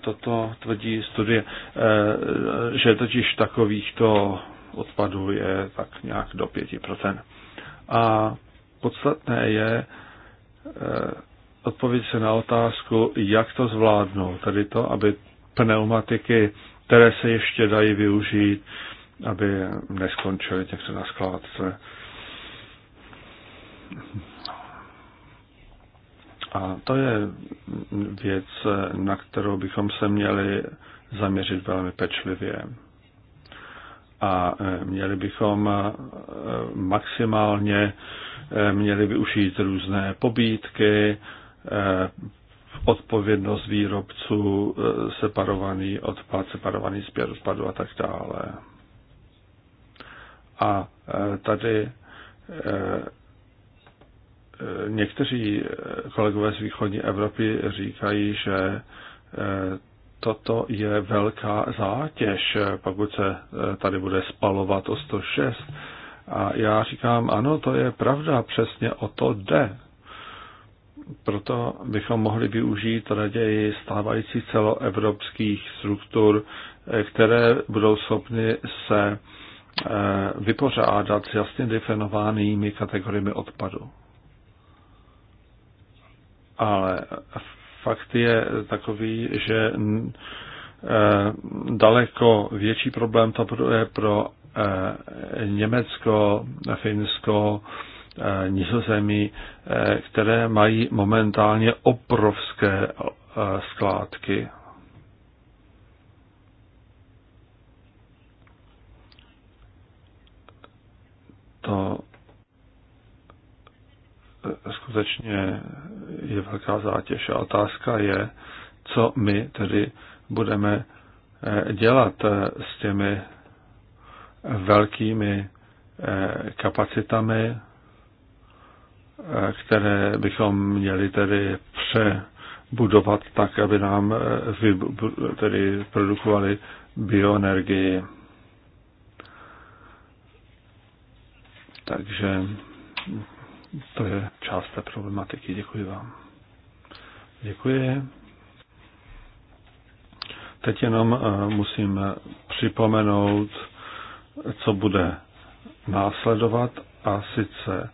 toto tvrdí studie, eh, že totiž takovýchto odpadů je tak nějak do 5%. A podstatné je, eh, odpověď se na otázku, jak to zvládnou. Tedy to, aby pneumatiky, které se ještě dají využít, aby neskončily někde na skládce. A to je věc, na kterou bychom se měli zaměřit velmi pečlivě. A e, měli bychom e, maximálně e, měli využít různé pobídky, Eh, odpovědnost výrobců, eh, separovaný odpad, separovaný zpět odpadu a tak dále. A eh, tady někteří kolegové z východní Evropy říkají, že toto je velká zátěž, pokud se tady bude spalovat o 106. A já říkám, ano, to je pravda, přesně o to jde proto bychom mohli využít raději stávající celoevropských struktur, eh, které budou schopny se eh, vypořádat s jasně definovanými kategoriemi odpadu. Ale fakt je takový, že eh, daleko větší problém to bude pro Německo, Finsko, Eh, nizozemí, eh, které mají momentálně obrovské eh, skládky. To skutečně je velká zátěž. A otázka je, co my tedy budeme dělat s těmi velkými kapacitami které bychom měli tedy přebudovat tak, aby nám eh, tedy produkovali bioenergii. Takže to je část té problematiky. Děkuji vám. Děkuji. Teď jenom eh, musím připomenout, co bude následovat a sice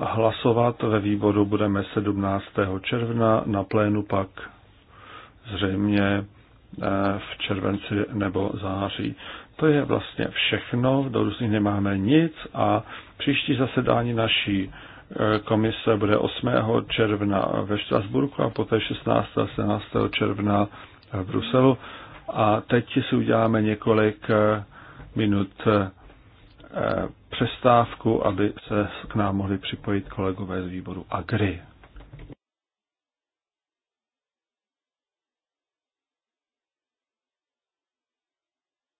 Hlasovat ve výboru budeme 17. června, na plénu pak zřejmě eh, v červenci nebo září. To je vlastně všechno, do různých nemáme nic a příští zasedání naší eh, komise bude 8. června ve Štrasburku a poté 16. a 17. června v Bruselu. A teď si uděláme několik eh, minut Eh, přestávku, aby se k nám mohli připojit kolegové z výboru AGRI.